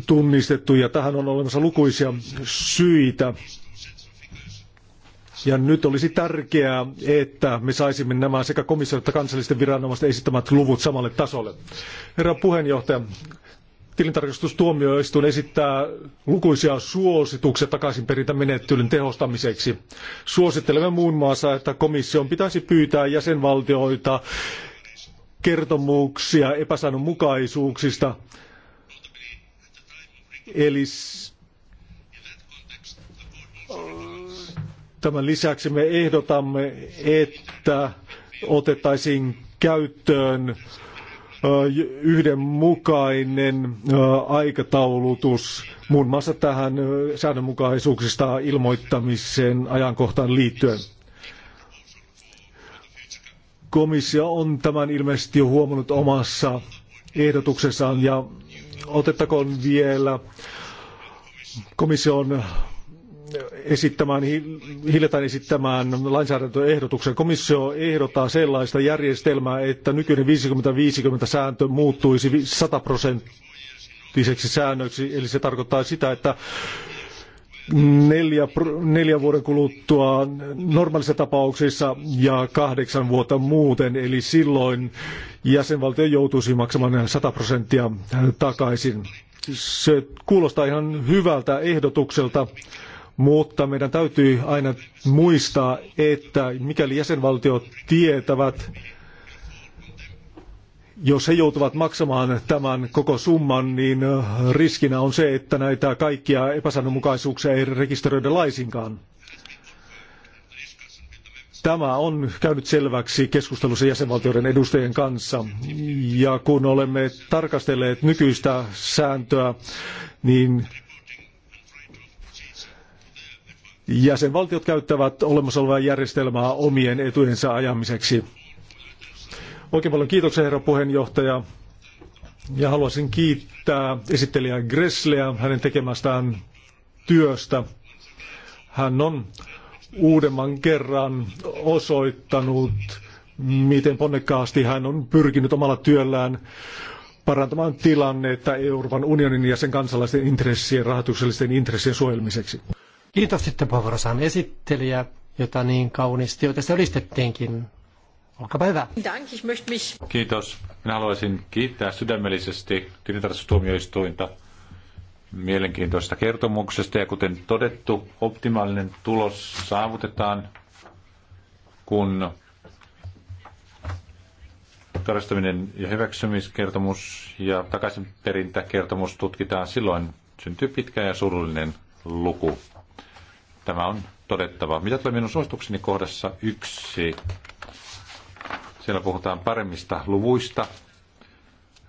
tunnistettu, ja tähän on olemassa lukuisia syitä. Ja nyt olisi tärkeää, että me saisimme nämä sekä komission että kansallisten viranomaisten esittämät luvut samalle tasolle. Herra puheenjohtaja, Tilintarkastustuomioistuin esittää lukuisia suosituksia takaisinperintämenettelyn tehostamiseksi. Suosittelemme muun muassa, että komission pitäisi pyytää jäsenvaltioita kertomuksia epäsäännönmukaisuuksista, eli Tämän lisäksi me ehdotamme, että otettaisiin käyttöön yhdenmukainen aikataulutus muun muassa tähän säännönmukaisuuksista ilmoittamiseen ajankohtaan liittyen. Komissio on tämän ilmeisesti jo huomannut omassa ehdotuksessaan ja otettakoon vielä komission esittämään, hiljattain esittämään lainsäädäntöehdotuksen. Komissio ehdottaa sellaista järjestelmää, että nykyinen 50-50 sääntö muuttuisi 100 prosenttiseksi säännöksi, eli se tarkoittaa sitä, että neljä, neljä vuoden kuluttua normaalissa tapauksissa ja kahdeksan vuotta muuten, eli silloin jäsenvaltio joutuisi maksamaan 100 prosenttia takaisin. Se kuulostaa ihan hyvältä ehdotukselta mutta meidän täytyy aina muistaa, että mikäli jäsenvaltiot tietävät, jos he joutuvat maksamaan tämän koko summan, niin äh, riskinä on se, että näitä kaikkia epäsäännönmukaisuuksia ei rekisteröidä laisinkaan. Tämä on käynyt selväksi keskustelussa jäsenvaltioiden edustajien kanssa. Ja kun olemme tarkastelleet nykyistä sääntöä, niin jäsenvaltiot käyttävät olemassa olevaa järjestelmää omien etujensa ajamiseksi. Oikein paljon kiitoksia herra puheenjohtaja. Ja haluaisin kiittää esittelijä Gressleä hänen tekemästään työstä. Hän on uudemman kerran osoittanut, miten ponnekkaasti hän on pyrkinyt omalla työllään parantamaan tilannetta Euroopan unionin ja sen kansalaisten intressien, rahoituksellisten intressien suojelmiseksi. Kiitos sitten puheenvuorossaan esittelijä, jota niin kauniisti jo tässä ylistettiinkin. Olkaa hyvä. Kiitos. Minä haluaisin kiittää sydämellisesti tilintarkastustuomioistuinta mielenkiintoista kertomuksesta. Ja kuten todettu, optimaalinen tulos saavutetaan, kun tarastaminen ja hyväksymiskertomus ja takaisinperintäkertomus tutkitaan. Silloin syntyy pitkä ja surullinen luku. Tämä on todettava. Mitä tulee minun suositukseni kohdassa yksi? Siellä puhutaan paremmista luvuista.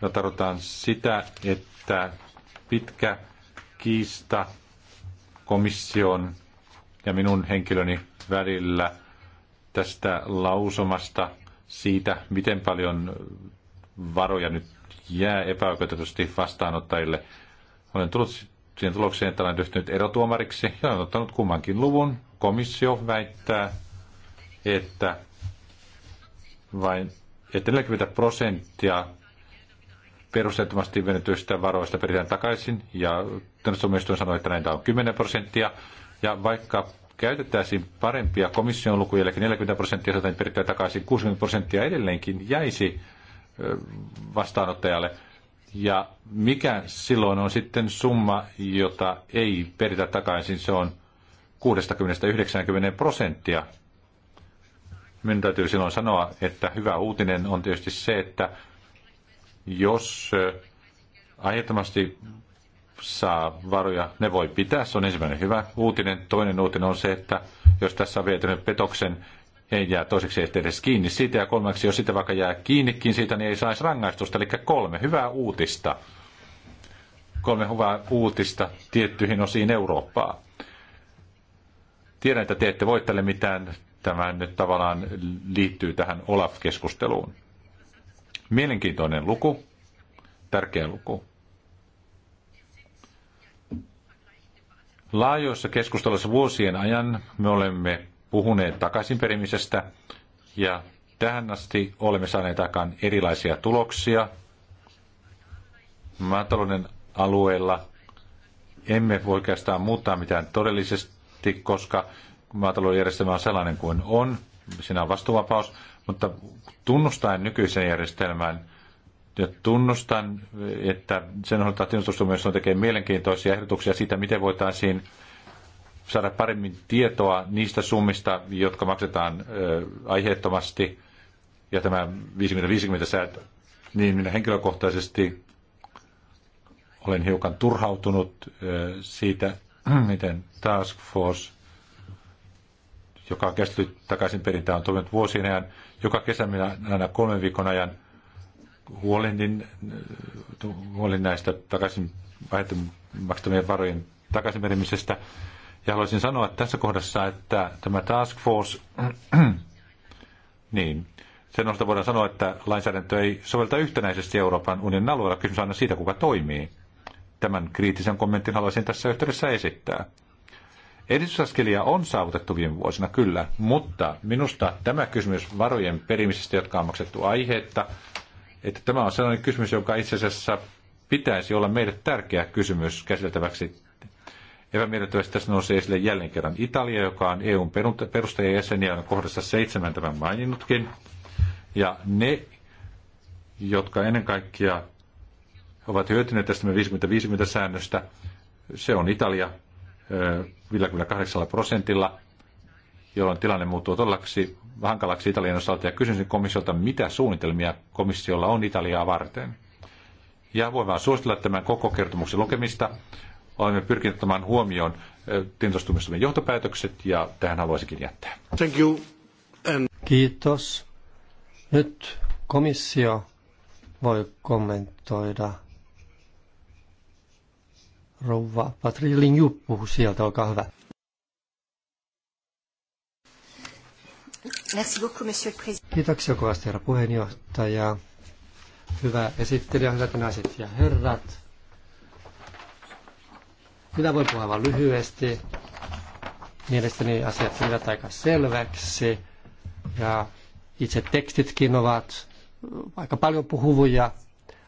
Ja tarvitaan sitä, että pitkä kiista komission ja minun henkilöni välillä tästä lausumasta siitä, miten paljon varoja nyt jää epäoikeutetusti vastaanottajille. Olen tullut siihen tulokseen, että olen ryhtynyt erotuomariksi ja olen ottanut kummankin luvun. Komissio väittää, että vain että 40 prosenttia perusteettomasti venetyistä varoista peritään takaisin, ja tuomioistuin sanoi, että näitä on 10 prosenttia, ja vaikka käytettäisiin parempia komission lukuja, eli 40 prosenttia saataisiin perittyä takaisin, 60 prosenttia edelleenkin jäisi vastaanottajalle. Ja mikä silloin on sitten summa, jota ei peritä takaisin? Se on 60-90 prosenttia. Minun täytyy silloin sanoa, että hyvä uutinen on tietysti se, että jos äh, aiheettomasti saa varoja, ne voi pitää. Se on ensimmäinen hyvä uutinen. Toinen uutinen on se, että jos tässä on vietynyt petoksen ei jää toiseksi ettei edes kiinni siitä, ja kolmeksi, jos sitä vaikka jää kiinnikin siitä, niin ei saisi rangaistusta. Eli kolme hyvää uutista. Kolme hyvää uutista tiettyihin osiin Eurooppaa. Tiedän, että te ette voi tälle mitään. Tämä nyt tavallaan liittyy tähän Olaf-keskusteluun. Mielenkiintoinen luku, tärkeä luku. Laajoissa keskustelussa vuosien ajan me olemme puhuneet takaisinperimisestä ja tähän asti olemme saaneet aikaan erilaisia tuloksia. Maatalouden alueella emme voi oikeastaan muuttaa mitään todellisesti, koska maatalouden järjestelmä on sellainen kuin on. Siinä on vastuuvapaus, mutta tunnustaen nykyisen järjestelmän ja tunnustan, että sen osalta on tekee mielenkiintoisia ehdotuksia siitä, miten voitaisiin saada paremmin tietoa niistä summista, jotka maksetaan aiheettomasti, ja tämä 50-50 säätö, niin minä henkilökohtaisesti olen hiukan turhautunut siitä, miten Task Force, joka on käsitellyt takaisin perintään, on toiminut vuosien ajan. Joka kesä minä aina kolmen viikon ajan huolehdin, huolin näistä takaisin maksamien varojen perimisestä. Ja haluaisin sanoa tässä kohdassa, että tämä task force, niin, sen osalta voidaan sanoa, että lainsäädäntö ei sovelta yhtenäisesti Euroopan unionin alueella. Kysymys on aina siitä, kuka toimii. Tämän kriittisen kommentin haluaisin tässä yhteydessä esittää. Edistysaskelia on saavutettu viime vuosina kyllä, mutta minusta tämä kysymys varojen perimisestä, jotka on maksettu aiheetta, että tämä on sellainen kysymys, joka itse asiassa pitäisi olla meille tärkeä kysymys käsiteltäväksi Epämiellyttävästi tässä nousee esille jälleen kerran Italia, joka on EUn perustajajäsen ja on kohdassa seitsemän tämän maininnutkin. Ja ne, jotka ennen kaikkea ovat hyötyneet tästä 50-50 säännöstä, se on Italia 58 prosentilla, jolloin tilanne muuttuu todellaksi hankalaksi Italian osalta. Ja kysyisin komissiolta, mitä suunnitelmia komissiolla on Italiaa varten. Ja voin vaan suositella tämän koko kertomuksen lukemista olemme pyrkineet ottamaan huomioon tilintarkastustuomioistuimen johtopäätökset ja tähän haluaisinkin jättää. Thank you. And... Kiitos. Nyt komissio voi kommentoida. Rouva Patri Linju puhuu sieltä, olkaa hyvä. Merci beaucoup, monsieur le président. Kiitoksia kovasti, herra puheenjohtaja. Hyvä esittelijä, hyvät naiset ja herrat. Minä voin puhua vain lyhyesti. Mielestäni asiat tulivat aika selväksi ja itse tekstitkin ovat aika paljon puhuvia.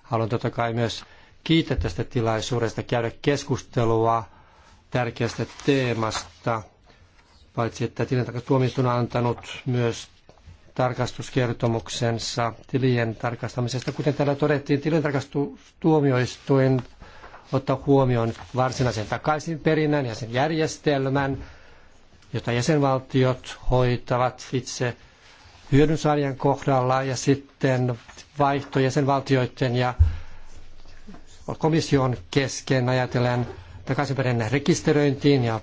Haluan totta kai myös kiittää tästä tilaisuudesta käydä keskustelua tärkeästä teemasta. Paitsi että tilintarkastustuomioistuin on antanut myös tarkastuskertomuksensa tilien tarkastamisesta. Kuten täällä todettiin, tilintarkastustuomioistuin ottaa huomioon varsinaisen takaisinperinnän ja sen järjestelmän, jota jäsenvaltiot hoitavat itse hyödynsaajien kohdalla ja sitten vaihto jäsenvaltioiden ja komission kesken ajatellen takaisinperinnän rekisteröintiin ja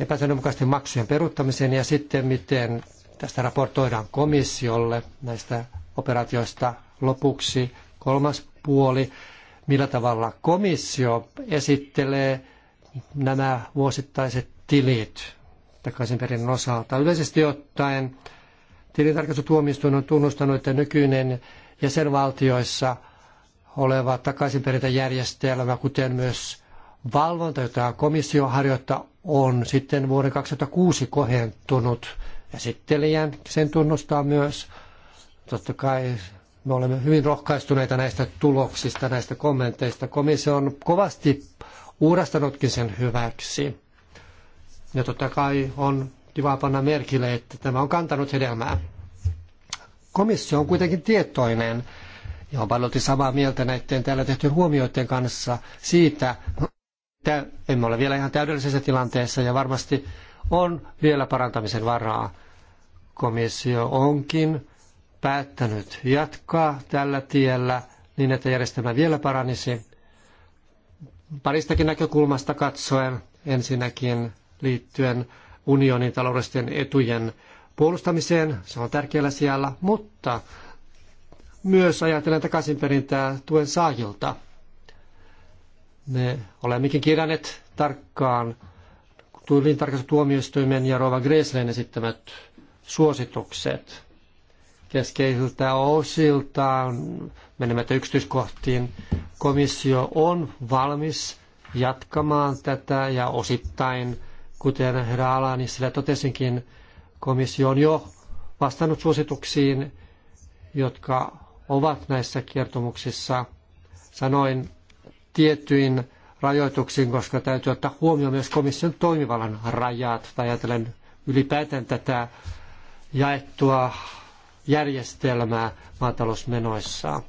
epäsäännönmukaisten maksujen peruuttamiseen ja sitten miten tästä raportoidaan komissiolle näistä operaatioista lopuksi kolmas puoli millä tavalla komissio esittelee nämä vuosittaiset tilit takaisinperin osalta. Yleisesti ottaen tilintarkastustuomioistuin on tunnustanut, että nykyinen jäsenvaltioissa oleva takaisinperintäjärjestelmä, kuten myös valvonta, jota komissio harjoittaa, on sitten vuoden 2006 kohentunut. Esittelijän sen tunnustaa myös. Totta kai me olemme hyvin rohkaistuneita näistä tuloksista, näistä kommenteista. Komissio on kovasti uurastanutkin sen hyväksi. Ja totta kai on kiva panna merkille, että tämä on kantanut hedelmää. Komissio on kuitenkin tietoinen ja on paljon samaa mieltä näiden täällä tehtyjen huomioiden kanssa siitä, että emme ole vielä ihan täydellisessä tilanteessa ja varmasti on vielä parantamisen varaa. Komissio onkin päättänyt jatkaa tällä tiellä niin, että järjestelmä vielä paranisi. Paristakin näkökulmasta katsoen ensinnäkin liittyen unionin taloudellisten etujen puolustamiseen, se on tärkeällä siellä, mutta myös ajatellen takaisinperintää tuen saajilta. Me olemmekin kirjanneet tarkkaan tuomioistuimen ja Rova Greslen esittämät suositukset keskeisiltä osiltaan, menemättä yksityiskohtiin, komissio on valmis jatkamaan tätä ja osittain, kuten herra Alani sillä totesinkin, komissio on jo vastannut suosituksiin, jotka ovat näissä kertomuksissa. Sanoin tietyin rajoituksiin, koska täytyy ottaa huomioon myös komission toimivallan rajat, tai ajatellen ylipäätään tätä jaettua järjestelmää maatalousmenoissaan.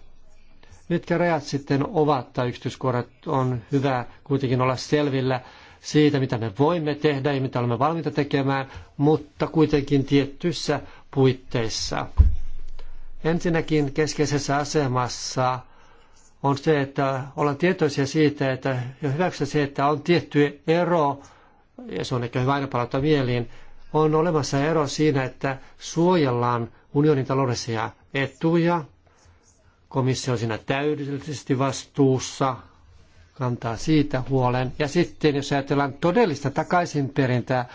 Mitkä rajat sitten ovat tai yksityiskohdat on hyvä kuitenkin olla selvillä siitä, mitä me voimme tehdä ja mitä olemme valmiita tekemään, mutta kuitenkin tietyissä puitteissa. Ensinnäkin keskeisessä asemassa on se, että ollaan tietoisia siitä, että ja hyväksytä se, että on tietty ero, ja se on ehkä hyvä aina palata mieliin, on olemassa ero siinä, että suojellaan unionin taloudellisia etuja. Komissio on siinä täydellisesti vastuussa, kantaa siitä huolen. Ja sitten jos ajatellaan todellista takaisinperintää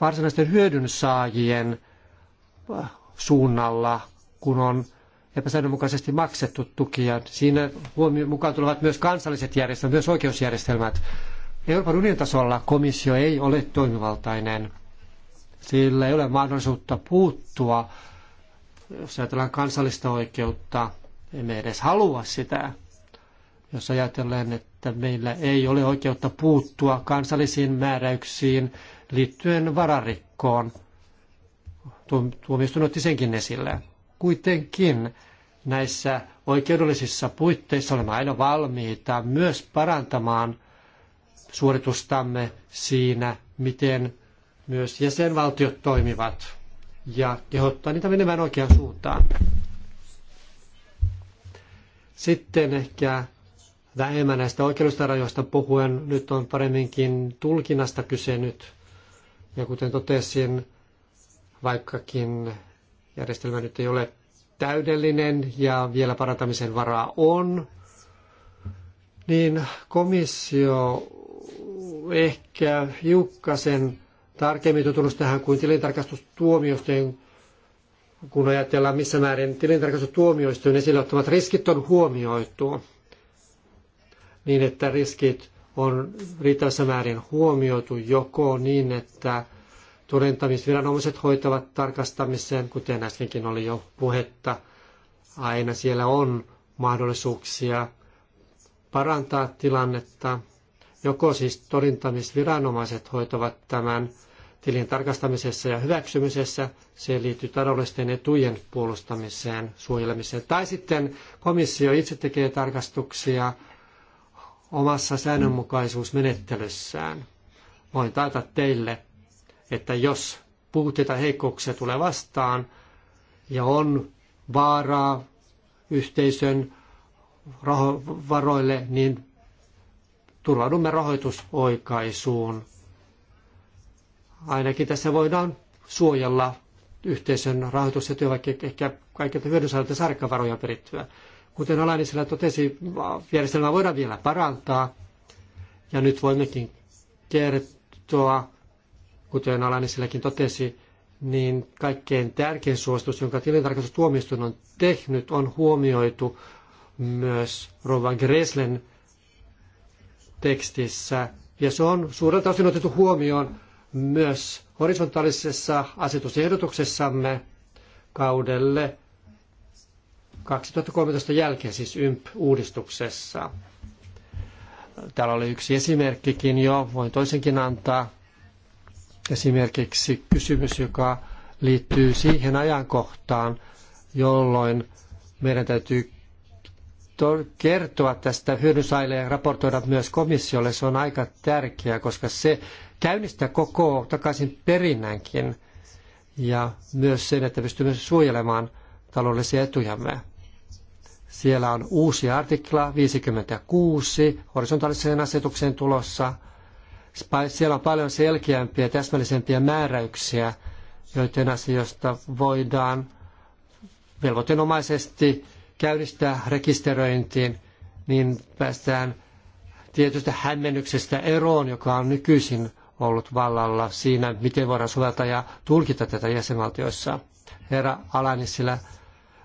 varsinaisten hyödynsaajien äh, suunnalla, kun on epäsäännönmukaisesti maksettu tukia. Siinä huomioon mukaan tulevat myös kansalliset järjestelmät, myös oikeusjärjestelmät. Euroopan unionin tasolla komissio ei ole toimivaltainen sillä ei ole mahdollisuutta puuttua, jos ajatellaan kansallista oikeutta, emme edes halua sitä, jos ajatellaan, että meillä ei ole oikeutta puuttua kansallisiin määräyksiin liittyen vararikkoon. Tuomioistuin otti senkin esille. Kuitenkin näissä oikeudellisissa puitteissa olemme aina valmiita myös parantamaan suoritustamme siinä, miten myös jäsenvaltiot toimivat ja kehottaa niitä menemään oikeaan suuntaan. Sitten ehkä vähemmän näistä oikeudellisista rajoista puhuen, nyt on paremminkin tulkinnasta kyse nyt. Ja kuten totesin, vaikkakin järjestelmä nyt ei ole täydellinen ja vielä parantamisen varaa on, niin komissio ehkä hiukkasen tarkemmin tutunut tähän kuin tilintarkastustuomioistuin, kun ajatellaan missä määrin tilintarkastustuomioistuin esille ottamat riskit on huomioitu, niin että riskit on riittävässä määrin huomioitu joko niin, että todentamisviranomaiset hoitavat tarkastamisen, kuten äskenkin oli jo puhetta, aina siellä on mahdollisuuksia parantaa tilannetta. Joko siis todentamisviranomaiset hoitavat tämän tilien tarkastamisessa ja hyväksymisessä. Se liittyy taloudellisten etujen puolustamiseen, suojelemiseen. Tai sitten komissio itse tekee tarkastuksia omassa säännönmukaisuusmenettelyssään. Voin taata teille, että jos puutteita heikkouksia tulee vastaan ja on vaaraa yhteisön varoille, niin turvaudumme rahoitusoikaisuun ainakin tässä voidaan suojella yhteisön rahoitus- ja työvaikea ehkä kaikilta hyödynsaajilta sarkkavaroja perittyä. Kuten Alanisella totesi, järjestelmää voidaan vielä parantaa. Ja nyt voimmekin kertoa, kuten Alanisellakin totesi, niin kaikkein tärkein suositus, jonka tilintarkastustuomioistuin on tehnyt, on huomioitu myös Rovan Greslen tekstissä. Ja se on suurelta osin otettu huomioon myös horisontaalisessa asetusehdotuksessamme kaudelle 2013 jälkeen, siis YMP-uudistuksessa. Täällä oli yksi esimerkkikin jo, voin toisenkin antaa. Esimerkiksi kysymys, joka liittyy siihen ajankohtaan, jolloin meidän täytyy kertoa tästä hyödynsaille ja raportoida myös komissiolle. Se on aika tärkeää, koska se käynnistää koko takaisin perinnänkin ja myös sen, että pystymme suojelemaan taloudellisia etujamme. Siellä on uusi artikla 56 horisontaaliseen asetukseen tulossa. Siellä on paljon selkeämpiä ja täsmällisempiä määräyksiä, joiden asioista voidaan velvoitenomaisesti käynnistää rekisteröintiin, niin päästään tietystä hämmennyksestä eroon, joka on nykyisin ollut vallalla siinä, miten voidaan soveltaa ja tulkita tätä jäsenvaltioissa. Herra Alanisilla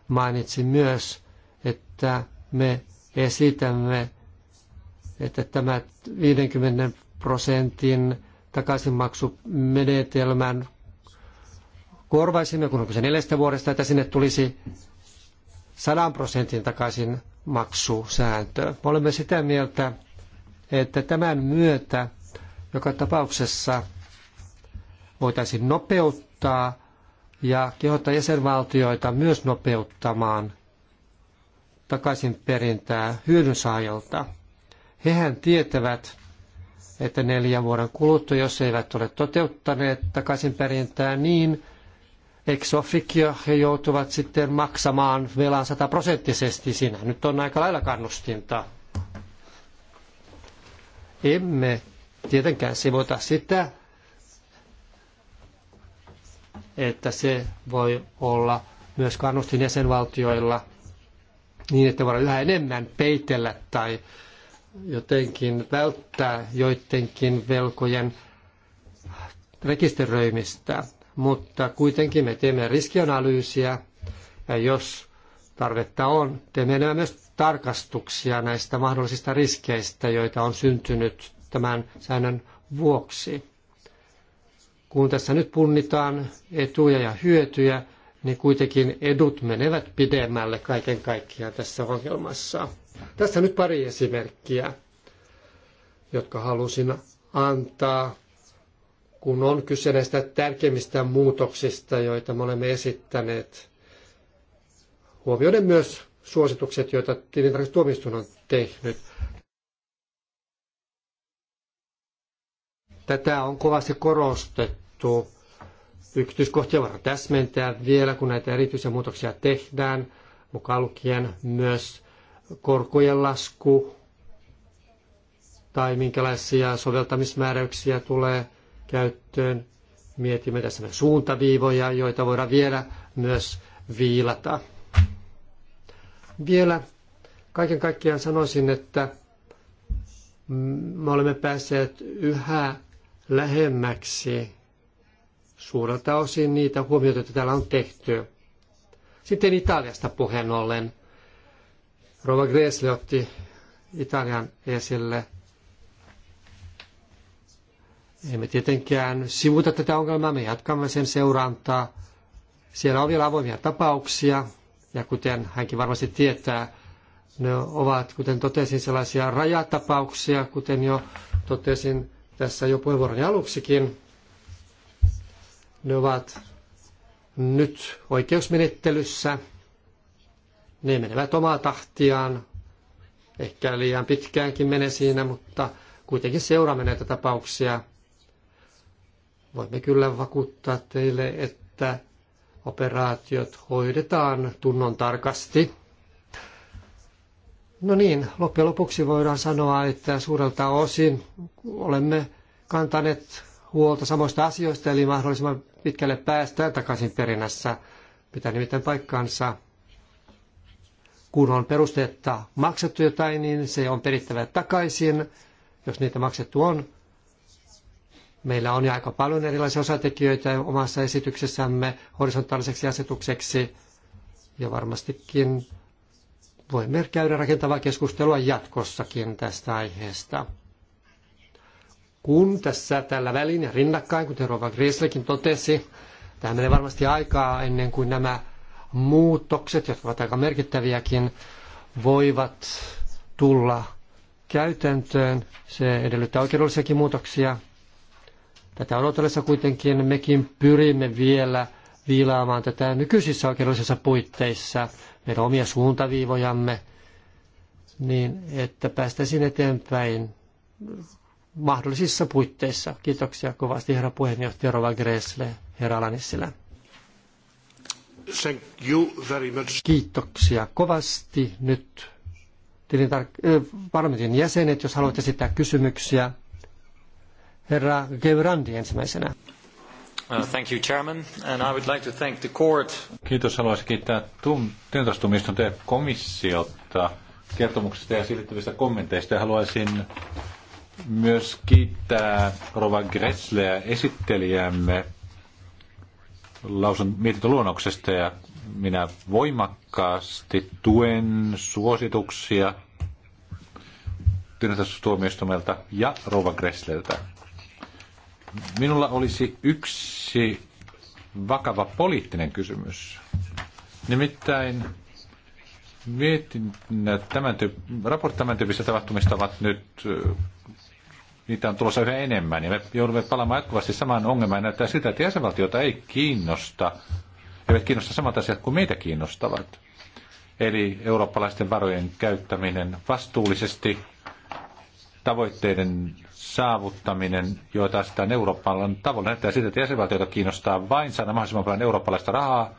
mainitsi myös, että me esitämme, että tämä 50 prosentin takaisinmaksumenetelmän korvaisimme, kun on kyse neljästä vuodesta, että sinne tulisi 100 prosentin takaisinmaksusääntö. Me olemme sitä mieltä, että tämän myötä joka tapauksessa voitaisiin nopeuttaa ja kehottaa jäsenvaltioita myös nopeuttamaan takaisin perintää hyödynsaajalta. Hehän tietävät, että neljän vuoden kuluttua, jos eivät ole toteuttaneet takaisin perintää, niin ex officio he joutuvat sitten maksamaan velan sataprosenttisesti. sinä. nyt on aika lailla kannustinta. Emme Tietenkään se voi sitä, että se voi olla myös kannustin jäsenvaltioilla niin, että voidaan yhä enemmän peitellä tai jotenkin välttää joidenkin velkojen rekisteröimistä. Mutta kuitenkin me teemme riskianalyysiä ja jos tarvetta on, teemme myös tarkastuksia näistä mahdollisista riskeistä, joita on syntynyt tämän säännön vuoksi. Kun tässä nyt punnitaan etuja ja hyötyjä, niin kuitenkin edut menevät pidemmälle kaiken kaikkiaan tässä ongelmassa. Tässä nyt pari esimerkkiä, jotka halusin antaa, kun on kyse näistä tärkeimmistä muutoksista, joita me olemme esittäneet. Huomioiden myös suositukset, joita tilintarkastustuomioistuin on tehnyt. Tätä on kovasti korostettu. Yksityiskohtia voidaan täsmentää vielä, kun näitä erityisiä muutoksia tehdään, mukaan lukien myös korkojen lasku tai minkälaisia soveltamismääräyksiä tulee käyttöön. Mietimme tässä myös suuntaviivoja, joita voidaan vielä myös viilata. Vielä kaiken kaikkiaan sanoisin, että me olemme päässeet yhä lähemmäksi suurelta osin niitä huomioita, joita täällä on tehty. Sitten Italiasta puheen ollen. Rova Gresle otti Italian esille. Emme tietenkään sivuta tätä ongelmaa, me jatkamme sen seurantaa. Siellä on vielä avoimia tapauksia, ja kuten hänkin varmasti tietää, ne ovat, kuten totesin, sellaisia rajatapauksia, kuten jo totesin, tässä jo puheenvuoroni aluksikin. Ne ovat nyt oikeusmenettelyssä. Ne menevät omaa tahtiaan. Ehkä liian pitkäänkin menee siinä, mutta kuitenkin seuraamme näitä tapauksia. Voimme kyllä vakuuttaa teille, että operaatiot hoidetaan tunnon tarkasti No niin, loppujen lopuksi voidaan sanoa, että suurelta osin olemme kantaneet huolta samoista asioista, eli mahdollisimman pitkälle päästään takaisin perinnässä, pitää nimittäin paikkaansa. Kun on perusteetta maksettu jotain, niin se on perittävä takaisin, jos niitä maksettu on. Meillä on jo aika paljon erilaisia osatekijöitä omassa esityksessämme horisontaaliseksi asetukseksi, ja varmastikin voimme käydä rakentavaa keskustelua jatkossakin tästä aiheesta. Kun tässä tällä välin ja rinnakkain, kuten Rova Grieslekin totesi, tähän menee varmasti aikaa ennen kuin nämä muutokset, jotka ovat aika merkittäviäkin, voivat tulla käytäntöön. Se edellyttää oikeudellisiakin muutoksia. Tätä odotellessa kuitenkin mekin pyrimme vielä viilaamaan tätä nykyisissä oikeudellisissa puitteissa – meidän omia suuntaviivojamme, niin että päästäisiin eteenpäin mahdollisissa puitteissa. Kiitoksia kovasti herra puheenjohtaja Rova Gressle, herra Alanissilä. Thank you very much. Kiitoksia kovasti nyt tilintar- parlamentin jäsenet, jos haluatte esittää kysymyksiä. Herra Gebrandi ensimmäisenä. Uh, thank you, Chairman, and I would like to thank the court. Kiitos, haluaisin kiittää tilintarkastumistuntoja tum komissiota kertomuksesta ja siirrettävistä kommenteista. haluaisin myös kiittää Rova Gresleä esittelijämme lausun mietintöluonnoksesta ja minä voimakkaasti tuen suosituksia tilintarkastustuomioistuimelta ja Rova Gressleltä. Minulla olisi yksi vakava poliittinen kysymys. Nimittäin mietin, tämän tyyp- raportit tämän tyyppisistä tapahtumista ovat nyt, niitä on tulossa yhä enemmän, ja me joudumme palaamaan jatkuvasti samaan ongelmaan, ja näyttää siltä, että jäsenvaltiota ei kiinnosta, eivät kiinnosta samat asiat kuin meitä kiinnostavat. Eli eurooppalaisten varojen käyttäminen vastuullisesti tavoitteiden saavuttaminen, joita asetetaan Euroopan tavoin että siltä, että jäsenvaltioita kiinnostaa vain saada mahdollisimman paljon eurooppalaista rahaa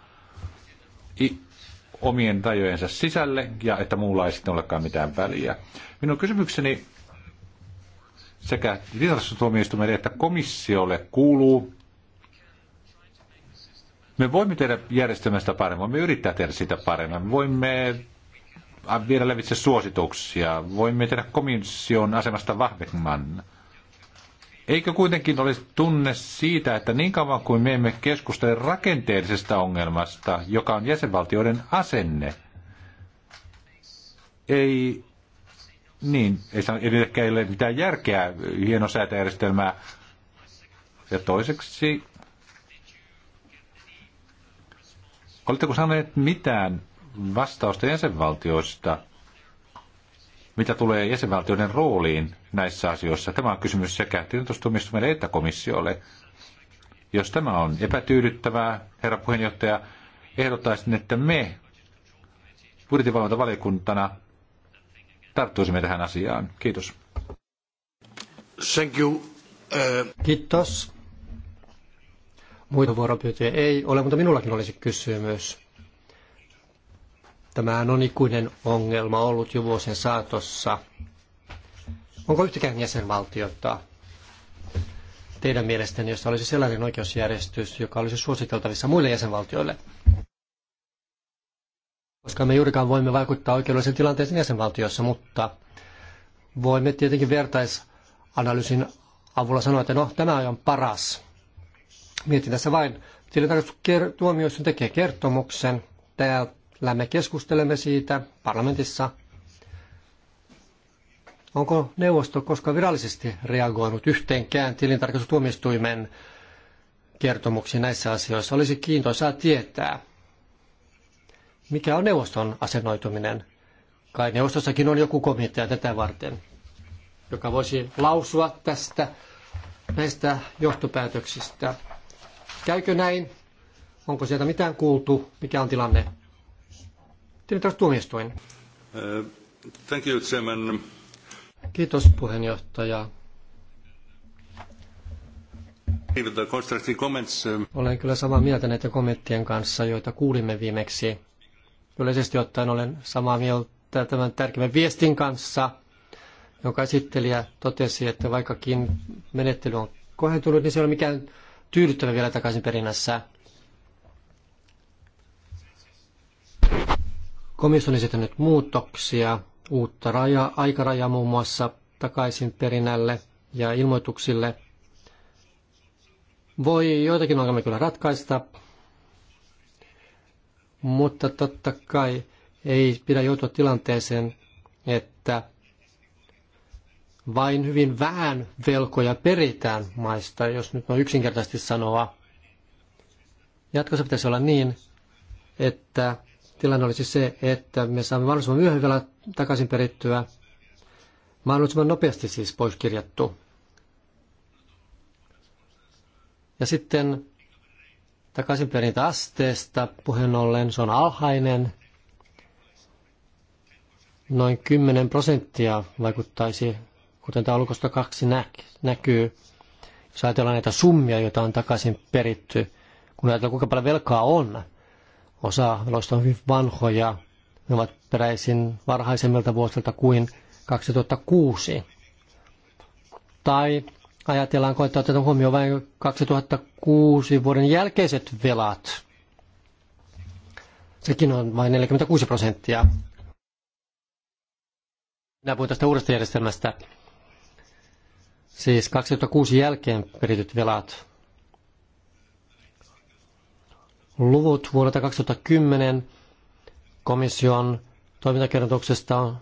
omien rajojensa sisälle ja että muulla ei sitten olekaan mitään väliä. Minun kysymykseni sekä tilastustuomioistuimelle että komissiolle kuuluu, me voimme tehdä järjestelmästä paremmin, me yrittää tehdä sitä paremmin, me voimme viedä levitse suosituksia, voimme tehdä komission asemasta vahvemman. Eikö kuitenkin olisi tunne siitä, että niin kauan kuin me emme keskustele rakenteellisesta ongelmasta, joka on jäsenvaltioiden asenne, ei, niin, ei, ei ole mitään järkeä hienosäätöjärjestelmää. Ja toiseksi, oletteko saaneet mitään vastausta jäsenvaltioista – mitä tulee jäsenvaltioiden rooliin näissä asioissa, tämä on kysymys sekä tilintustumistumille että komissiolle. Jos tämä on epätyydyttävää, herra puheenjohtaja, ehdottaisin, että me budjetinvalvontavaliokuntana tarttuisimme tähän asiaan. Kiitos. Thank you. Uh, Kiitos. Muita vuoropyyntöjä ei ole, mutta minullakin olisi kysymys. Tämä on ikuinen ongelma ollut jo vuosien saatossa. Onko yhtäkään jäsenvaltiota teidän mielestäni, jossa olisi sellainen oikeusjärjestys, joka olisi suositeltavissa muille jäsenvaltioille? Koska me juurikaan voimme vaikuttaa oikeudelliseen tilanteeseen jäsenvaltiossa, mutta voimme tietenkin vertaisanalyysin avulla sanoa, että no, tämä on paras. Mietin tässä vain, tilintarkastustuomioistuin tekee kertomuksen, täältä Lämme me keskustelemme siitä parlamentissa. Onko neuvosto koska virallisesti reagoinut yhteenkään tilintarkastustuomioistuimen kertomuksiin näissä asioissa? Olisi kiintoisaa tietää. Mikä on neuvoston asennoituminen? Kai neuvostossakin on joku komitea tätä varten, joka voisi lausua tästä näistä johtopäätöksistä. Käykö näin? Onko sieltä mitään kuultu? Mikä on tilanne? tilintarkastustuomioistuin. Uh, thank you, Chairman. Kiitos puheenjohtaja. Uh, olen kyllä samaa mieltä näiden kommenttien kanssa, joita kuulimme viimeksi. Yleisesti ottaen olen samaa mieltä tämän tärkeimmän viestin kanssa, jonka esittelijä totesi, että vaikkakin menettely on kohentunut, niin se ei ole mikään tyydyttävä vielä takaisin perinnässä. Komissio on esittänyt muutoksia, uutta raja, aikarajaa muun muassa takaisin perinnälle ja ilmoituksille. Voi joitakin ongelmia kyllä ratkaista, mutta totta kai ei pidä joutua tilanteeseen, että vain hyvin vähän velkoja peritään maista, jos nyt on yksinkertaisesti sanoa. Jatkossa pitäisi olla niin, että tilanne olisi se, että me saamme mahdollisimman myöhemmin vielä takaisin perittyä, mahdollisimman nopeasti siis pois kirjattu. Ja sitten takaisinperintäasteesta puheen ollen se on alhainen. Noin 10 prosenttia vaikuttaisi, kuten taulukosta kaksi näkyy. Jos ajatellaan näitä summia, joita on takaisin peritty, kun ajatellaan kuinka paljon velkaa on, Osa veloista on hyvin vanhoja. Ne ovat peräisin varhaisemmilta vuosilta kuin 2006. Tai ajatellaan että otetaan huomioon vain 2006 vuoden jälkeiset velat. Sekin on vain 46 prosenttia. Minä puhun tästä uudesta järjestelmästä. Siis 2006 jälkeen perityt velat luvut vuodelta 2010 komission toimintakertomuksesta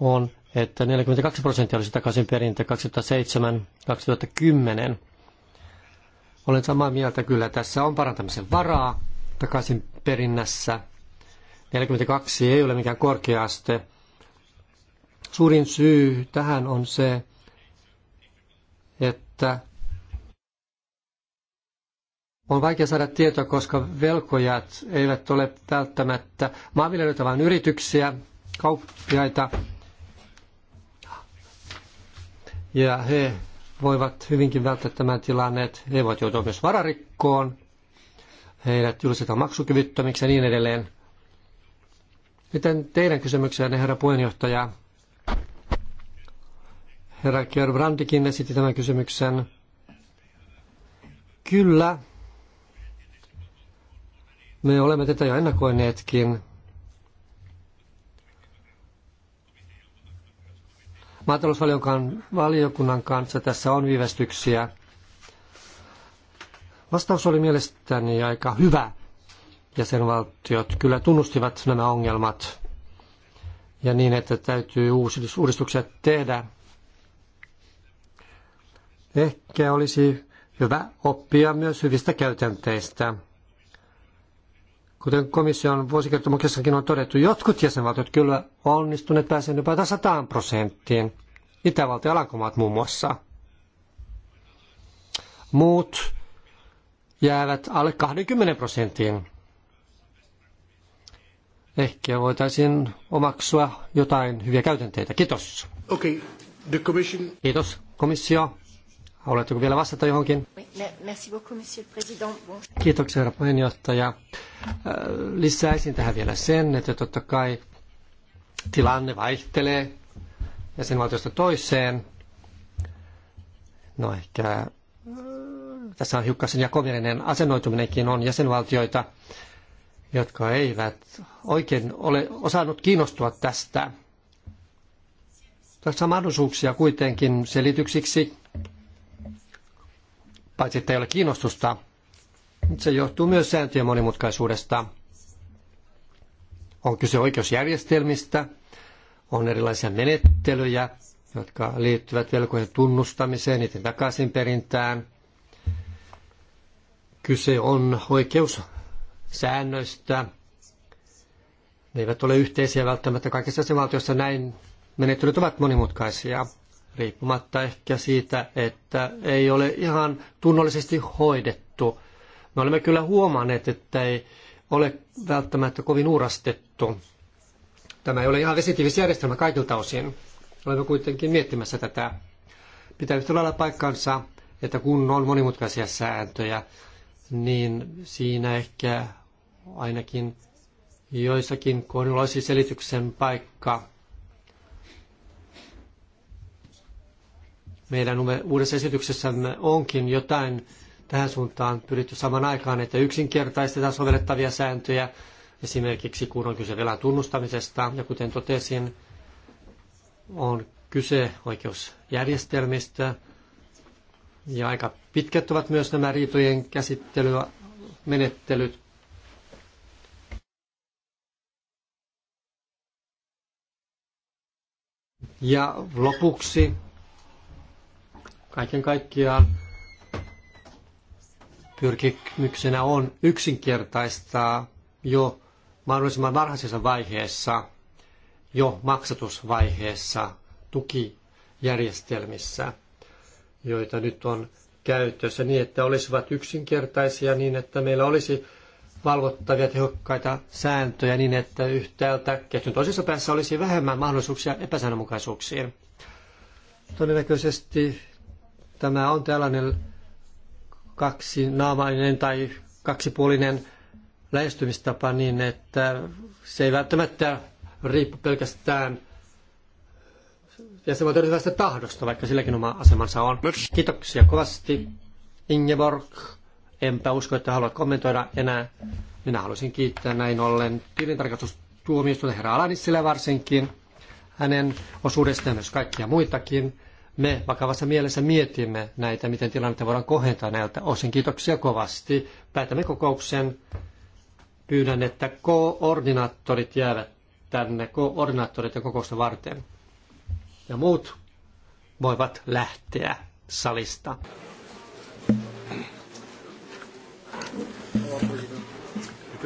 on, että 42 prosenttia olisi takaisin perintä 2007-2010. Olen samaa mieltä kyllä, tässä on parantamisen varaa takaisin perinnässä. 42 ei ole mikään korkea aste. Suurin syy tähän on se, että on vaikea saada tietoa, koska velkojat eivät ole välttämättä maanviljelijöitä, vaan yrityksiä, kauppiaita. Ja he voivat hyvinkin välttää tämän tilanneet. He voivat joutua myös vararikkoon. Heidät julistetaan maksukyvyttömiksi ja niin edelleen. Miten teidän kysymyksenne, herra puheenjohtaja? Herra Gerbrandikin esitti tämän kysymyksen. Kyllä, me olemme tätä jo ennakoineetkin. Maatalousvaliokunnan kanssa tässä on viivästyksiä. Vastaus oli mielestäni aika hyvä. Jäsenvaltiot kyllä tunnustivat nämä ongelmat ja niin, että täytyy uudistuksia tehdä. Ehkä olisi hyvä oppia myös hyvistä käytänteistä. Kuten komission vuosikertomuksessakin on todettu, jotkut jäsenvaltiot kyllä onnistuneet pääsevät jopa 100 prosenttiin. Itävalta ja Alankomaat muun muassa. Muut jäävät alle 20 prosenttiin. Ehkä voitaisiin omaksua jotain hyviä käytänteitä. Kiitos. Okay, the commission... Kiitos, komissio. Haluatteko vielä vastata johonkin? Kiitoksia, herra puheenjohtaja. Lisäisin tähän vielä sen, että totta kai tilanne vaihtelee jäsenvaltiosta toiseen. No ehkä tässä on hiukkasen jakomielinen asennoituminenkin on jäsenvaltioita, jotka eivät oikein ole osannut kiinnostua tästä. Tässä on mahdollisuuksia kuitenkin selityksiksi paitsi että ei ole kiinnostusta, se johtuu myös sääntöjen monimutkaisuudesta. On kyse oikeusjärjestelmistä, on erilaisia menettelyjä, jotka liittyvät velkojen tunnustamiseen, niiden takaisinperintään. Kyse on oikeussäännöistä. Ne eivät ole yhteisiä välttämättä kaikissa jäsenvaltioissa, näin menettelyt ovat monimutkaisia riippumatta ehkä siitä, että ei ole ihan tunnollisesti hoidettu. Me olemme kyllä huomanneet, että ei ole välttämättä kovin uurastettu. Tämä ei ole ihan vesitiivis järjestelmä kaikilta osin. Olemme kuitenkin miettimässä tätä. Pitää yhtä lailla paikkansa, että kun on monimutkaisia sääntöjä, niin siinä ehkä ainakin joissakin kohdilla olisi selityksen paikka Meidän uudessa esityksessämme onkin jotain tähän suuntaan pyritty saman aikaan, että yksinkertaistetaan sovellettavia sääntöjä, esimerkiksi kun on kyse velan tunnustamisesta, ja kuten totesin, on kyse oikeusjärjestelmistä, ja aika pitkät ovat myös nämä riitojen käsittelymenettelyt. Ja lopuksi Kaiken kaikkiaan pyrkimyksenä on yksinkertaistaa jo mahdollisimman varhaisessa vaiheessa, jo maksatusvaiheessa tukijärjestelmissä, joita nyt on käytössä niin, että olisivat yksinkertaisia niin, että meillä olisi valvottavia tehokkaita sääntöjä niin, että yhtäältä ketjun toisessa päässä olisi vähemmän mahdollisuuksia epäsäännönmukaisuuksiin. Todennäköisesti Tämä on tällainen kaksinaamainen tai kaksipuolinen lähestymistapa niin, että se ei välttämättä riippu pelkästään voi tehdä tahdosta, vaikka silläkin oma asemansa on. Kiitoksia kovasti. Ingeborg, enpä usko, että haluat kommentoida enää. Minä haluaisin kiittää näin ollen tilintarkastustuomioistuinta herra Alanissilä varsinkin, hänen osuudestaan myös kaikkia muitakin me vakavassa mielessä mietimme näitä, miten tilannetta voidaan kohentaa näiltä osin. Kiitoksia kovasti. Päätämme kokouksen. Pyydän, että koordinaattorit jäävät tänne koordinaattorit ja kokousta varten. Ja muut voivat lähteä salista.